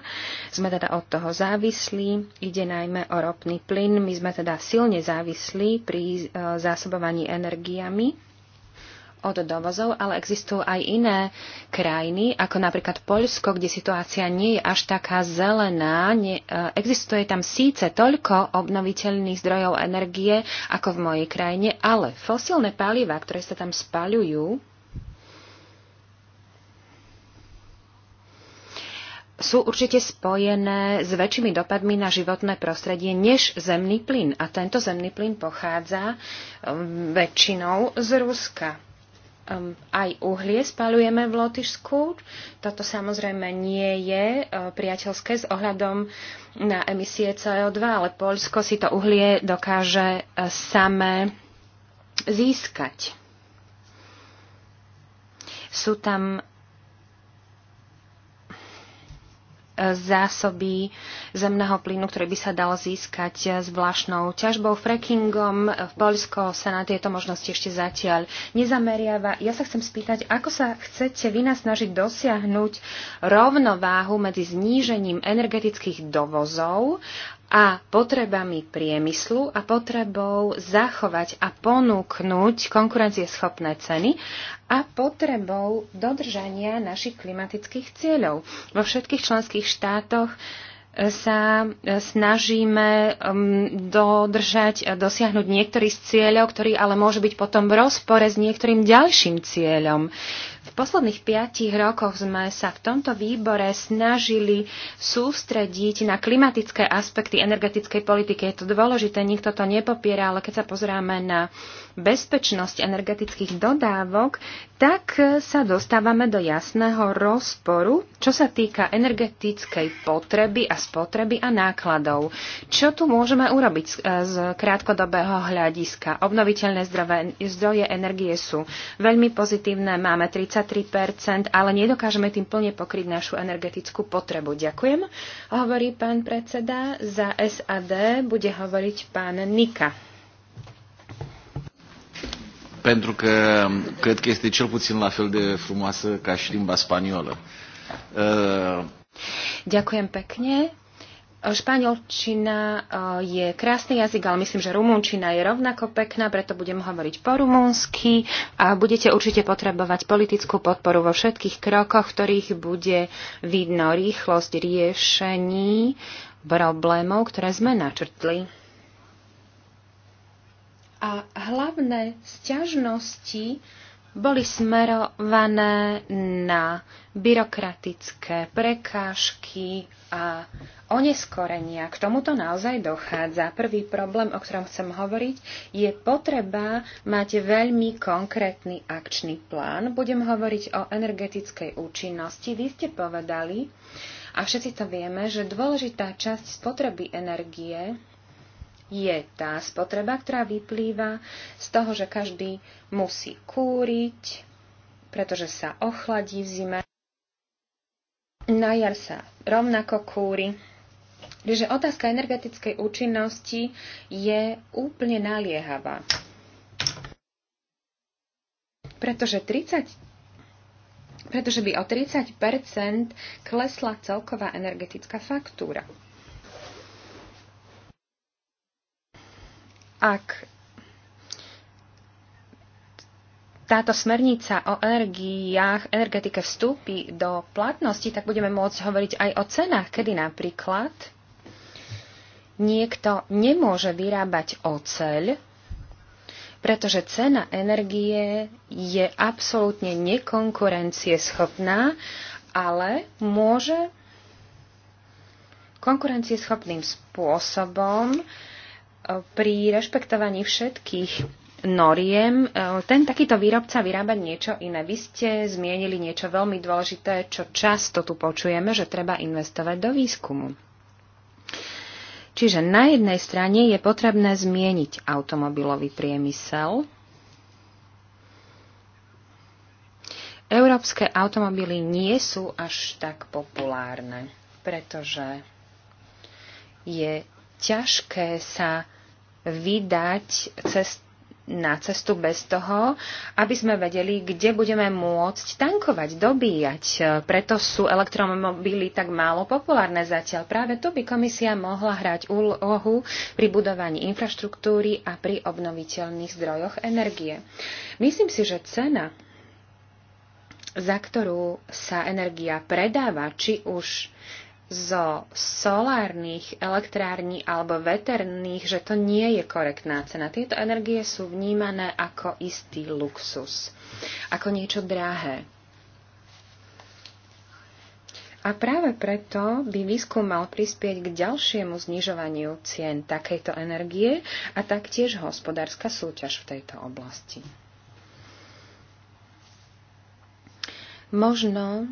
Speaker 2: Sme teda od toho závislí. Ide najmä o ropný plyn. My sme teda silne závislí pri e, zásobovaní energiami od dovozov, ale existujú aj iné krajiny, ako napríklad Poľsko, kde situácia nie je až taká zelená. Nie, e, existuje tam síce toľko obnoviteľných zdrojov energie ako v mojej krajine, ale fosílne paliva, ktoré sa tam spaľujú, sú určite spojené s väčšími dopadmi na životné prostredie než zemný plyn. A tento zemný plyn pochádza um, väčšinou z Ruska. Um, aj uhlie spalujeme v Lotyšsku. Toto samozrejme nie je uh, priateľské s ohľadom na emisie CO2, ale Poľsko si to uhlie dokáže uh, samé získať. Sú tam zásoby zemného plynu, ktorý by sa dal získať zvláštnou ťažbou, frackingom. V Polsko sa na tieto možnosti ešte zatiaľ nezameriava. Ja sa chcem spýtať, ako sa chcete vy nás snažiť dosiahnuť rovnováhu medzi znížením energetických dovozov a potrebami priemyslu a potrebou zachovať a ponúknuť konkurencieschopné ceny a potrebou dodržania našich klimatických cieľov. Vo všetkých členských štátoch e, sa e, snažíme dodržať, a dosiahnuť niektorý z cieľov, ktorý ale môže byť potom v rozpore s niektorým ďalším cieľom posledných piatich rokoch sme sa v tomto výbore snažili sústrediť na klimatické aspekty energetickej politiky. Je to dôležité, nikto to nepopiera, ale keď sa pozráme na bezpečnosť energetických dodávok, tak e, sa dostávame do jasného rozporu, čo sa týka energetickej potreby a spotreby a nákladov. Čo tu môžeme urobiť z e, krátkodobého hľadiska? Obnoviteľné zdravé, zdroje energie sú veľmi pozitívne, máme 33%, ale nedokážeme tým plne pokryť našu energetickú potrebu. Ďakujem, hovorí pán predseda. Za SAD bude hovoriť pán Nika
Speaker 4: pentru că um, cred că este cel puțin la fel de frumoasă ca și limba spaniolă. Uh,
Speaker 2: Ďakujem pekne. E, španielčina e, je krásny jazyk, ale myslím, že rumúnčina je rovnako pekná, preto budem hovoriť po rumúnsky a budete určite potrebovať politickú podporu vo všetkých krokoch, v ktorých bude vidno rýchlosť riešení problémov, ktoré sme načrtli a hlavné sťažnosti boli smerované na byrokratické prekážky a oneskorenia. K tomuto naozaj dochádza. Prvý problém, o ktorom chcem hovoriť, je potreba mať veľmi konkrétny akčný plán. Budem hovoriť o energetickej účinnosti. Vy ste povedali, a všetci to vieme, že dôležitá časť spotreby energie je tá spotreba, ktorá vyplýva z toho, že každý musí kúriť, pretože sa ochladí v zime. Na jar sa rovnako kúri. Takže otázka energetickej účinnosti je úplne naliehavá. Pretože 30 pretože by o 30 klesla celková energetická faktúra. Ak táto smernica o energiách, energetike vstúpi do platnosti, tak budeme môcť hovoriť aj o cenách, kedy napríklad niekto nemôže vyrábať oceľ, pretože cena energie je absolútne nekonkurencieschopná, ale môže konkurencieschopným spôsobom pri rešpektovaní všetkých noriem. E, ten takýto výrobca vyrába niečo iné. Vy ste zmienili niečo veľmi dôležité, čo často tu počujeme, že treba investovať do výskumu. Čiže na jednej strane je potrebné zmieniť automobilový priemysel. Európske automobily nie sú až tak populárne, pretože je ťažké sa vydať cest, na cestu bez toho, aby sme vedeli, kde budeme môcť tankovať, dobíjať. Preto sú elektromobily tak málo populárne zatiaľ. Práve tu by komisia mohla hrať úlohu pri budovaní infraštruktúry a pri obnoviteľných zdrojoch energie. Myslím si, že cena, za ktorú sa energia predáva, či už zo solárnych elektrární alebo veterných, že to nie je korektná cena. Tieto energie sú vnímané ako istý luxus, ako niečo drahé. A práve preto by výskum mal prispieť k ďalšiemu znižovaniu cien takejto energie a taktiež hospodárska súťaž v tejto oblasti. Možno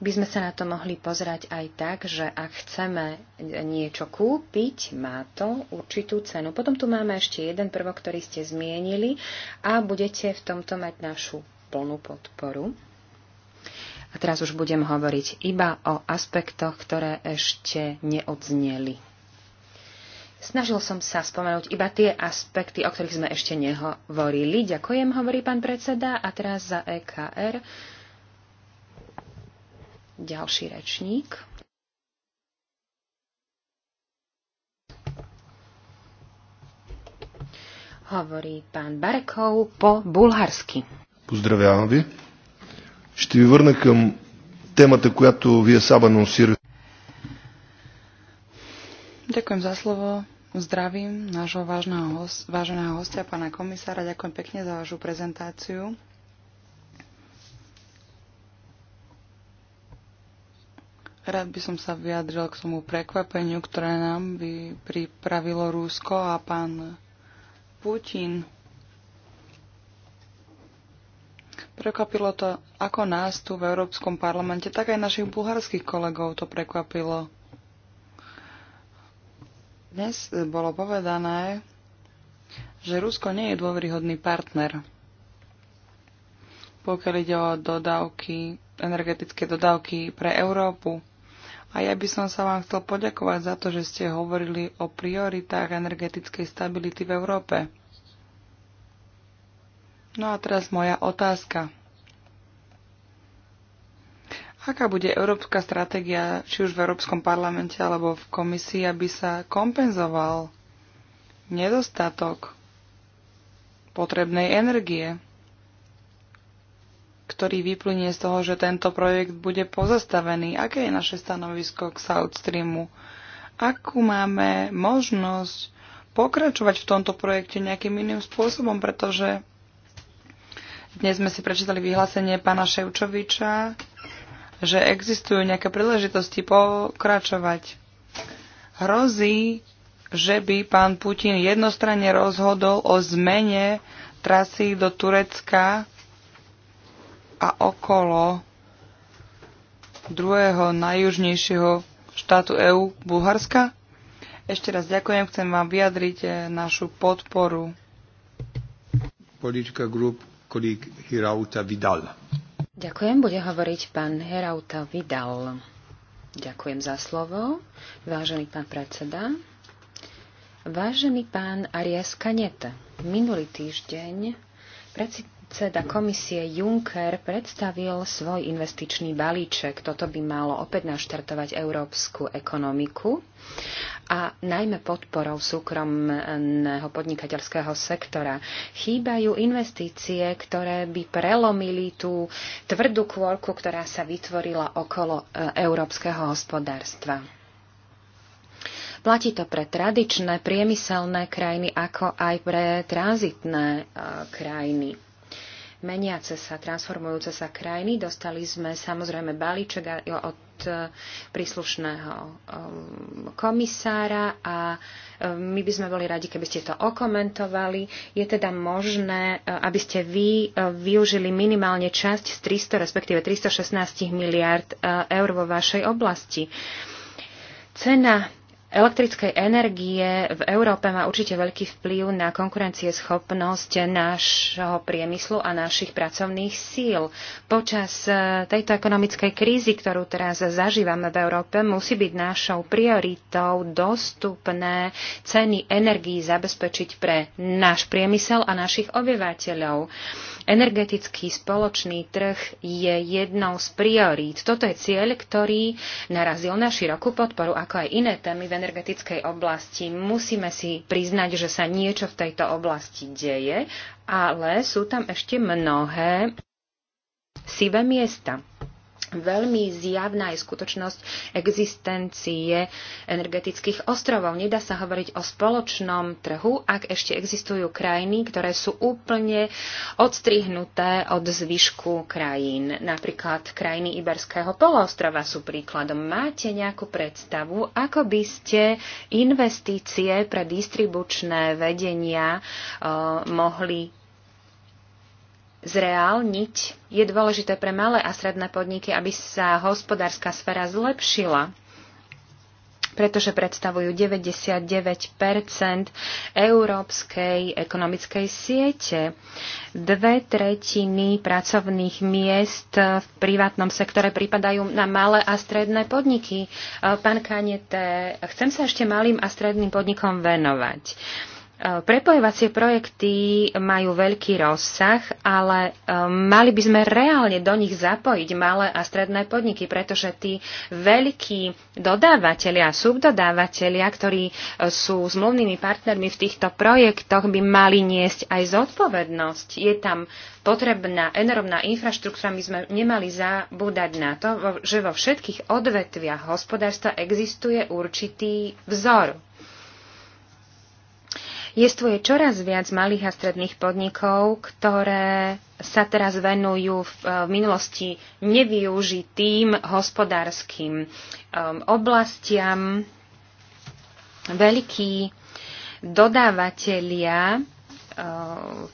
Speaker 2: by sme sa na to mohli pozerať aj tak, že ak chceme niečo kúpiť, má to určitú cenu. Potom tu máme ešte jeden prvok, ktorý ste zmienili a budete v tomto mať našu plnú podporu. A teraz už budem hovoriť iba o aspektoch, ktoré ešte neodzneli. Snažil som sa spomenúť iba tie aspekty, o ktorých sme ešte nehovorili. Ďakujem, hovorí pán predseda, a teraz za EKR ďalší rečník. Hovorí pán Barekov po bulharsky.
Speaker 1: Pozdravujem vy. Ще ви върна към темата, която вие сам анонсирате.
Speaker 3: Ďakujem za slovo. Zdravím nášho vážneho, host, váženého hostia, pána komisára. Ďakujem pekne za vašu prezentáciu. Rád by som sa vyjadril k tomu prekvapeniu, ktoré nám by pripravilo Rusko a pán Putin. Prekvapilo to ako nás tu v Európskom parlamente, tak aj našich bulharských kolegov to prekvapilo. Dnes bolo povedané, že Rusko nie je dôveryhodný partner, pokiaľ ide o dodávky, energetické dodávky pre Európu a ja by som sa vám chcel poďakovať za to, že ste hovorili o prioritách energetickej stability v Európe. No a teraz moja otázka. Aká bude európska stratégia, či už v Európskom parlamente alebo v komisii, aby sa kompenzoval nedostatok potrebnej energie? ktorý vyplynie z toho, že tento projekt bude pozastavený. Aké je naše stanovisko k South Streamu? Akú máme možnosť pokračovať v tomto projekte nejakým iným spôsobom, pretože dnes sme si prečítali vyhlásenie pána Ševčoviča, že existujú nejaké príležitosti pokračovať. Hrozí, že by pán Putin jednostranne rozhodol o zmene trasy do Turecka a okolo druhého najjužnejšieho štátu EÚ, Bulharska. Ešte raz ďakujem, chcem vám vyjadriť eh, našu podporu.
Speaker 1: Politika grup kolík Hirauta Vidal.
Speaker 2: Ďakujem, bude hovoriť pán Herauta Vidal. Ďakujem za slovo, vážený pán predseda. Vážený pán Arias Kanete. minulý týždeň predseda komisie Juncker predstavil svoj investičný balíček. Toto by malo opäť naštartovať európsku ekonomiku a najmä podporou súkromného podnikateľského sektora. Chýbajú investície, ktoré by prelomili tú tvrdú kôrku, ktorá sa vytvorila okolo e, európskeho hospodárstva. Platí to pre tradičné priemyselné krajiny, ako aj pre tranzitné e, krajiny meniace sa, transformujúce sa krajiny. Dostali sme samozrejme balíček od e, príslušného e, komisára a e, my by sme boli radi, keby ste to okomentovali. Je teda možné, aby ste vy využili minimálne časť z 300, respektíve 316 miliard eur vo vašej oblasti. Cena elektrickej energie v Európe má určite veľký vplyv na konkurencieschopnosť nášho priemyslu a našich pracovných síl. Počas e, tejto ekonomickej krízy, ktorú teraz zažívame v Európe, musí byť našou prioritou dostupné ceny energií zabezpečiť pre náš priemysel a našich obyvateľov. Energetický spoločný trh je jednou z priorít. Toto je cieľ, ktorý narazil na širokú podporu, ako aj iné témy energetickej oblasti. Musíme si priznať, že sa niečo v tejto oblasti deje, ale sú tam ešte mnohé sivé miesta. Veľmi zjavná je skutočnosť existencie energetických ostrovov. Nedá sa hovoriť o spoločnom trhu, ak ešte existujú krajiny, ktoré sú úplne odstrihnuté od zvyšku krajín. Napríklad krajiny Iberského poloostrova sú príkladom. Máte nejakú predstavu, ako by ste investície pre distribučné vedenia eh, mohli zreálniť, je dôležité pre malé a stredné podniky, aby sa hospodárska sféra zlepšila pretože predstavujú 99 európskej ekonomickej siete. Dve tretiny pracovných miest v privátnom sektore pripadajú na malé a stredné podniky. Pán Kanete, chcem sa ešte malým a stredným podnikom venovať. Eh, prepojovacie projekty majú veľký rozsah, ale eh, mali by sme reálne do nich zapojiť malé a stredné podniky, pretože tí veľkí dodávateľia a subdodávateľia, ktorí eh, sú zmluvnými partnermi v týchto projektoch, by mali niesť aj zodpovednosť. Je tam potrebná enormná infraštruktúra. My sme nemali zabúdať na to, že vo všetkých odvetviach hospodárstva existuje určitý vzor, Jestvo je čoraz viac malých a stredných podnikov, ktoré sa teraz venujú v, e, minulosti nevyužitým um, oblastiam. Veľkí dodávateľia e,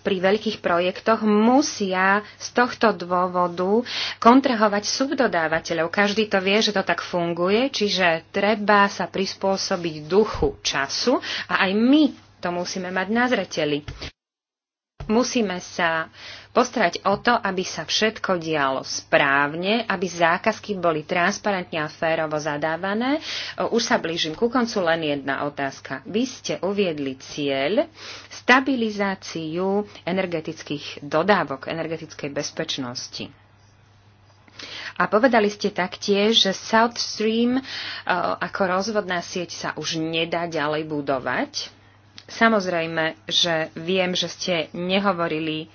Speaker 2: pri veľkých projektoch musia z tohto dôvodu kontrahovať subdodávateľov. Každý to vie, že to tak funguje, čiže treba sa prispôsobiť duchu času a aj my to musíme mať na zreteli. Musíme sa postarať o to, aby sa všetko dialo správne, aby zákazky boli transparentne a férovo zadávané. Už sa blížim ku koncu, len jedna otázka. Vy ste uviedli cieľ stabilizáciu energetických dodávok, energetickej bezpečnosti. A povedali ste taktiež, že South Stream ako rozvodná sieť sa už nedá ďalej budovať Samozrejme, že viem, že ste nehovorili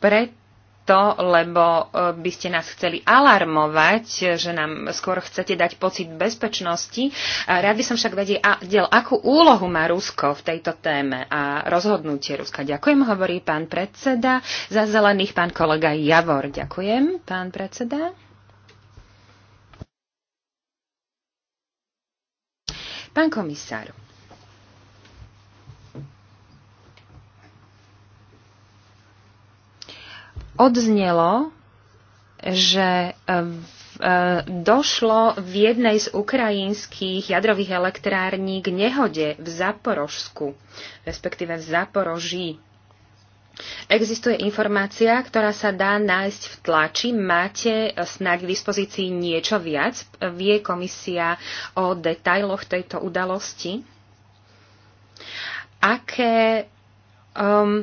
Speaker 2: preto, lebo e, by ste nás chceli alarmovať, že nám skôr chcete dať pocit bezpečnosti. E, rád by som však vedel, akú úlohu má Rusko v tejto téme a rozhodnutie Ruska. Ďakujem, hovorí pán predseda. Za zelených pán kolega Javor. Ďakujem, pán predseda. Pán komisár, odznelo, že e, e, došlo v jednej z ukrajinských jadrových elektrární k nehode v Zaporožsku, respektíve v Zaporoží. Existuje informácia, ktorá sa dá nájsť v tlači. Máte e, snáď k dispozícii niečo viac? Vie komisia o detailoch tejto udalosti? Aké, um,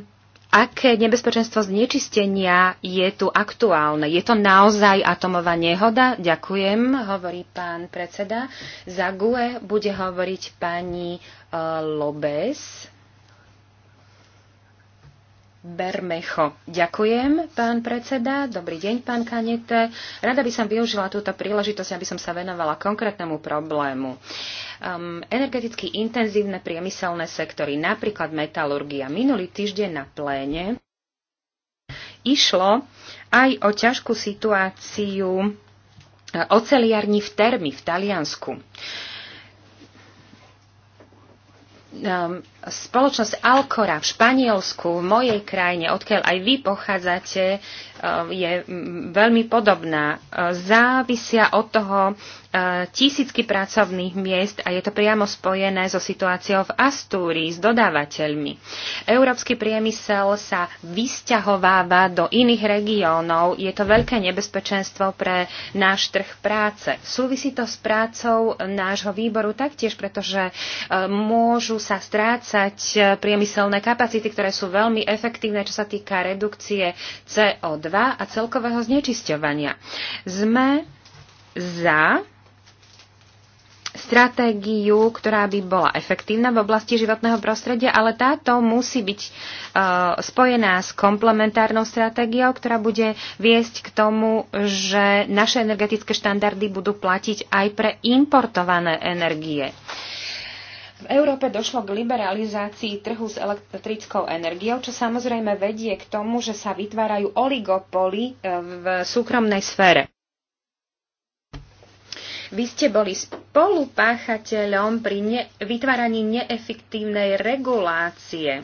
Speaker 2: aké nebezpečenstvo znečistenia je tu aktuálne? Je to naozaj atomová nehoda? Ďakujem, hovorí pán predseda. Za GUE bude hovoriť pani uh, e, Lobes. Bermecho. Ďakujem, pán predseda. Dobrý deň, pán Kanete. Rada by som využila túto príležitosť, aby som sa venovala konkrétnemu problému. Um, energeticky intenzívne priemyselné sektory, napríklad metalurgia. Minulý týždeň na pléne išlo aj o ťažkú situáciu e, oceliarní v Termi v Taliansku. Um, Spoločnosť Alcora v Španielsku, v mojej krajine, odkiaľ aj vy pochádzate, e, je veľmi podobná. E, závisia od toho e, tisícky pracovných miest a je to priamo spojené so situáciou v Astúrii s dodávateľmi. Európsky priemysel sa vysťahováva do iných regiónov. Je to veľké nebezpečenstvo pre náš trh práce. Súvisí to s prácou nášho výboru taktiež, pretože môžu sa strácať 2020 e, priemyselné kapacity, ktoré sú veľmi efektívne, čo sa týka redukcie CO2 a celkového znečisťovania. Sme za stratégiu, ktorá by bola efektívna v oblasti životného prostredia, ale táto musí byť uh, spojená s komplementárnou stratégiou, ktorá bude viesť k tomu, že naše energetické štandardy budú platiť aj pre importované energie. Uh, v Európe došlo k liberalizácii trhu s elektrickou energiou, čo samozrejme vedie k tomu, že sa vytvárajú oligopoly e, v súkromnej sfére. Vy ste boli spolupáchateľom pri ne- vytváraní neefektívnej regulácie.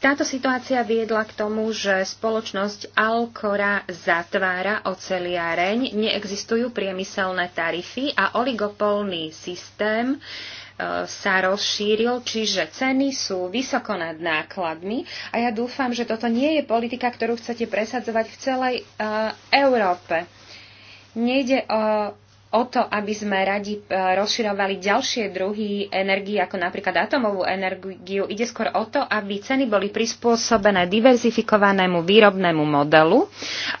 Speaker 2: Táto situácia viedla k tomu, že spoločnosť Alcora zatvára oceliareň, neexistujú priemyselné tarify a oligopolný systém e, sa rozšíril, čiže ceny sú vysoko nad nákladmi a ja dúfam, že toto nie je politika, ktorú chcete presadzovať v celej uh, Európe. Nejde o o to, aby sme radi e, rozširovali ďalšie druhy energii, ako napríklad atomovú energiu. Ide skôr o to, aby ceny boli prispôsobené diverzifikovanému výrobnému modelu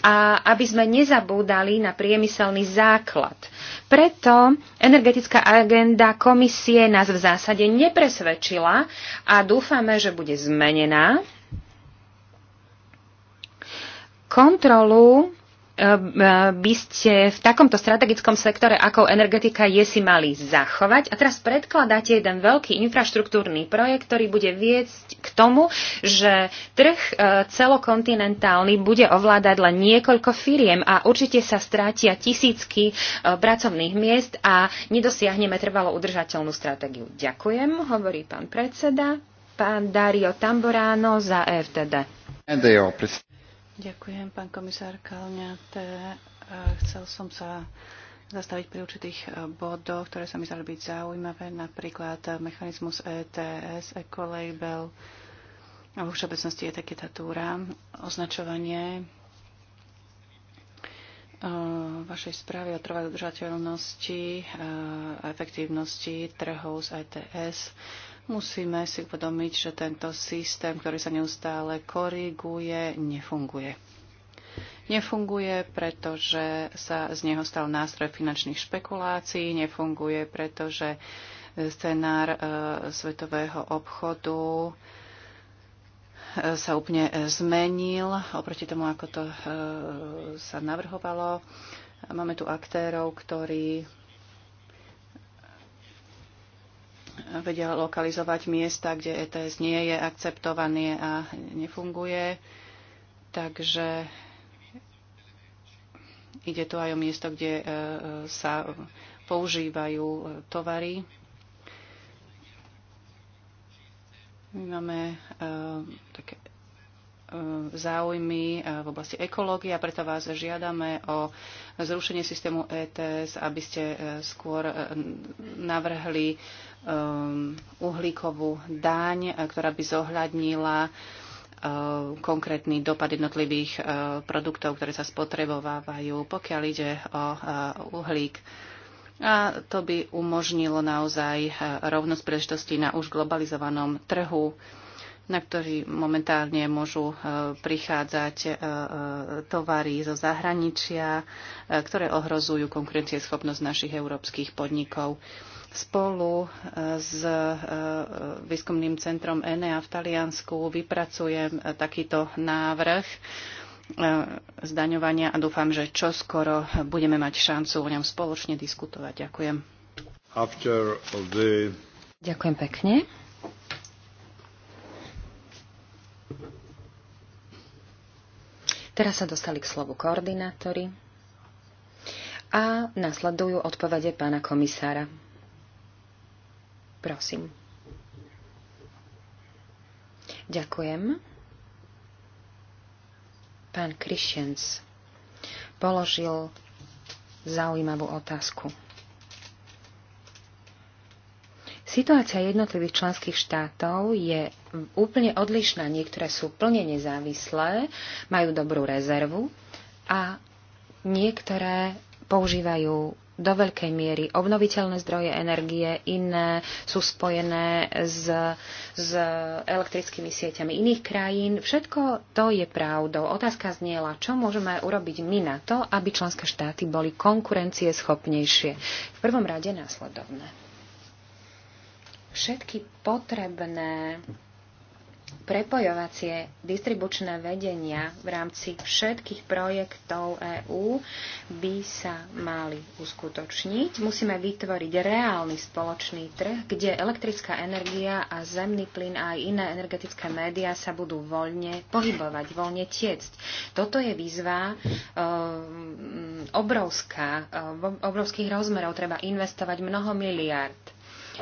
Speaker 2: a aby sme nezabúdali na priemyselný základ. Preto energetická agenda komisie nás v zásade nepresvedčila a dúfame, že bude zmenená. Kontrolu Ehm, by ste v takomto strategickom sektore, ako energetika je, si mali zachovať. A teraz predkladáte jeden veľký infraštruktúrny projekt, ktorý bude viesť k tomu, že trh e, celokontinentálny bude ovládať len niekoľko firiem a určite sa strátia tisícky e, pracovných miest a nedosiahneme trvalo udržateľnú stratégiu. Ďakujem, hovorí pán predseda, pán Dario Tamborano za EFTD.
Speaker 4: Ďakujem, pán komisár Kalňate. Chcel som sa zastaviť pri určitých e, bodoch, ktoré sa mi zdali byť zaujímavé, napríklad mechanizmus ETS, ecolabel, vo všeobecnosti etiketatúra, označovanie e, vašej správy o trvalej udržateľnosti e, a efektívnosti trhov z ETS. Musíme si uvedomiť, že tento systém, ktorý sa neustále koriguje, nefunguje. Nefunguje, pretože sa z neho stal nástroj finančných špekulácií, nefunguje, pretože scenár e, svetového obchodu e, sa úplne zmenil oproti tomu, ako to e, sa navrhovalo. Máme tu aktérov, ktorí vedia lokalizovať miesta, kde ETS nie je akceptovaný a nefunguje. Takže ide tu aj o miesto, kde e, sa používajú e, tovary. My máme e, také E, záujmy e, v oblasti ekológie a preto vás žiadame o zrušenie systému ETS, aby ste e, skôr navrhli uhlíkovú daň, ktorá by zohľadnila konkrétny dopad jednotlivých produktov, ktoré sa spotrebovávajú, pokiaľ ide o uhlík. A to by umožnilo naozaj rovnosť príležitosti na už globalizovanom trhu na ktorý momentálne môžu e, prichádzať e, e, tovary zo zahraničia, ktoré ohrozujú konkurencieschopnosť našich európskych podnikov. Spolu s výskumným centrom ENEA v Taliansku vypracujem takýto návrh zdaňovania a dúfam, že čoskoro budeme mať šancu o ňom spoločne diskutovať. Ďakujem. Ďakujem pekne.
Speaker 2: Teraz sa dostali k slovu koordinátori a nasledujú odpovede pána komisára. Prosím. Ďakujem. Pán Krišens položil zaujímavú otázku. Situácia jednotlivých členských štátov je úplne odlišná. Niektoré sú plne nezávislé, majú dobrú rezervu a niektoré používajú do veľkej miery obnoviteľné zdroje energie, iné sú spojené s, s elektrickými sieťami iných krajín. Všetko to je pravdou. Otázka zniela, čo môžeme urobiť my na to, aby členské štáty boli konkurencieschopnejšie. V prvom rade následovné všetky potrebné prepojovacie distribučné vedenia v rámci všetkých projektov EÚ by sa mali uskutočniť. Musíme vytvoriť reálny spoločný trh, kde elektrická energia a zemný plyn a aj iné energetické médiá sa budú voľne pohybovať, voľne tiecť. Toto je výzva e, obrovská, e, obrovských rozmerov. Treba investovať mnoho miliard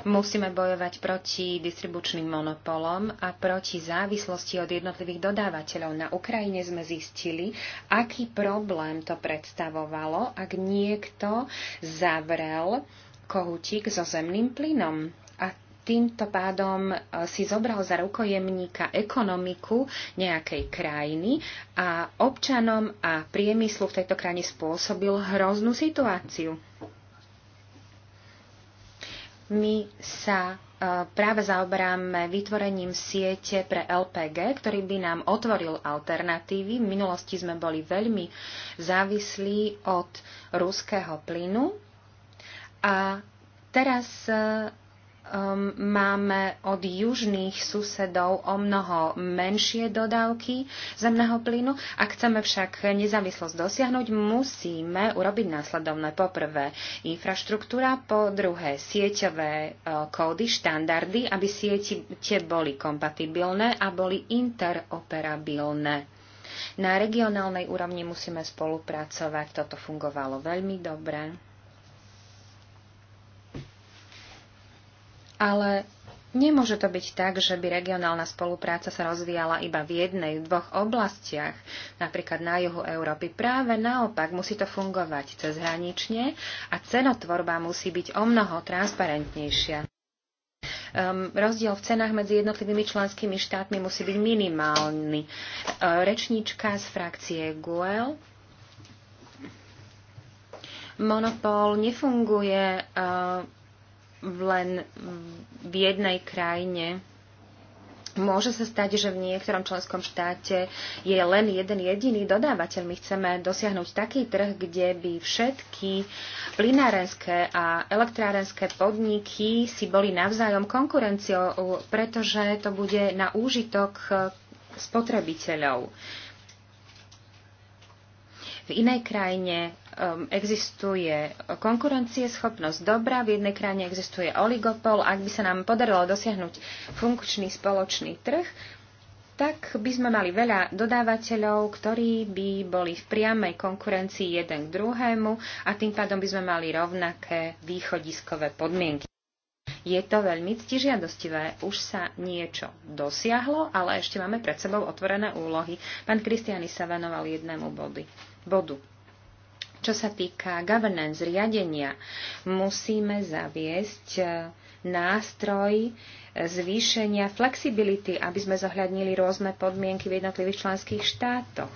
Speaker 2: Musíme bojovať proti distribučným monopolom a proti závislosti od jednotlivých dodávateľov. Na Ukrajine sme zistili, aký problém to predstavovalo, ak niekto zavrel kohutík so zemným plynom. A týmto pádom e, si zobral za rukojemníka ekonomiku nejakej krajiny a občanom a priemyslu v tejto krajine spôsobil hroznú situáciu. My sa e, práve zaoberáme vytvorením siete pre LPG, ktorý by nám otvoril alternatívy. V minulosti sme boli veľmi závislí od ruského plynu a teraz e, um, máme od južných susedov o mnoho menšie dodávky zemného plynu. Ak chceme však nezávislosť dosiahnuť, musíme urobiť následovné. Po prvé, infraštruktúra, po druhé, sieťové uh, kódy, štandardy, aby siete boli kompatibilné a boli interoperabilné. Na regionálnej úrovni musíme spolupracovať. Toto fungovalo veľmi dobre. ale Nemôže to byť tak, že by regionálna spolupráca sa rozvíjala iba v jednej, dvoch oblastiach, napríklad na juhu Európy. Práve naopak musí to fungovať cez hranične a cenotvorba musí byť o mnoho transparentnejšia. Um, rozdiel v cenách medzi jednotlivými členskými štátmi musí byť minimálny. Uh, rečníčka z frakcie GUEL monopol nefunguje uh, len v jednej krajine. Môže sa stať, že v niektorom členskom štáte je len jeden jediný dodávateľ. My chceme dosiahnuť taký trh, kde by všetky plinárenské a elektrárenské podniky si boli navzájom konkurenciou, pretože to bude na úžitok spotrebiteľov. V inej krajine um, existuje konkurencieschopnosť dobrá, v jednej krajine existuje oligopol. Ak by sa nám podarilo dosiahnuť funkčný spoločný trh, tak by sme mali veľa dodávateľov, ktorí by boli v priamej konkurencii jeden k druhému a tým pádom by sme mali rovnaké východiskové podmienky. Je to veľmi ctižiadostivé, už sa niečo dosiahlo, ale ešte máme pred sebou otvorené úlohy. Pán Kristiany sa venoval jednému body bodu. Čo sa týka governance, riadenia, musíme zaviesť e, nástroj e, zvýšenia flexibility, aby sme zohľadnili rôzne podmienky v jednotlivých členských štátoch.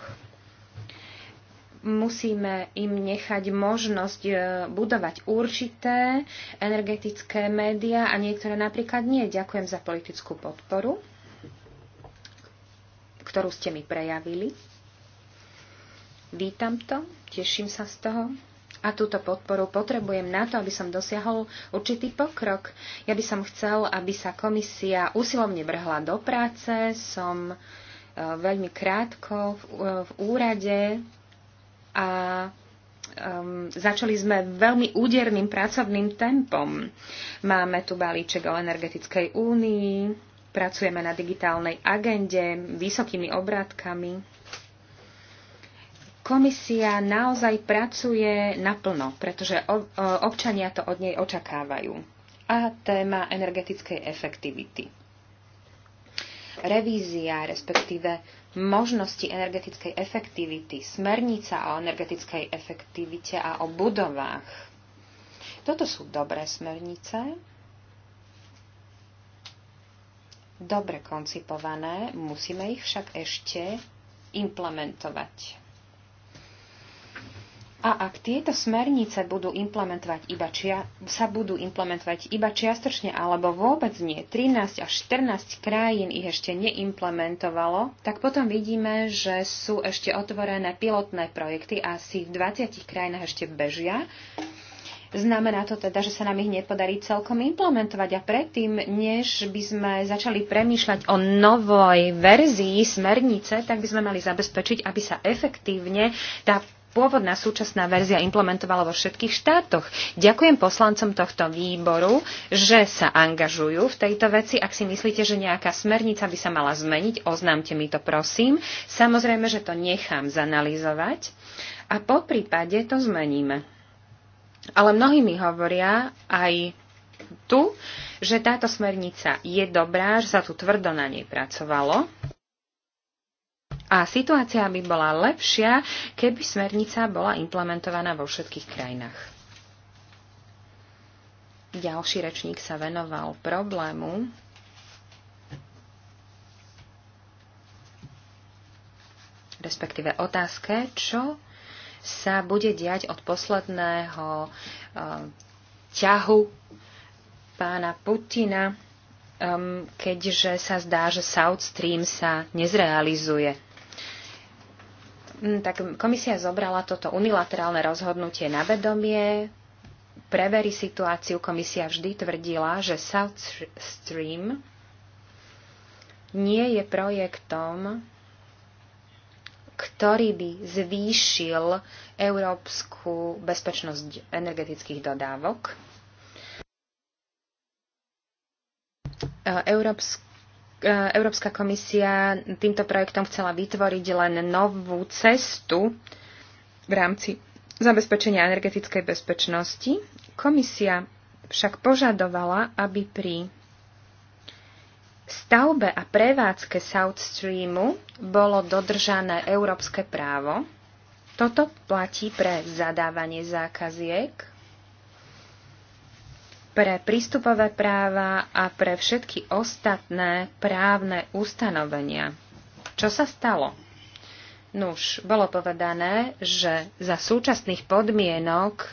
Speaker 2: Musíme im nechať možnosť e, budovať určité energetické médiá a niektoré napríklad nie. Ďakujem za politickú podporu, ktorú ste mi prejavili. Vítam to, teším sa z toho a túto podporu potrebujem na to, aby som dosiahol určitý pokrok. Ja by som chcel, aby sa komisia usilovne vrhla do práce. Som e, veľmi krátko v, e, v úrade a um, začali sme veľmi úderným pracovným tempom. Máme tu balíček o energetickej únii, pracujeme na digitálnej agende, vysokými obrátkami komisia naozaj pracuje naplno, pretože e, občania to od nej očakávajú. A téma energetickej efektivity. Revízia, respektíve možnosti energetickej efektivity, smernica o energetickej efektivite a o budovách. Toto sú dobré smernice, dobre koncipované, musíme ich však ešte implementovať. A ak tieto smernice budú implementovať iba čia, sa budú implementovať iba čiastočne alebo vôbec nie, 13 až 14 krajín ich ešte neimplementovalo, tak potom vidíme, že sú ešte otvorené pilotné projekty a asi v 20 krajinách ešte bežia. Znamená to teda, že sa nám ich nepodarí celkom implementovať a predtým, než by sme začali premýšľať o novej verzii smernice, tak by sme mali zabezpečiť, aby sa efektívne tá pôvodná súčasná verzia implementovala vo všetkých štátoch. Ďakujem poslancom tohto výboru, že sa angažujú v tejto veci. Ak si myslíte, že nejaká smernica by sa mala zmeniť, oznámte mi to prosím. Samozrejme, že to nechám zanalizovať a po prípade to zmeníme. Ale mnohí mi hovoria aj tu, že táto smernica je dobrá, že sa tu tvrdo na nej pracovalo a situácia by bola lepšia, keby smernica bola implementovaná vo všetkých krajinách. Ďalší rečník sa venoval problému, respektíve otázke, čo sa bude diať od posledného e, ťahu pána Putina um, keďže sa zdá, že South Stream sa nezrealizuje. Mm, tak komisia zobrala toto unilaterálne rozhodnutie na vedomie, preverí situáciu. Komisia vždy tvrdila, že South Stream nie je projektom, ktorý by zvýšil európsku bezpečnosť energetických dodávok Európsk e, Európska komisia týmto projektom chcela vytvoriť len novú cestu v rámci zabezpečenia energetickej bezpečnosti. Komisia však požadovala, aby pri stavbe a prevádzke South Streamu bolo dodržané európske právo. Toto platí pre zadávanie zákaziek pre prístupové práva a pre všetky ostatné právne ustanovenia. Čo sa stalo? Nuž, bolo povedané, že za súčasných podmienok e,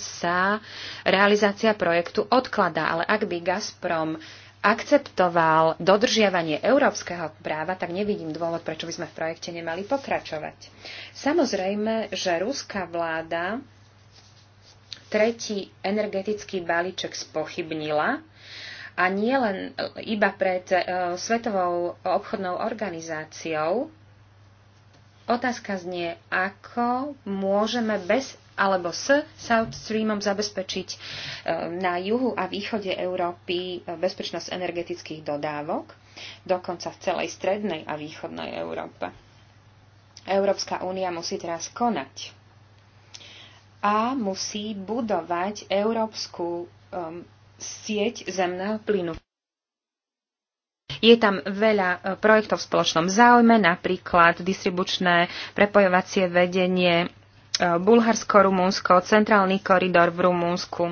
Speaker 2: sa realizácia projektu odkladá, ale ak by Gazprom akceptoval dodržiavanie európskeho práva, tak nevidím dôvod, prečo by sme v projekte nemali pokračovať. Samozrejme, že ruská vláda tretí energetický balíček spochybnila a nie len iba pred e, Svetovou obchodnou organizáciou. Otázka znie, ako môžeme bez alebo s South Streamom zabezpečiť e, na juhu a východe Európy e, bezpečnosť energetických dodávok, dokonca v celej strednej a východnej Európe. Európska únia musí teraz konať a musí budovať európsku um, sieť zemného plynu. Je tam veľa uh, projektov v spoločnom záujme, napríklad distribučné prepojovacie vedenie uh, Bulharsko-Rumunsko, centrálny koridor v Rumunsku.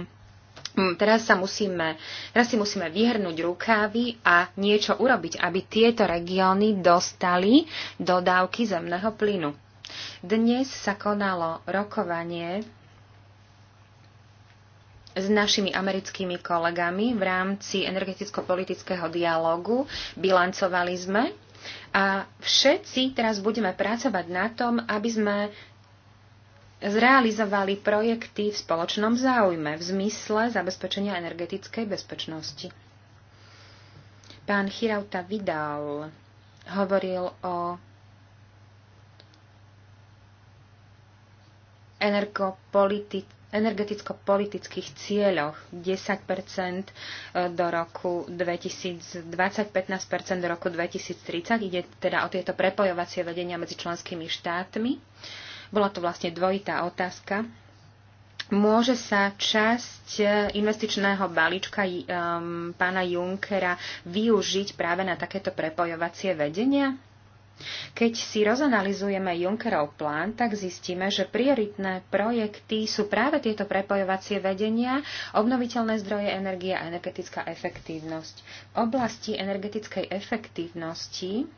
Speaker 2: Mm, teraz, sa musíme, teraz si musíme vyhrnúť rukávy a niečo urobiť, aby tieto regióny dostali dodávky zemného plynu. Dnes sa konalo rokovanie s našimi americkými kolegami v rámci energeticko-politického dialogu. Bilancovali sme a všetci teraz budeme pracovať na tom, aby sme zrealizovali projekty v spoločnom záujme v zmysle zabezpečenia energetickej bezpečnosti. Pán Chirauta Vidal hovoril o energeticko-politických cieľoch 10 e, do roku 2020, 15 do roku 2030. Ide teda o tieto prepojovacie vedenia medzi členskými štátmi. Bola to vlastne dvojitá otázka. Môže sa časť e, investičného balíčka pána Junkera využiť práve na takéto prepojovacie vedenia? Keď si rozanalizujeme Junckerov plán, tak zistíme, že prioritné projekty sú práve tieto prepojovacie vedenia, obnoviteľné zdroje energie a energetická efektívnosť. V oblasti energetickej efektívnosti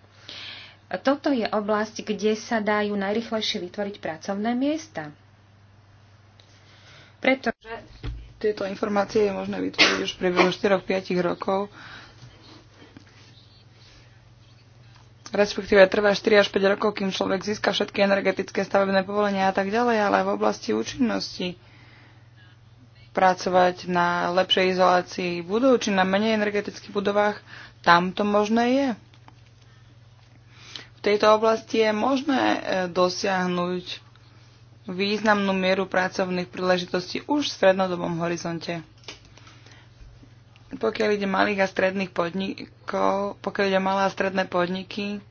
Speaker 2: toto je oblasť, kde sa dajú najrychlejšie
Speaker 3: vytvoriť pracovné miesta. Pretože tieto informácie je možné vytvoriť už pri 4-5 rokov respektíve trvá 4 až 5 rokov, kým človek získa všetky energetické stavebné povolenia a tak ďalej, ale v oblasti účinnosti pracovať na lepšej izolácii budov či na menej energetických budovách, tam to možné je. V tejto oblasti je možné e, dosiahnuť významnú mieru pracovných príležitostí už v strednodobom horizonte pokiaľ ide malých a stredných podnikov, pokiaľ ide malé a stredné podniky,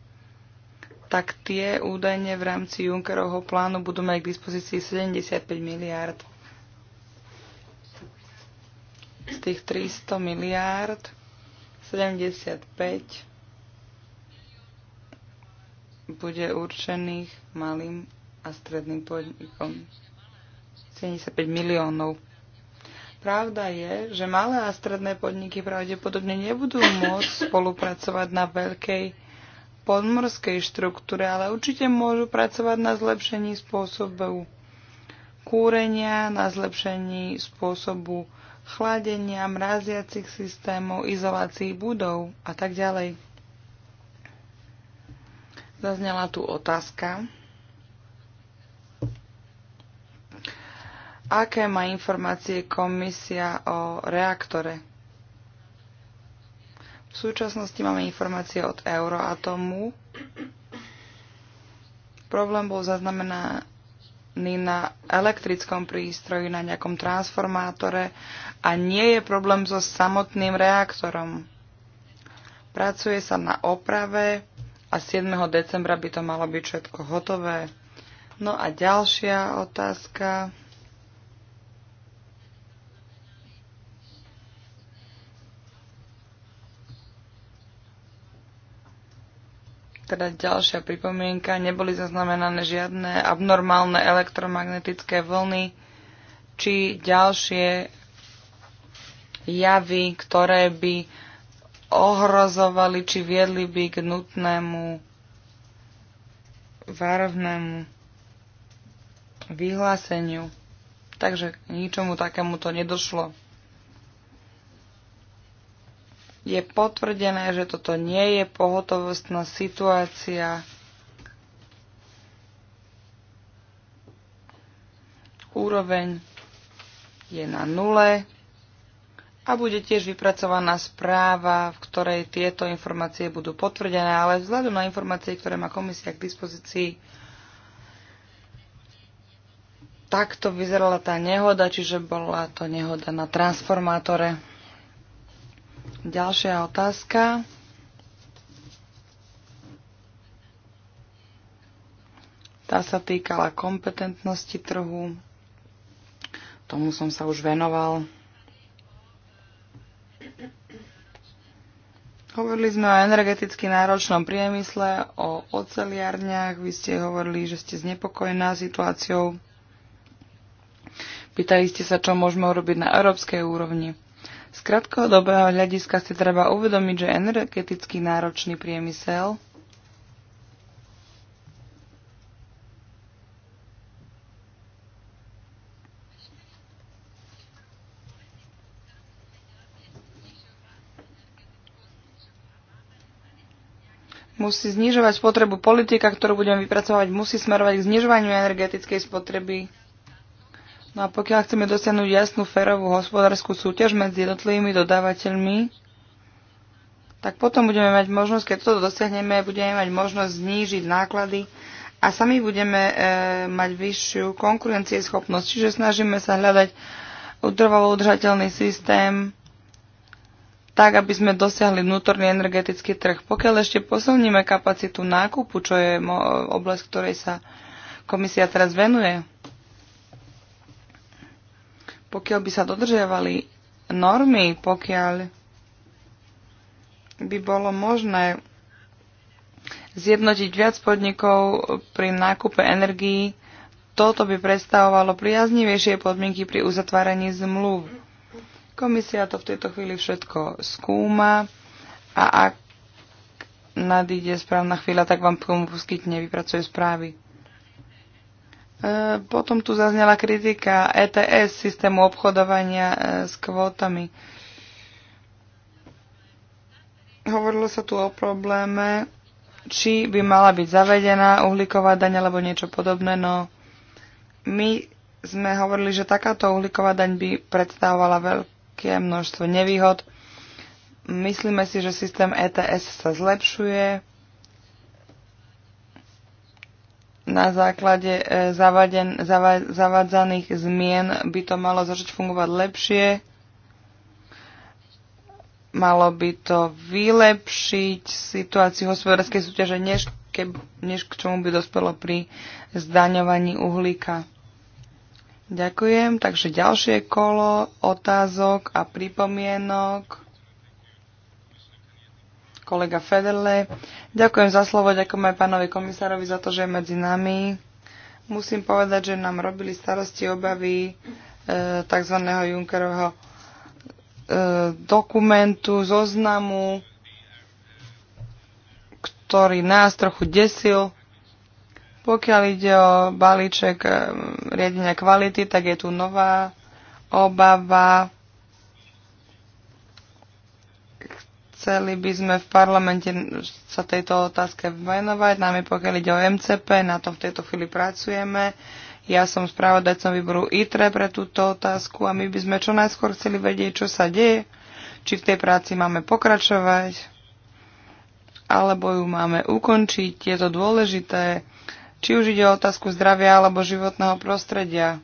Speaker 3: tak tie údajne v rámci Junckerovho plánu budú mať k dispozícii 75 miliárd. Z tých 300 miliárd 75 bude určených malým a stredným podnikom. 75 miliónov Pravda je, že malé a stredné podniky pravdepodobne nebudú môcť spolupracovať na veľkej podmorskej štruktúre, ale určite môžu pracovať na zlepšení spôsobu kúrenia, na zlepšení spôsobu chladenia, mraziacich systémov, izolácií budov a tak ďalej. Zaznela tu otázka, Aké má informácie komisia o reaktore? V súčasnosti máme informácie od Euroatomu. Problém bol zaznamenaný na elektrickom prístroji, na nejakom transformátore a nie je problém so samotným reaktorom. Pracuje sa na oprave a 7. decembra by to malo byť všetko hotové. No a ďalšia otázka. Teda ďalšia pripomienka, neboli zaznamenané žiadne abnormálne elektromagnetické vlny či ďalšie javy, ktoré by ohrozovali či viedli by k nutnému varovnému vyhláseniu. Takže k ničomu takému to nedošlo je potvrdené, že toto nie je pohotovostná situácia. Úroveň je na nule a bude tiež vypracovaná správa, v ktorej tieto informácie budú potvrdené, ale vzhľadom na informácie, ktoré má komisia k dispozícii, takto vyzerala tá nehoda, čiže bola to nehoda na transformátore. Ďalšia otázka. Tá sa týkala kompetentnosti trhu. Tomu som sa už venoval. Hovorili sme o energeticky náročnom priemysle, o oceliarniach. Vy ste hovorili, že ste znepokojená situáciou. Pýtali ste sa, čo môžeme urobiť na európskej úrovni. Z krátkodobého hľadiska si treba uvedomiť, že energeticky náročný priemysel musí znižovať spotrebu politika, ktorú budeme vypracovať, musí smerovať k znižovaniu energetickej spotreby No a pokiaľ chceme dosiahnuť jasnú férovú hospodárskú súťaž medzi jednotlivými dodávateľmi, tak potom budeme mať možnosť, keď to dosiahneme, budeme mať možnosť znížiť náklady a sami budeme e, mať vyššiu konkurencieschopnosť. Čiže snažíme sa hľadať utrvalo udržateľný systém, tak, aby sme dosiahli vnútorný energetický trh. Pokiaľ ešte posilníme kapacitu nákupu, čo je oblasť, ktorej sa komisia teraz venuje, pokiaľ by sa dodržiavali normy, pokiaľ by bolo možné zjednotiť viac podnikov pri nákupe energií, toto by predstavovalo priaznivejšie podmienky pri uzatváraní zmluv. Komisia to v tejto chvíli všetko skúma a ak nadíde správna chvíľa, tak vám poskytne, vypracuje správy. E, potom tu zaznela kritika ETS, systému obchodovania e, s kvótami. Hovorilo sa tu o probléme, či by mala byť zavedená uhlíková daň alebo niečo podobné, no my sme hovorili, že takáto uhlíková daň by predstavovala veľké množstvo nevýhod. Myslíme si, že systém ETS sa zlepšuje, na základe e, zavaden, zava, zavadzaných zmien by to malo začať fungovať lepšie. Malo by to vylepšiť situáciu hospodárskej súťaže, než, ke, než k čomu by dospelo pri zdaňovaní uhlíka. Ďakujem. Takže ďalšie kolo otázok a pripomienok kolega Federle. Ďakujem za slovo, ďakujem aj pánovi komisárovi za to, že je medzi nami. Musím povedať, že nám robili starosti obavy e, tzv. Junckerovho e, dokumentu, zoznamu, ktorý nás trochu desil. Pokiaľ ide o balíček e, riadenia kvality, tak je tu nová obava Chceli by sme v parlamente sa tejto otázke venovať, najmä pokiaľ ide o MCP, na tom v tejto chvíli pracujeme. Ja som spravodajcom výboru ITRE pre túto otázku a my by sme čo najskôr chceli vedieť, čo sa deje, či v tej práci máme pokračovať, alebo ju máme ukončiť. Je to dôležité, či už ide o otázku zdravia alebo životného prostredia.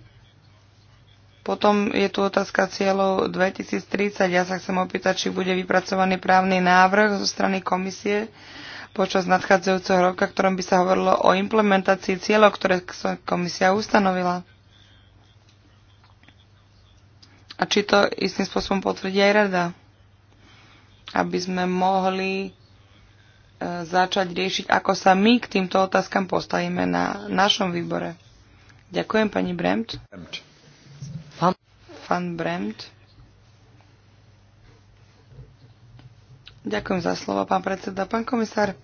Speaker 3: Potom je tu otázka cieľov 2030. Ja sa chcem opýtať, či bude vypracovaný právny návrh zo strany komisie počas nadchádzajúceho roka, ktorom by sa hovorilo o implementácii cieľov, ktoré komisia ustanovila. A či to istým spôsobom potvrdí aj rada, aby sme mohli e, začať riešiť, ako sa my k týmto otázkam postavíme na našom výbore. Ďakujem, pani Bremt. Bremt. Fan Bremt. Ďakujem za slovo, pán predseda. Pán komisár,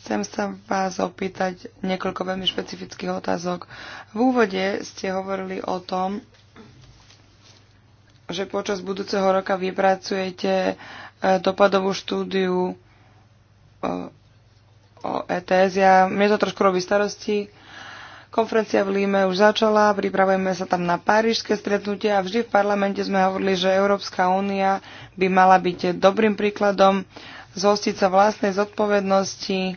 Speaker 3: chcem sa vás opýtať niekoľko veľmi špecifických otázok. V úvode ste hovorili o tom, že počas budúceho roka vypracujete e, dopadovú štúdiu e, o ETS. Ja, mne to trošku robí starosti, Konferencia v Líme už začala, pripravujeme sa tam na parížske stretnutie a vždy v parlamente sme hovorili, že Európska únia by mala byť dobrým príkladom zhostiť sa vlastnej zodpovednosti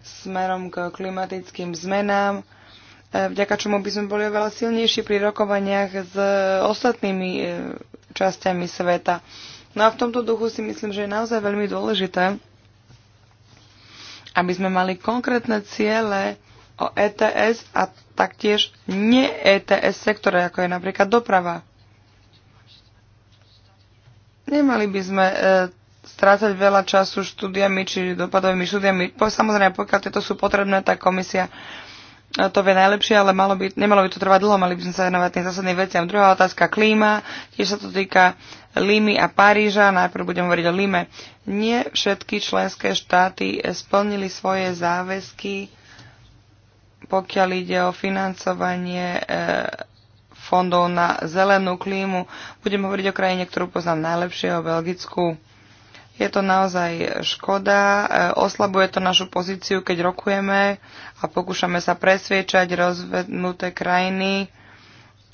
Speaker 3: smerom k klimatickým zmenám, e, vďaka čomu by sme boli oveľa silnejší pri rokovaniach s ostatnými e, časťami sveta. No a v tomto duchu si myslím, že je naozaj veľmi dôležité, aby sme mali konkrétne ciele, o ETS a taktiež ne-ETS sektore, ako je napríklad doprava. Nemali by sme e, strácať veľa času štúdiami či dopadovými štúdiami. Po, samozrejme, pokiaľ tieto sú potrebné, tak komisia e, to vie najlepšie, ale malo by, nemalo by to trvať dlho, mali by sme sa venovať tým zásadným veciam. Druhá otázka, klíma, tiež sa to týka Limy a Paríža, najprv budem hovoriť o Lime, Nie všetky členské štáty e, splnili svoje záväzky pokiaľ ide o financovanie e, fondov na zelenú klímu. Budem hovoriť o krajine, ktorú poznám najlepšie, o Belgicku. Je to naozaj škoda, e, oslabuje to našu pozíciu, keď rokujeme a pokúšame sa presviečať rozvednuté krajiny,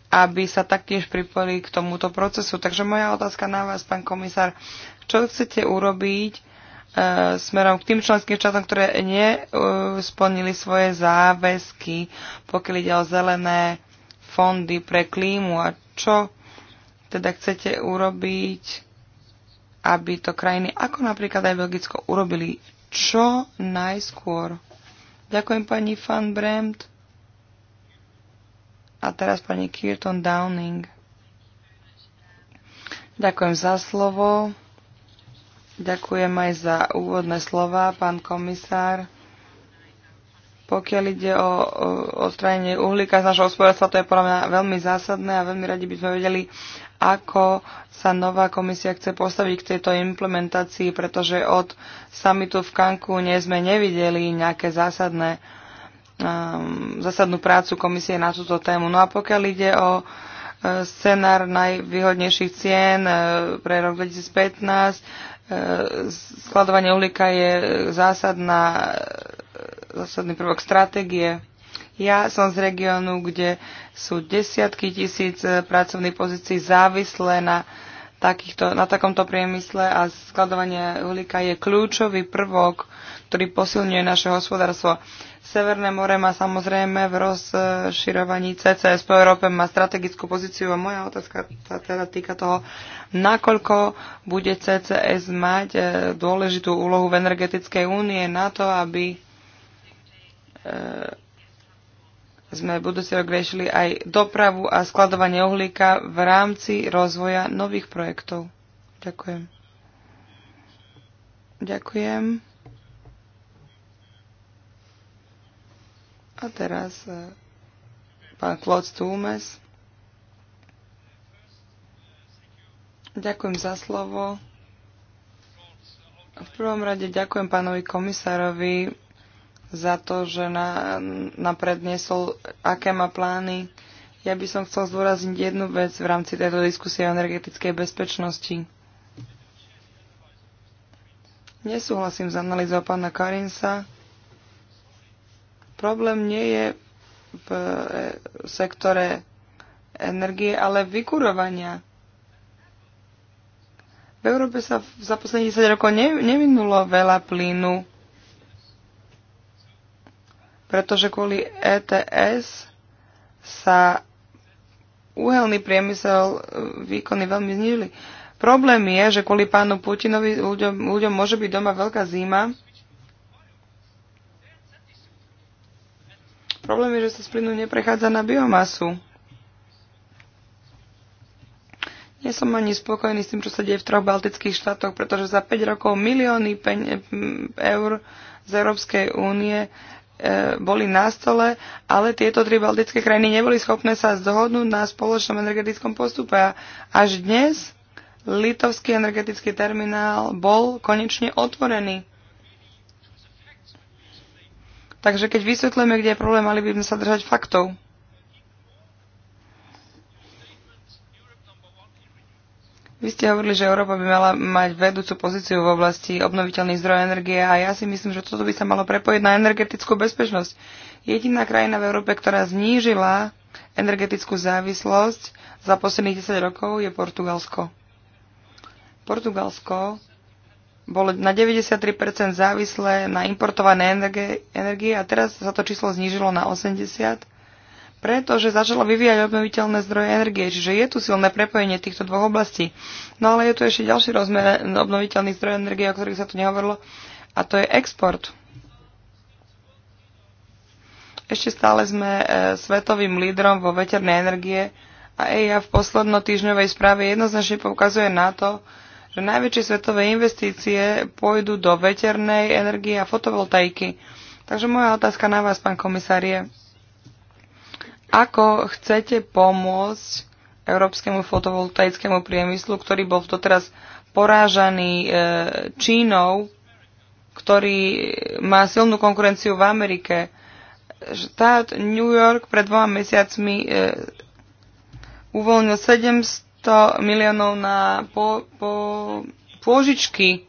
Speaker 3: aby sa taktiež pripojili k tomuto procesu. Takže moja otázka na vás, pán komisár, čo chcete urobiť, E, smerom k tým členským štátom, ktoré nesplnili svoje záväzky, pokiaľ ide o zelené fondy pre klímu a čo teda chcete urobiť, aby to krajiny ako napríklad aj Belgicko urobili čo najskôr. Ďakujem pani Van Bremt a teraz pani Kirton Downing. Ďakujem za slovo. Ďakujem aj za úvodné slova, pán komisár. Pokiaľ ide o odstránenie uhlíka z našho hospodárstva, to je podľa mňa veľmi zásadné a veľmi radi by sme vedeli, ako sa nová komisia chce postaviť k tejto implementácii, pretože od samitu v Kanku nie sme nevideli nejaké zásadné, um, zásadnú prácu komisie na túto tému. No a pokiaľ ide o e, scenár najvýhodnejších cien e, pre rok 2015, skladovanie uhlíka je zásadná, zásadný prvok stratégie. Ja som z regiónu, kde sú desiatky tisíc eh, pracovných pozícií závislé na, takýchto, na takomto priemysle a skladovanie uhlíka je kľúčový prvok, ktorý posilňuje naše hospodárstvo. Severné more má samozrejme v rozširovaní CCS po Európe má strategickú pozíciu a moja otázka sa teda týka toho, nakoľko bude CCS mať e, dôležitú úlohu v energetickej únie na to, aby e, sme v budúci rok riešili aj dopravu a skladovanie uhlíka v rámci rozvoja nových projektov. Ďakujem. Ďakujem. A teraz e, pán Klod Túmes. Ďakujem za slovo. V prvom rade ďakujem pánovi komisárovi za to, že naprednesol, na predniesol, aké má plány. Ja by som chcel zdôrazniť jednu vec v rámci tejto diskusie o energetickej bezpečnosti. Nesúhlasím s analýzou pána Karinsa, Problém nie je v e, sektore energie, ale vykurovania. V Európe sa za posledných 10 rokov nevinulo veľa plynu, pretože kvôli ETS sa uhelný priemysel e, výkony veľmi znižili. Problém je, že kvôli pánu Putinovi ľuďom, ľuďom môže byť doma veľká zima Problém je, že sa z plynu neprechádza na biomasu. Nie som ani spokojný s tým, čo sa deje v troch baltických štátoch, pretože za 5 rokov milióny eur z Európskej únie e, boli na stole, ale tieto tri baltické krajiny neboli schopné sa zhodnúť na spoločnom energetickom postupe. A až dnes litovský energetický terminál bol konečne otvorený. Takže keď vysvetlíme, kde je problém, mali by sme sa držať faktov. Vy ste hovorili, že Európa by mala mať vedúcu pozíciu v oblasti obnoviteľných zdrojov energie a ja si myslím, že toto by sa malo prepojiť na energetickú bezpečnosť. Jediná krajina v Európe, ktorá znížila energetickú závislosť za posledných 10 rokov je Portugalsko. Portugalsko bolo na 93% závislé na importované energie, a teraz sa to číslo znížilo na 80, pretože začalo vyvíjať obnoviteľné zdroje energie, čiže je tu silné prepojenie týchto dvoch oblastí. No ale je tu ešte ďalší rozmer obnoviteľných zdrojov energie, o ktorých sa tu nehovorilo, a to je export. Ešte stále sme e, svetovým lídrom vo veternej energie a EIA v poslednotýžňovej správe jednoznačne poukazuje na to, že najväčšie svetové investície pôjdu do veternej energie a fotovoltaiky. Takže moja otázka na vás, pán komisár, je, ako chcete pomôcť európskemu fotovoltaickému priemyslu, ktorý bol doteraz porážaný e, Čínou, ktorý má silnú konkurenciu v Amerike. Štát New York pred dvoma mesiacmi e, uvoľnil 700 200 miliónov na po, po, pôžičky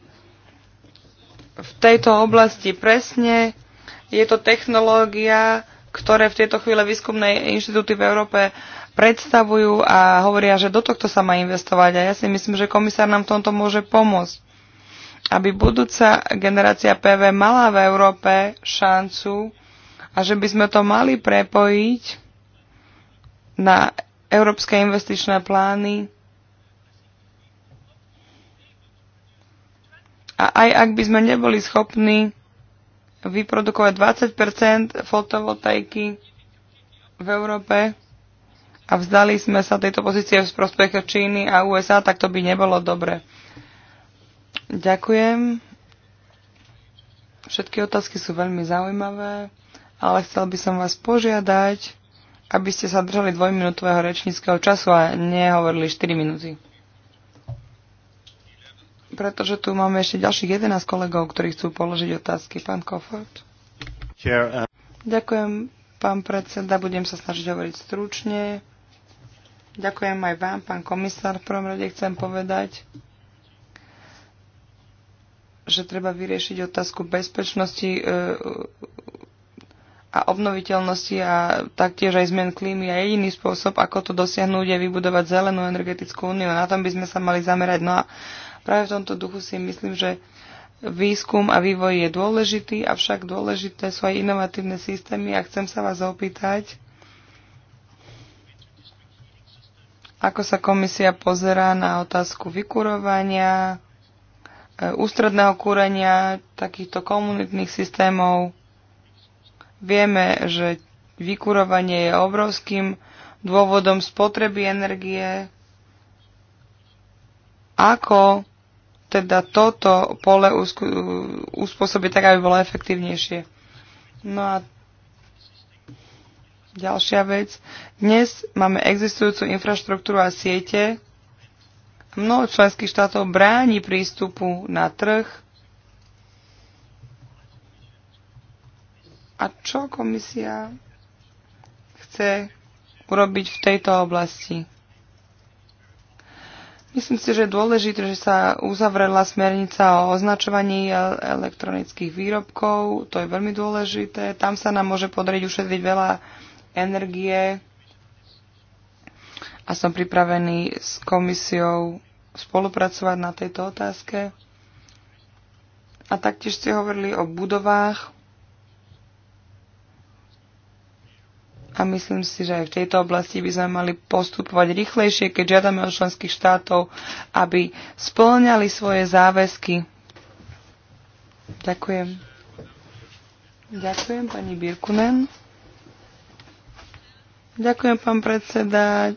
Speaker 3: v tejto oblasti presne. Je to technológia, ktoré v tejto chvíle výskumné inštitúty v Európe predstavujú a hovoria, že do tohto sa má investovať. A ja si myslím, že komisár nám v tomto môže pomôcť. Aby budúca generácia PV mala v Európe šancu a že by sme to mali prepojiť na európske investičné plány. A aj ak by sme neboli schopní vyprodukovať 20 fotovoltaiky v Európe a vzdali sme sa tejto pozície v prospech Číny a USA, tak to by nebolo dobre. Ďakujem. Všetky otázky sú veľmi zaujímavé, ale chcel by som vás požiadať, aby ste sa držali dvojminútového rečníckého času a nehovorili 4 minúty. Pretože tu máme ešte ďalších 11 kolegov, ktorí chcú položiť otázky. Pán Kofort. Uh, Ďakujem, pán predseda. Budem sa snažiť hovoriť stručne. Ďakujem aj vám, pán komisár. V prvom rade chcem povedať, že treba vyriešiť otázku bezpečnosti uh, a obnoviteľnosti a taktiež aj zmen klímy a jediný spôsob, ako to dosiahnuť, je vybudovať zelenú energetickú úniu. Na tom by sme sa mali zamerať. No a práve v tomto duchu si myslím, že výskum a vývoj je dôležitý, avšak dôležité sú aj inovatívne systémy a chcem sa vás opýtať, ako sa komisia pozerá na otázku vykurovania, e, ústredného kúrenia, takýchto komunitných systémov, Vieme, že vykurovanie je obrovským dôvodom spotreby energie. Ako teda toto pole uspôsobiť tak, aby bolo efektívnejšie? No a ďalšia vec. Dnes máme existujúcu infraštruktúru a siete. Mnoho členských štátov bráni prístupu na trh A čo komisia chce urobiť v tejto oblasti? Myslím si, že je dôležité, že sa uzavrela smernica o označovaní elektronických výrobkov. To je veľmi dôležité. Tam sa nám môže podariť ušetriť veľa energie. A som pripravený s komisiou spolupracovať na tejto otázke. A taktiež ste hovorili o budovách. a myslím si, že aj v tejto oblasti by sme mali postupovať rýchlejšie, keď žiadame od členských štátov, aby splňali svoje záväzky. Ďakujem. Ďakujem pani Birkunen. Ďakujem pán predseda.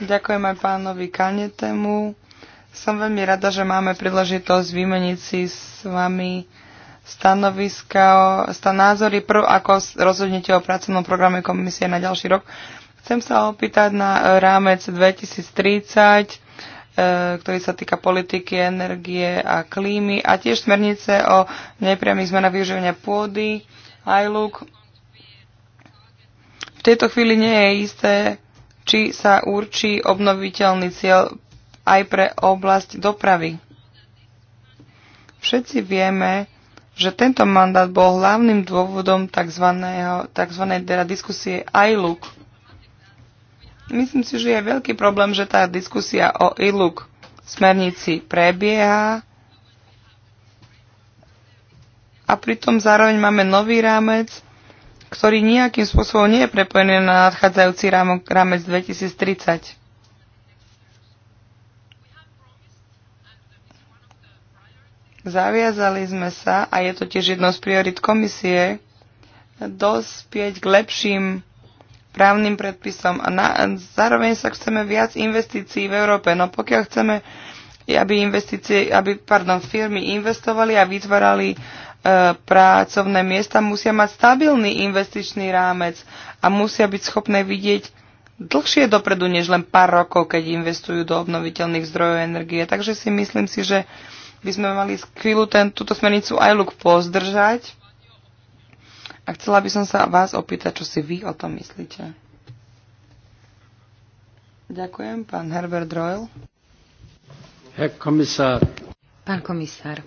Speaker 3: Ďakujem aj pánovi Kanetemu. Som veľmi rada, že máme príležitosť vymeniť si s vami stanoviska, stan názory prv, ako rozhodnete o pracovnom programe komisie na ďalší rok. Chcem sa opýtať na e, rámec 2030, e, ktorý sa týka politiky, energie a klímy a tiež smernice o nepriamých zmenách využívania pôdy, ILUK. V tejto chvíli nie je isté, či sa určí obnoviteľný cieľ aj pre oblasť dopravy. Všetci vieme, že tento mandát bol hlavným dôvodom tzv. tzv. Teda diskusie ILUK. Myslím si, že je veľký problém, že tá diskusia o ILUK smernici prebieha a pritom zároveň máme nový rámec, ktorý nejakým spôsobom nie je prepojený na nadchádzajúci rámec 2030. Zaviazali sme sa, a je to tiež jedno z priorit komisie, dospieť k lepším právnym predpisom a, na, a zároveň sa chceme viac investícií v Európe. No pokiaľ chceme, aby, investície, aby pardon, firmy investovali a vytvárali e, pracovné miesta, musia mať stabilný investičný rámec a musia byť schopné vidieť dlhšie dopredu, než len pár rokov, keď investujú do obnoviteľných zdrojov energie. Takže si myslím si, že by sme mali chvíľu ten, túto smernicu iLook pozdržať. A chcela by som sa vás opýtať, čo si vy o tom myslíte. Ďakujem, pán Herbert Royal.
Speaker 1: Herr Kommissar.
Speaker 3: Pán komisár,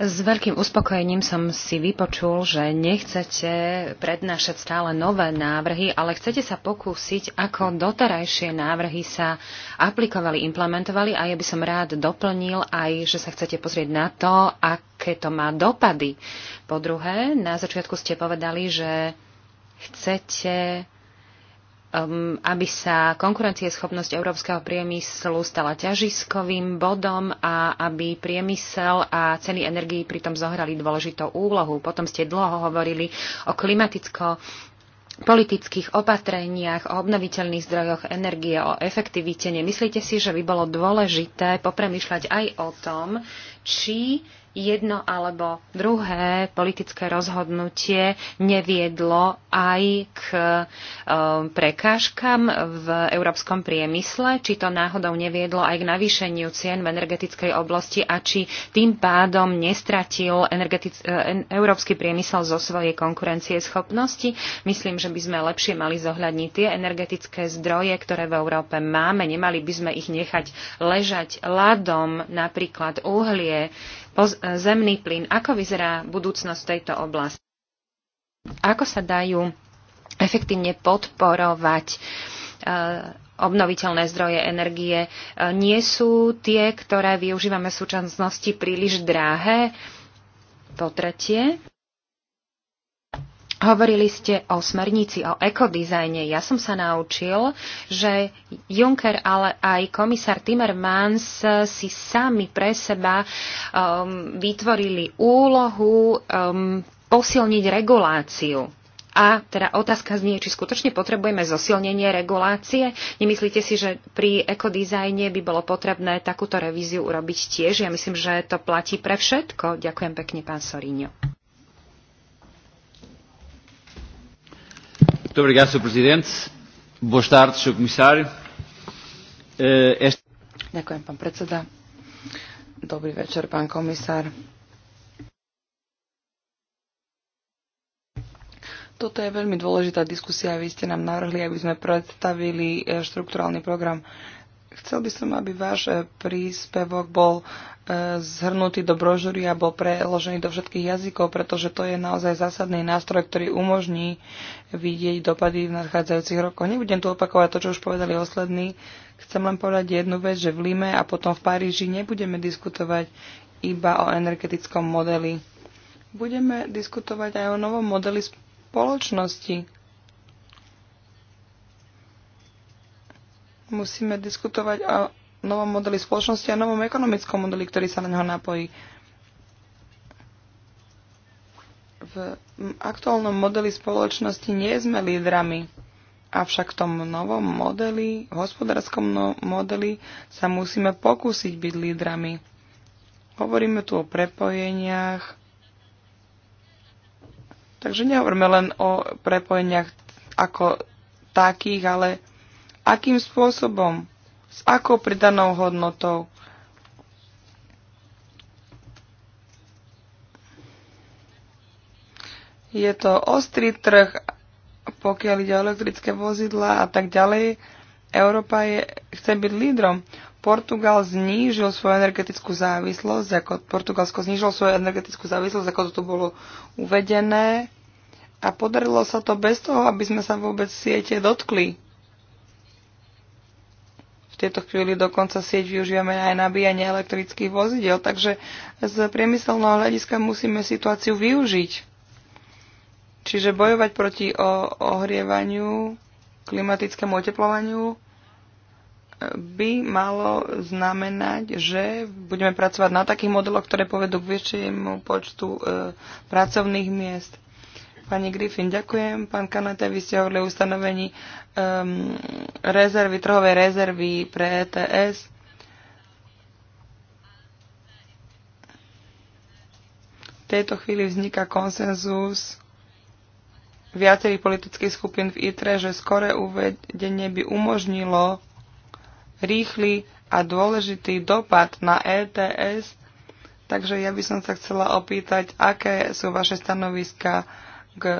Speaker 2: S veľkým uspokojením som si vypočul, že nechcete prednášať stále nové návrhy, ale chcete sa pokúsiť, ako doterajšie návrhy sa aplikovali, implementovali a ja by som rád doplnil aj, že sa chcete pozrieť na to, aké to má dopady. Po druhé, na začiatku ste povedali, že chcete um, aby sa konkurencieschopnosť európskeho priemyslu stala ťažiskovým bodom a aby priemysel a ceny energií pritom zohrali dôležitú úlohu. Potom ste dlho hovorili o klimaticko politických opatreniach, o obnoviteľných zdrojoch energie, o efektivite. Nemyslíte si, že by bolo dôležité popremýšľať aj o tom, či jedno alebo druhé politické rozhodnutie neviedlo aj k e, prekážkam v európskom priemysle, či to náhodou neviedlo aj k navýšeniu cien v energetickej oblasti a či tým pádom nestratil e, európsky priemysel zo svojej konkurencie schopnosti. Myslím, že by sme lepšie mali zohľadniť tie energetické zdroje, ktoré v Európe máme. Nemali by sme ich nechať ležať ľadom, napríklad uhlie, E, zemný plyn. Ako vyzerá budúcnosť tejto oblasti? Ako sa dajú efektívne podporovať e, obnoviteľné zdroje energie? E, nie sú tie, ktoré využívame v súčasnosti, príliš drahé? Po tretie, Hovorili ste o smernici, o ekodizajne. Ja som sa naučil, že Juncker, ale aj komisár Timmermans si sami pre seba um, vytvorili úlohu um, posilniť reguláciu. A teda otázka znie, či skutočne potrebujeme zosilnenie regulácie. Nemyslíte si, že pri ekodizajne by bolo potrebné takúto revíziu urobiť tiež? Ja myslím, že to platí pre všetko. Ďakujem pekne, pán Sorino.
Speaker 1: Muito obrigado, Sr. Presidente. Boas tardes, Sr. Comissário. Eh, este...
Speaker 3: Ďakujem, pán predseda. Dobrý večer, pán komisár. Toto je veľmi dôležitá diskusia. Vy ste nám navrhli, aby sme predstavili eh, štruktúrálny program. Chcel by som, aby váš eh, príspevok bol uh, zhrnutý do brožúry a bol preložený do všetkých jazykov, pretože to je naozaj zásadný nástroj, ktorý umožní vidieť dopady v nadchádzajúcich rokoch. Nebudem tu opakovať to, čo už povedali ostatní. Chcem len povedať jednu vec, že v Lime a potom v Paríži nebudeme diskutovať iba o energetickom modeli. Budeme diskutovať aj o novom modeli spoločnosti. Musíme diskutovať o novom modeli spoločnosti a novom ekonomickom modeli, ktorý sa na neho napojí. V aktuálnom modeli spoločnosti nie sme lídrami, avšak v tom novom modeli, hospodárskom no- modeli sa musíme pokúsiť byť lídrami. Hovoríme tu o prepojeniach, takže nehovoríme len o prepojeniach ako takých, ale akým spôsobom s akou pridanou hodnotou. Je to ostrý trh, pokiaľ ide o elektrické vozidla a tak ďalej. Európa je, chce byť lídrom. Portugal znížil svoju energetickú závislosť, ako Portugalsko znížilo svoju energetickú závislosť, ako to tu bolo uvedené. A podarilo sa to bez toho, aby sme sa vôbec siete dotkli tejto chvíli dokonca sieť využívame aj nabíjanie elektrických vozidel, takže z priemyselného hľadiska musíme situáciu využiť. Čiže bojovať proti ohrievaniu, klimatickému oteplovaniu e, by malo znamenať, že budeme pracovať na takých modeloch, ktoré povedú k väčšiemu počtu e, pracovných miest. Pani Griffin, ďakujem. Pán Kanete, vy ste hovorili o ustanovení um, rezervy, trhovej rezervy pre ETS. V tejto chvíli vzniká konsenzus viacerých politických skupín v ITRE, že skore uvedenie by umožnilo rýchly a dôležitý dopad na ETS, takže ja by som sa chcela opýtať, aké sú vaše stanoviska k eh,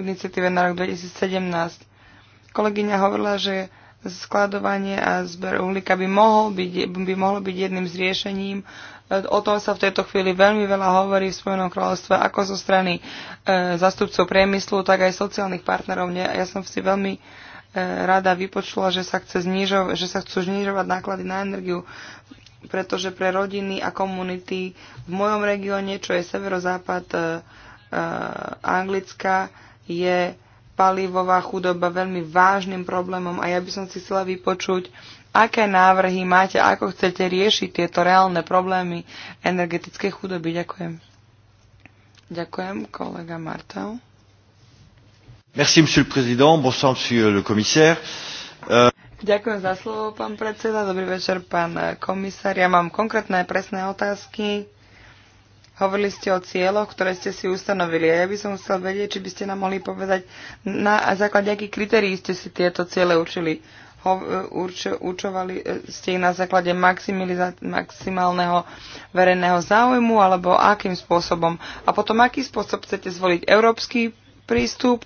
Speaker 3: iniciatíve na rok 2017. Kolegyňa hovorila, že skladovanie a zber uhlíka by, mohol byť, by mohlo byť jedným z riešením. Eh, o tom sa v tejto chvíli veľmi veľa hovorí v Spojenom kráľovstve, ako zo strany e, zastupcov priemyslu, tak aj sociálnych partnerov. Ja som si veľmi e, rada vypočula, že sa, chce znižo, že sa chcú znižovať náklady na energiu, pretože pre rodiny a komunity v mojom regióne, čo je severozápad e, Eh, Anglicka je palivová chudoba veľmi vážnym problémom a ja by som si chcela vypočuť, aké návrhy máte, ako chcete riešiť tieto reálne problémy energetickej chudoby. Ďakujem. Ďakujem, kolega Martel.
Speaker 1: Merci, monsieur le président. Bonsoir, monsieur le commissaire. Euh,
Speaker 3: Ďakujem za slovo, pán predseda. Dobrý večer, pán komisár. Ja mám konkrétne presné otázky Hovorili ste o cieľoch, ktoré ste si ustanovili a ja by som chcel vedieť, či by ste nám mohli povedať, na základe akých kritérií ste si tieto ciele učili. Ho, e, urč, učovali e, ste ich na základe maximálneho verejného záujmu alebo akým spôsobom. A potom, aký spôsob chcete zvoliť? Európsky prístup?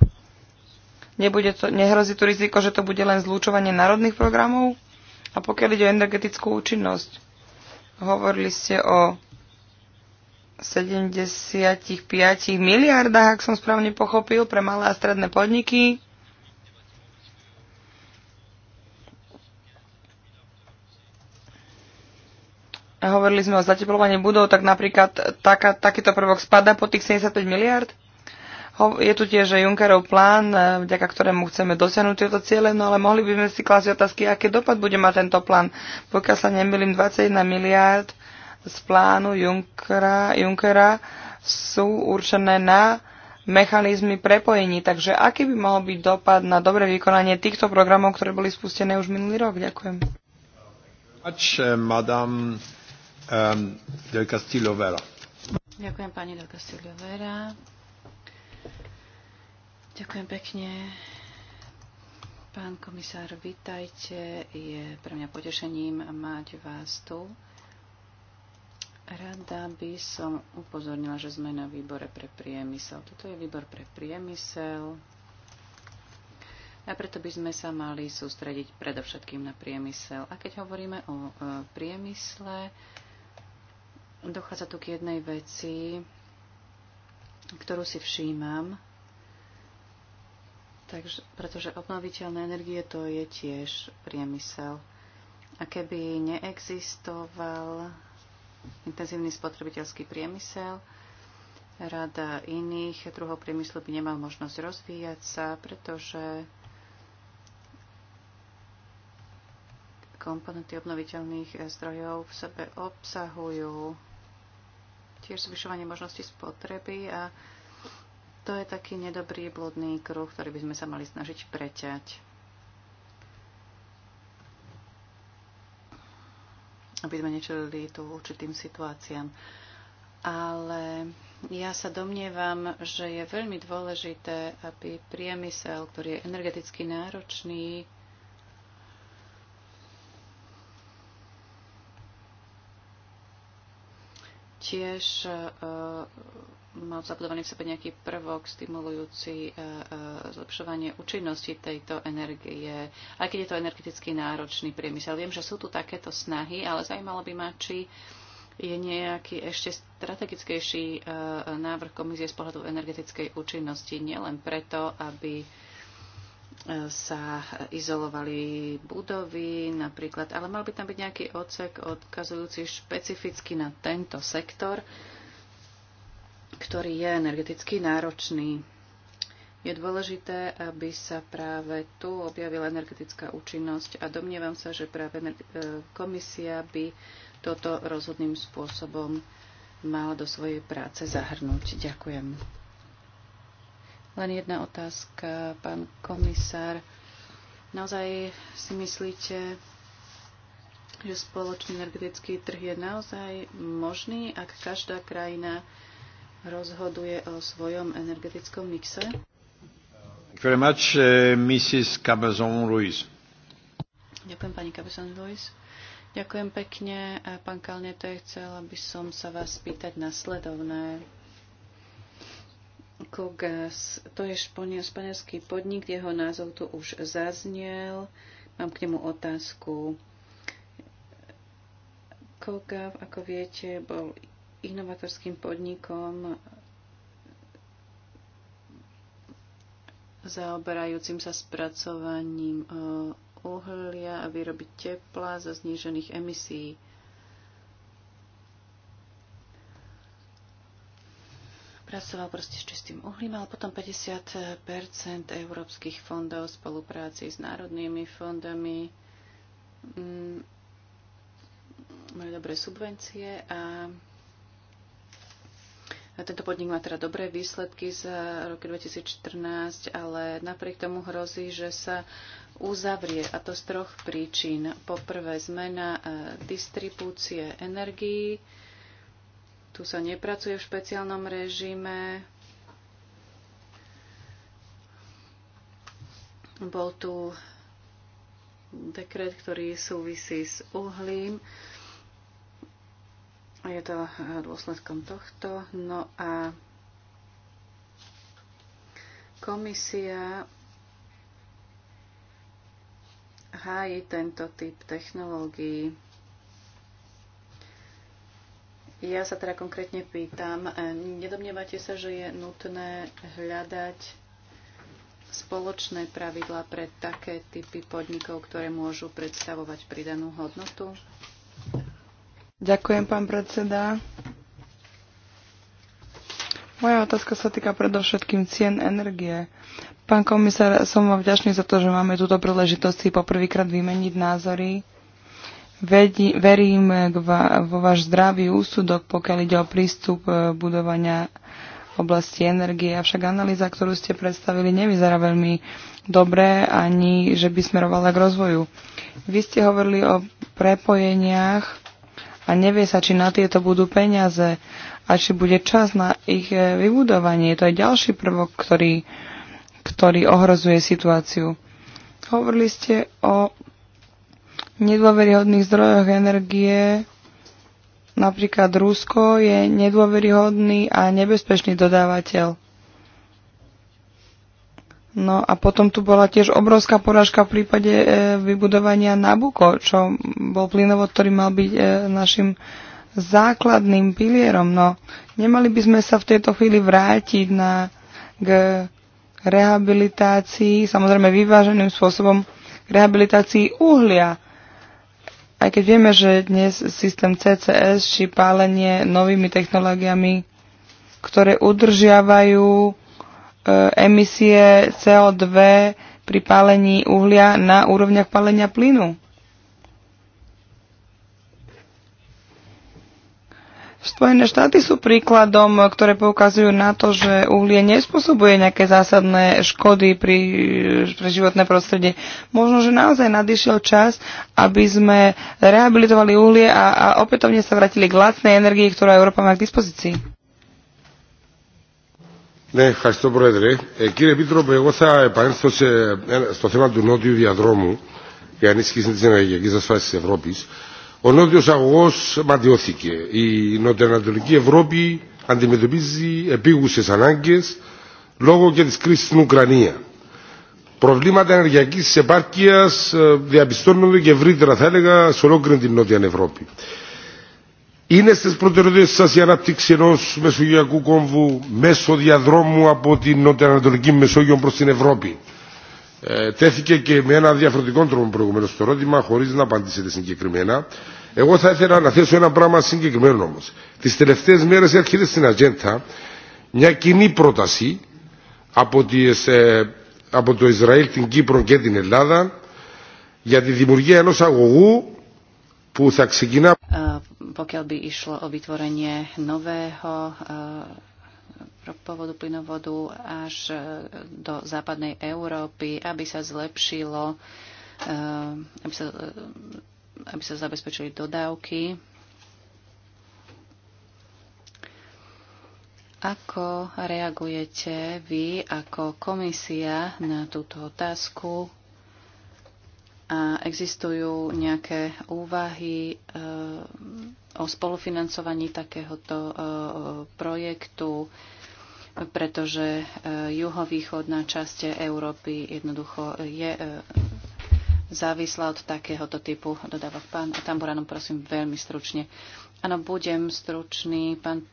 Speaker 3: Nebude to, nehrozí tu riziko, že to bude len zlúčovanie národných programov? A pokiaľ ide o energetickú účinnosť, hovorili ste o 75 miliardách, ak som správne pochopil, pre malé a stredné podniky. Hovorili sme o zateplovaní budov, tak napríklad taká, takýto prvok spada po tých 75 miliard. Je tu tiež Junckerov plán, eh, vďaka ktorému chceme dosiahnuť tieto ciele, no ale mohli by sme si klásiť otázky, aký dopad bude mať tento plán. Pokiaľ sa nemýlim, 21 miliard z plánu Junckera, Junckera sú určené na mechanizmy prepojení. Takže aký by mohol byť dopad na dobre vykonanie týchto programov, ktoré boli spustené už minulý rok? Ďakujem.
Speaker 1: Eh, eh,
Speaker 4: Ďakujem pani Del Castillo Vera. Ďakujem pekne. Pán komisár, vitajte. Je pre mňa potešením mať vás tu. Rada by som upozornila, že sme na výbore pre priemysel. Toto je výbor pre priemysel. A preto by sme sa mali sústrediť predovšetkým na priemysel. A keď hovoríme o e, priemysle, dochádza tu k jednej veci, ktorú si všímam. Takže, pretože obnoviteľné energie to je tiež priemysel. A keby neexistoval intenzívny spotrebiteľský priemysel. Rada iných druhov priemyslu by nemal možnosť rozvíjať sa, pretože komponenty obnoviteľných eh, zdrojov v sebe obsahujú tiež zvyšovanie možnosti spotreby a to je taký nedobrý blodný kruh, ktorý by sme sa mali snažiť preťať. aby sme nečelili tu určitým situáciám. Ale ja sa domnievam, že je veľmi dôležité, aby priemysel, ktorý je energeticky náročný, tiež e, e, mal zabudovaný v sebe nejaký prvok stimulujúci e, zlepšovanie účinnosti tejto energie, aj keď je to energeticky náročný priemysel. Viem, že sú tu takéto snahy, ale zaujímalo by ma, či je nejaký ešte strategickejší návrh komisie z pohľadu energetickej účinnosti, nielen preto, aby sa izolovali budovy napríklad, ale mal by tam byť nejaký odsek odkazujúci špecificky na tento sektor, ktorý je energeticky náročný. Je dôležité, aby sa práve tu objavila energetická účinnosť a domnievam sa, že práve e, komisia by toto rozhodným spôsobom mala do svojej práce zahrnúť. Ďakujem. Len jedna otázka, pán komisár. Naozaj si myslíte, že spoločný energetický trh je naozaj možný, ak každá krajina rozhoduje o svojom energetickom mixe? Uh,
Speaker 1: Ďakujem
Speaker 4: pani Cabezon Ruiz. Ďakujem pekne. Pán Kalnete, chcela by som sa vás spýtať na sledovné. Kogas, to je španielský podnik, jeho názov tu už zaznel. Mám k nemu otázku. Kogav, ako viete, bol inovatorským podnikom zaoberajúcim sa spracovaním eh, uhlia a výroby tepla za znížených emisí. pracoval proste s čistým uhlím, ale potom 50 európskych fondov v spolupráci s národnými fondami mm, majú dobré subvencie a tento podnik má teda dobré výsledky za roky 2014, ale napriek tomu hrozí, že sa uzavrie, a to z troch príčin. Poprvé zmena e, distribúcie energií, tu sa nepracuje v špeciálnom režime. Bol tu dekret, ktorý súvisí s uhlím. Je to dôsledkom tohto. No a komisia hájí tento typ technológií. Ja sa teda konkrétne pýtam, e, nedomnievate sa, že je nutné hľadať spoločné pravidla pre také typy podnikov, ktoré môžu predstavovať pridanú hodnotu?
Speaker 3: Ďakujem, pán predseda. Moja otázka sa týka predovšetkým cien energie. Pán komisár, som vám vďačný za to, že máme túto príležitosť si poprvýkrát vymeniť názory Vedi, verím vo váš zdravý úsudok, pokiaľ ide o prístup e, budovania oblasti energie. Avšak analýza, ktorú ste predstavili, nevyzerá veľmi dobre, ani že by smerovala k rozvoju. Vy ste hovorili o prepojeniach a nevie sa, či na tieto budú peniaze a či bude čas na ich e, vybudovanie. To je ďalší prvok, ktorý, ktorý ohrozuje situáciu. Hovorili ste o nedôveryhodných zdrojoch energie, napríklad Rusko je nedôveryhodný a nebezpečný dodávateľ. No a potom tu bola tiež obrovská porážka v prípade e, vybudovania Nabuko, čo bol plynovod, ktorý mal byť e, našim základným pilierom. No, nemali by sme sa v tejto chvíli vrátiť na, k rehabilitácii, samozrejme vyváženým spôsobom, k rehabilitácii uhlia, aj keď vieme, že dnes systém CCS či pálenie novými technológiami, ktoré udržiavajú e, emisie CO2 pri pálení uhlia na úrovniach pálenia plynu. Spojené štáty sú príkladom, ktoré poukazujú na to, že uhlie nespôsobuje nejaké zásadné škody pri, pre životné prostredie. Možno, že naozaj nadišiel čas, aby sme rehabilitovali uhlie a, a opätovne sa vrátili k lacnej energii, ktorú Európa má k dispozícii.
Speaker 1: Ναι, ευχαριστώ Πρόεδρε. Ε, κύριε Επίτροπε, εγώ θα επανέλθω σε, στο θέμα του νότιου διαδρόμου για ενίσχυση της ενεργειακής ασφάλισης της Ευρώπης. Ο νότιος αγωγός ματιώθηκε. Η νοτιοανατολική Ευρώπη αντιμετωπίζει επίγουσες ανάγκες λόγω και της κρίσης στην Ουκρανία. Προβλήματα ενεργειακής επάρκειας διαπιστώνονται και ευρύτερα θα έλεγα σε ολόκληρη την Νότια Ευρώπη. Είναι στις προτεραιότητες σας η ανάπτυξη ενός μεσογειακού κόμβου μέσω διαδρόμου από την Νοτιοανατολική Μεσόγειο προς την Ευρώπη Ε, τέθηκε και με ένα διαφορετικό τρόπο προηγουμένως το ερώτημα χωρίς να απαντήσετε συγκεκριμένα. Εγώ θα ήθελα να θέσω ένα πράγμα συγκεκριμένο όμως. Τις τελευταίες μέρες έρχεται στην ατζέντα μια κοινή πρόταση από, τις, ε, από το Ισραήλ, την Κύπρο και την Ελλάδα για τη δημιουργία ενός αγωγού που θα ξεκινά...
Speaker 4: Uh, uh ropovodu, plynovodu až e, do západnej Európy, aby sa zlepšilo, e, aby sa, e, aby sa zabezpečili dodávky. Ako reagujete vy ako komisia na túto otázku? A existujú nejaké úvahy e, o spolufinancovaní takéhoto e, projektu? E, pretože e, juhovýchodná časť Európy jednoducho je e, závislá od takéhoto typu dodávok. Pán Tamburanom, prosím, veľmi stručne. Áno, budem stručný, pán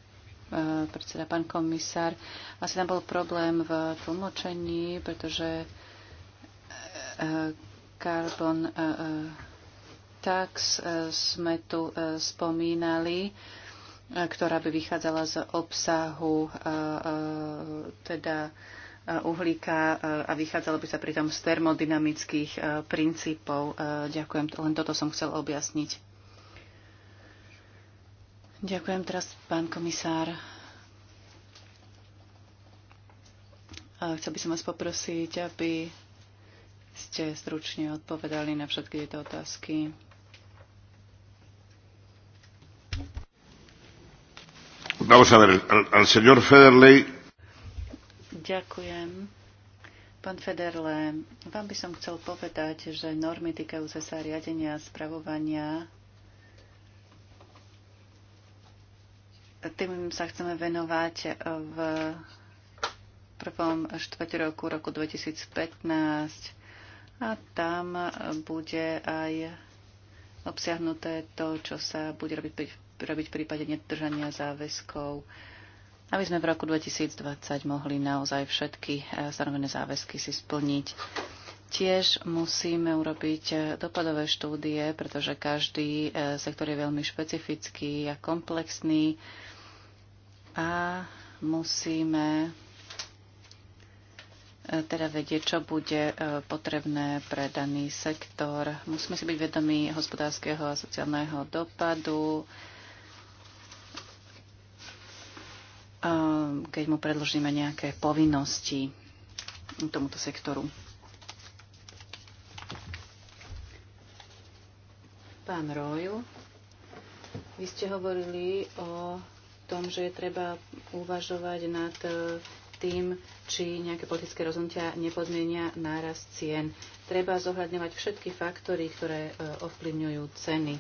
Speaker 4: e, predseda, pán komisár. Asi tam bol problém v tlmočení, pretože carbon tax sme tu spomínali ktorá by vychádzala z obsahu e, e, teda e, uhlíka a vychádzalo by sa pritom z termodynamických princípov. Ďakujem, len toto som chcel objasniť. Ďakujem teraz, pán komisár. Chcel by som vás poprosiť, aby ste stručne odpovedali na všetky tieto otázky.
Speaker 1: Vamos a ver, al, al señor Federley.
Speaker 4: Ďakujem. Pán Federle, vám by som chcel povedať, že normy týkajúce sa riadenia a spravovania tým sa chceme venovať v prvom štvrť roku, roku 2015 a tam bude aj obsiahnuté to, čo sa bude robiť robiť v prípade nedržania záväzkov, aby sme v roku 2020 mohli naozaj všetky e, stanovené záväzky si splniť. Tiež musíme urobiť e, dopadové štúdie, pretože každý e, sektor je veľmi špecifický a komplexný a musíme teda vedieť, čo bude potrebné pre daný sektor. Musíme si byť vedomí hospodárskeho a sociálneho dopadu, Ehm, keď mu predložíme nejaké povinnosti tomuto sektoru. Pán Roju, vy ste hovorili o tom, že je treba uvažovať nad e, tým, či nejaké politické rozhodnutia nepodmienia náraz cien. Treba zohľadňovať všetky faktory, ktoré e, ovplyvňujú ceny.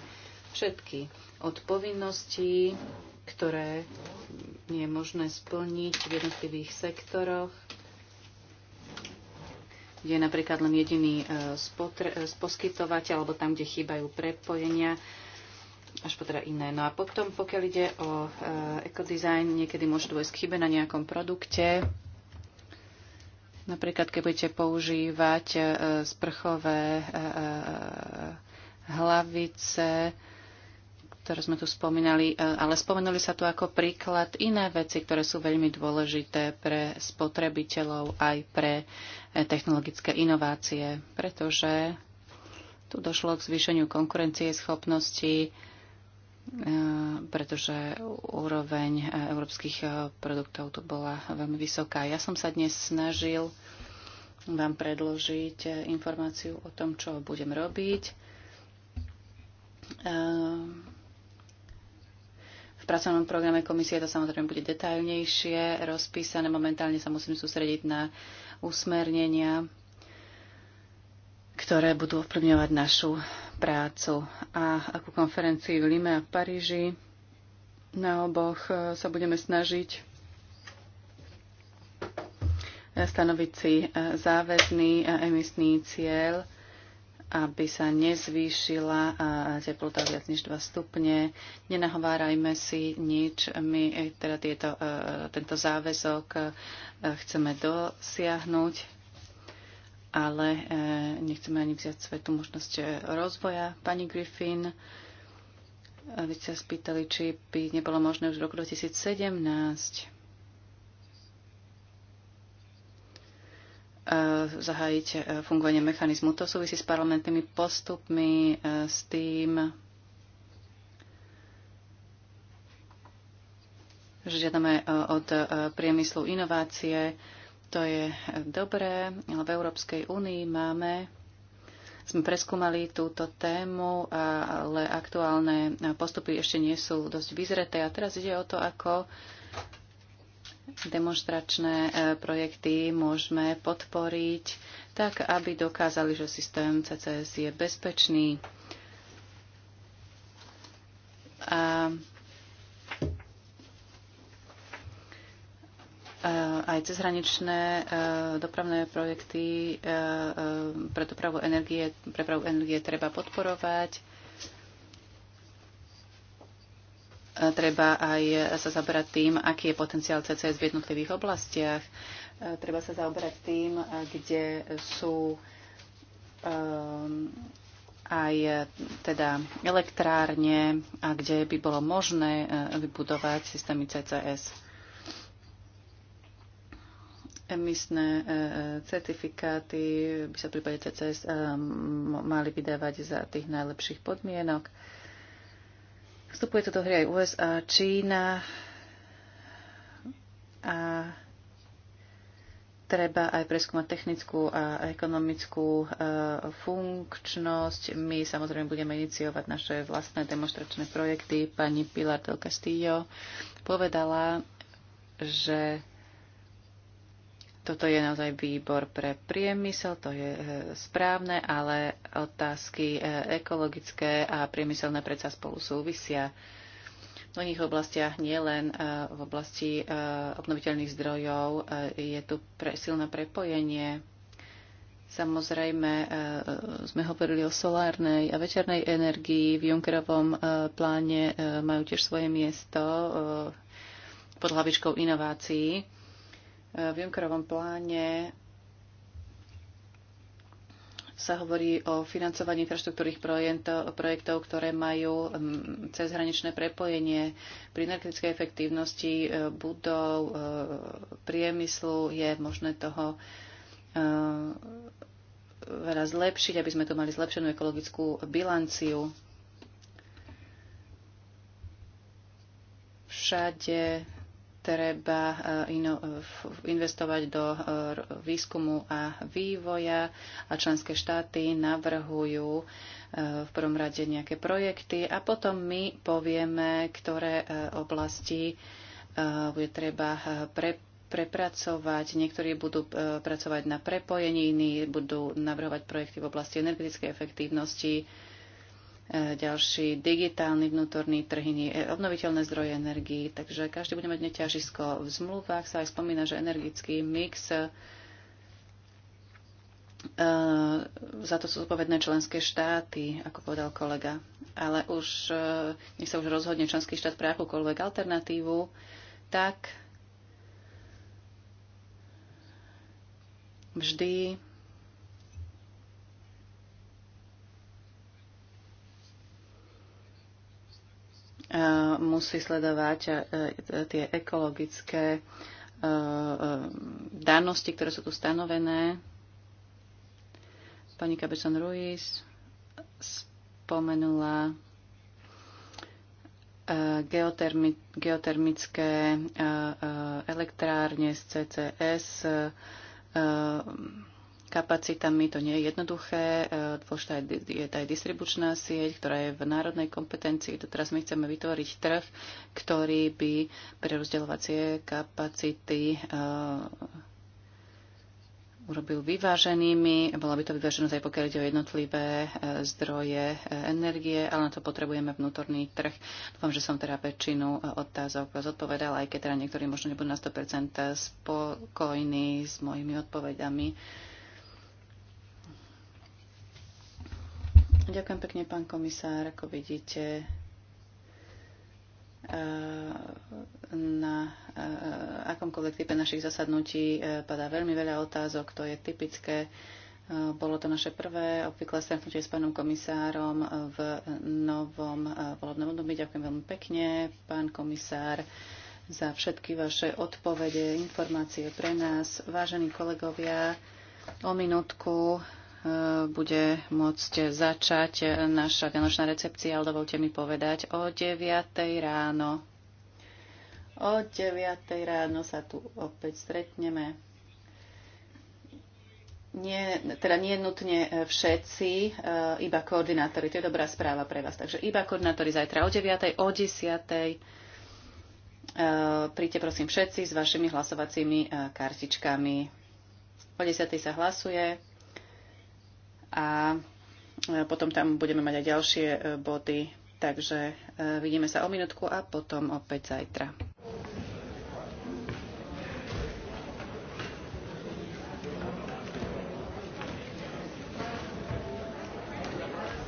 Speaker 4: Všetky. Od povinností, ktoré nie je možné splniť v jednotlivých sektoroch, kde je napríklad len jediný e, e, poskytovateľ, alebo tam, kde chýbajú prepojenia, až po teda iné. No a potom, pokiaľ ide o e, ekodizajn, niekedy môže dôjsť k chybe na nejakom produkte, Napríklad, keď budete používať sprchové hlavice, ktoré sme tu spomínali, e, ale spomenuli sa tu ako príklad iné veci, ktoré sú veľmi dôležité pre spotrebiteľov aj pre e, technologické inovácie, pretože tu došlo k zvýšeniu konkurencie schopnosti, e, pretože úroveň európskych produktov tu bola veľmi vysoká. Ja som sa dnes snažil vám predložiť informáciu o tom, čo budem robiť v pracovnom programe komisie to samozrejme bude detailnejšie rozpísané. Momentálne sa musím sústrediť na usmernenia, ktoré budú ovplyvňovať našu prácu. A ako konferencii v Lime a v Paríži na oboch sa budeme snažiť stanoviť si záväzný emisný cieľ aby sa nezvýšila teplota viac než 2 stupne. Nenahovárajme si nič. My e, teda tieto, e, tento záväzok e, chceme dosiahnuť, ale nechceme ani vziať svetu možnosť rozvoja. Pani Griffin, vy ste spýtali, či by nebolo možné už v roku 2017 E, zahájiť e, fungovanie mechanizmu. To súvisí s parlamentnými postupmi, e, s tým, že žiadame od priemyslu inovácie. To je dobré, ale v Európskej únii máme sme preskúmali túto tému, ale aktuálne postupy ešte nie sú dosť vyzreté. A teraz ide o to, ako demonstračné e, projekty môžeme podporiť tak, aby dokázali, že systém CCS je bezpečný. A e, aj cezhraničné e, dopravné projekty pre dopravu energie, prepravu energie treba podporovať E, treba aj sa zaberať tým, aký je potenciál CCS v jednotlivých oblastiach. E, treba sa zaoberať tým, e, kde sú aj teda elektrárne a kde by bolo možné vybudovať systémy CCS. Emisné certifikáty by sa v prípade CCS mali vydávať za tých najlepších podmienok Vstupuje to do hry aj USA, Čína a treba aj preskúmať technickú a ekonomickú e, funkčnosť. My samozrejme budeme iniciovať naše vlastné demonstračné projekty. Pani Pilar del Castillo povedala, že toto je naozaj výbor pre priemysel, to je e, správne, ale otázky e, ekologické a priemyselné predsa spolu súvisia. V mnohých oblastiach, nielen e, v oblasti obnoviteľných zdrojov, je tu pre, silné prepojenie. Samozrejme, sme hovorili o solárnej a večernej energii. V Junckerovom pláne majú tiež svoje miesto pod hlavičkou inovácií v Junckerovom pláne sa hovorí o financovaní infraštruktúrnych projektov, ktoré majú mm, cezhraničné prepojenie pri energetickej efektívnosti e, budov, e, priemyslu. Je možné toho e, veľa zlepšiť, aby sme tu mali zlepšenú ekologickú bilanciu. Všade treba eh, eh, investovať do eh, výskumu a vývoja a členské štáty navrhujú v prvom rade nejaké projekty a potom my povieme, ktoré oblasti bude treba pre, prepracovať, niektorí budú pracovať na prepojení, iní budú navrhovať projekty v oblasti energetickej efektívnosti, E, ďalší digitálny vnútorný trhy, e, obnoviteľné zdroje energii. Takže každý bude mať neťažisko. V zmluvách sa aj spomína, že energický mix e, za to sú zodpovedné členské štáty, ako povedal kolega. Ale už, nech sa už rozhodne členský štát pre akúkoľvek alternatívu, tak vždy E, musí sledovať e, e, tie ekologické danosti, ktoré sú tu stanovené. Pani Cabezon Ruiz spomenula geotermi- geotermické elektrárne z CCS, kapacitami. To nie je jednoduché. E, dôležitá je aj distribučná sieť, ktorá je v národnej kompetencii. To teraz my chceme vytvoriť trh, ktorý by pre rozdeľovacie kapacity e, urobil vyváženými. Bola by to vyváženosť aj pokiaľ ide o jednotlivé e, zdroje energie, ale na to potrebujeme vnútorný trh. Dúfam, že som teda väčšinu otázok zodpovedala, aj keď teda niektorí možno nebudú na 100% spokojní s mojimi odpovedami. Ďakujem pekne, pán komisár. Ako vidíte, eh, na eh, akomkoľvek type našich zasadnutí eh, padá veľmi veľa otázok, to je typické. Bolo to naše prvé obvyklé stretnutie s pánom komisárom v novom volebnom období. Ďakujem veľmi pekne, pán komisár, za všetky vaše odpovede, informácie pre nás. Vážení kolegovia, o minútku bude môcť začať naša vianočná recepcia, ale dovolte mi povedať o 9. ráno. O 9. ráno sa tu opäť stretneme. Nie, teda nie nutne všetci, e, iba koordinátori. To je dobrá správa pre vás. Takže iba koordinátori zajtra o 9. o 10 e, príďte prosím všetci s vašimi hlasovacími e, kartičkami. O 10. sa hlasuje a e, potom tam budeme mať aj ďalšie e, body. Takže e, vidíme sa o minútku a potom opäť zajtra.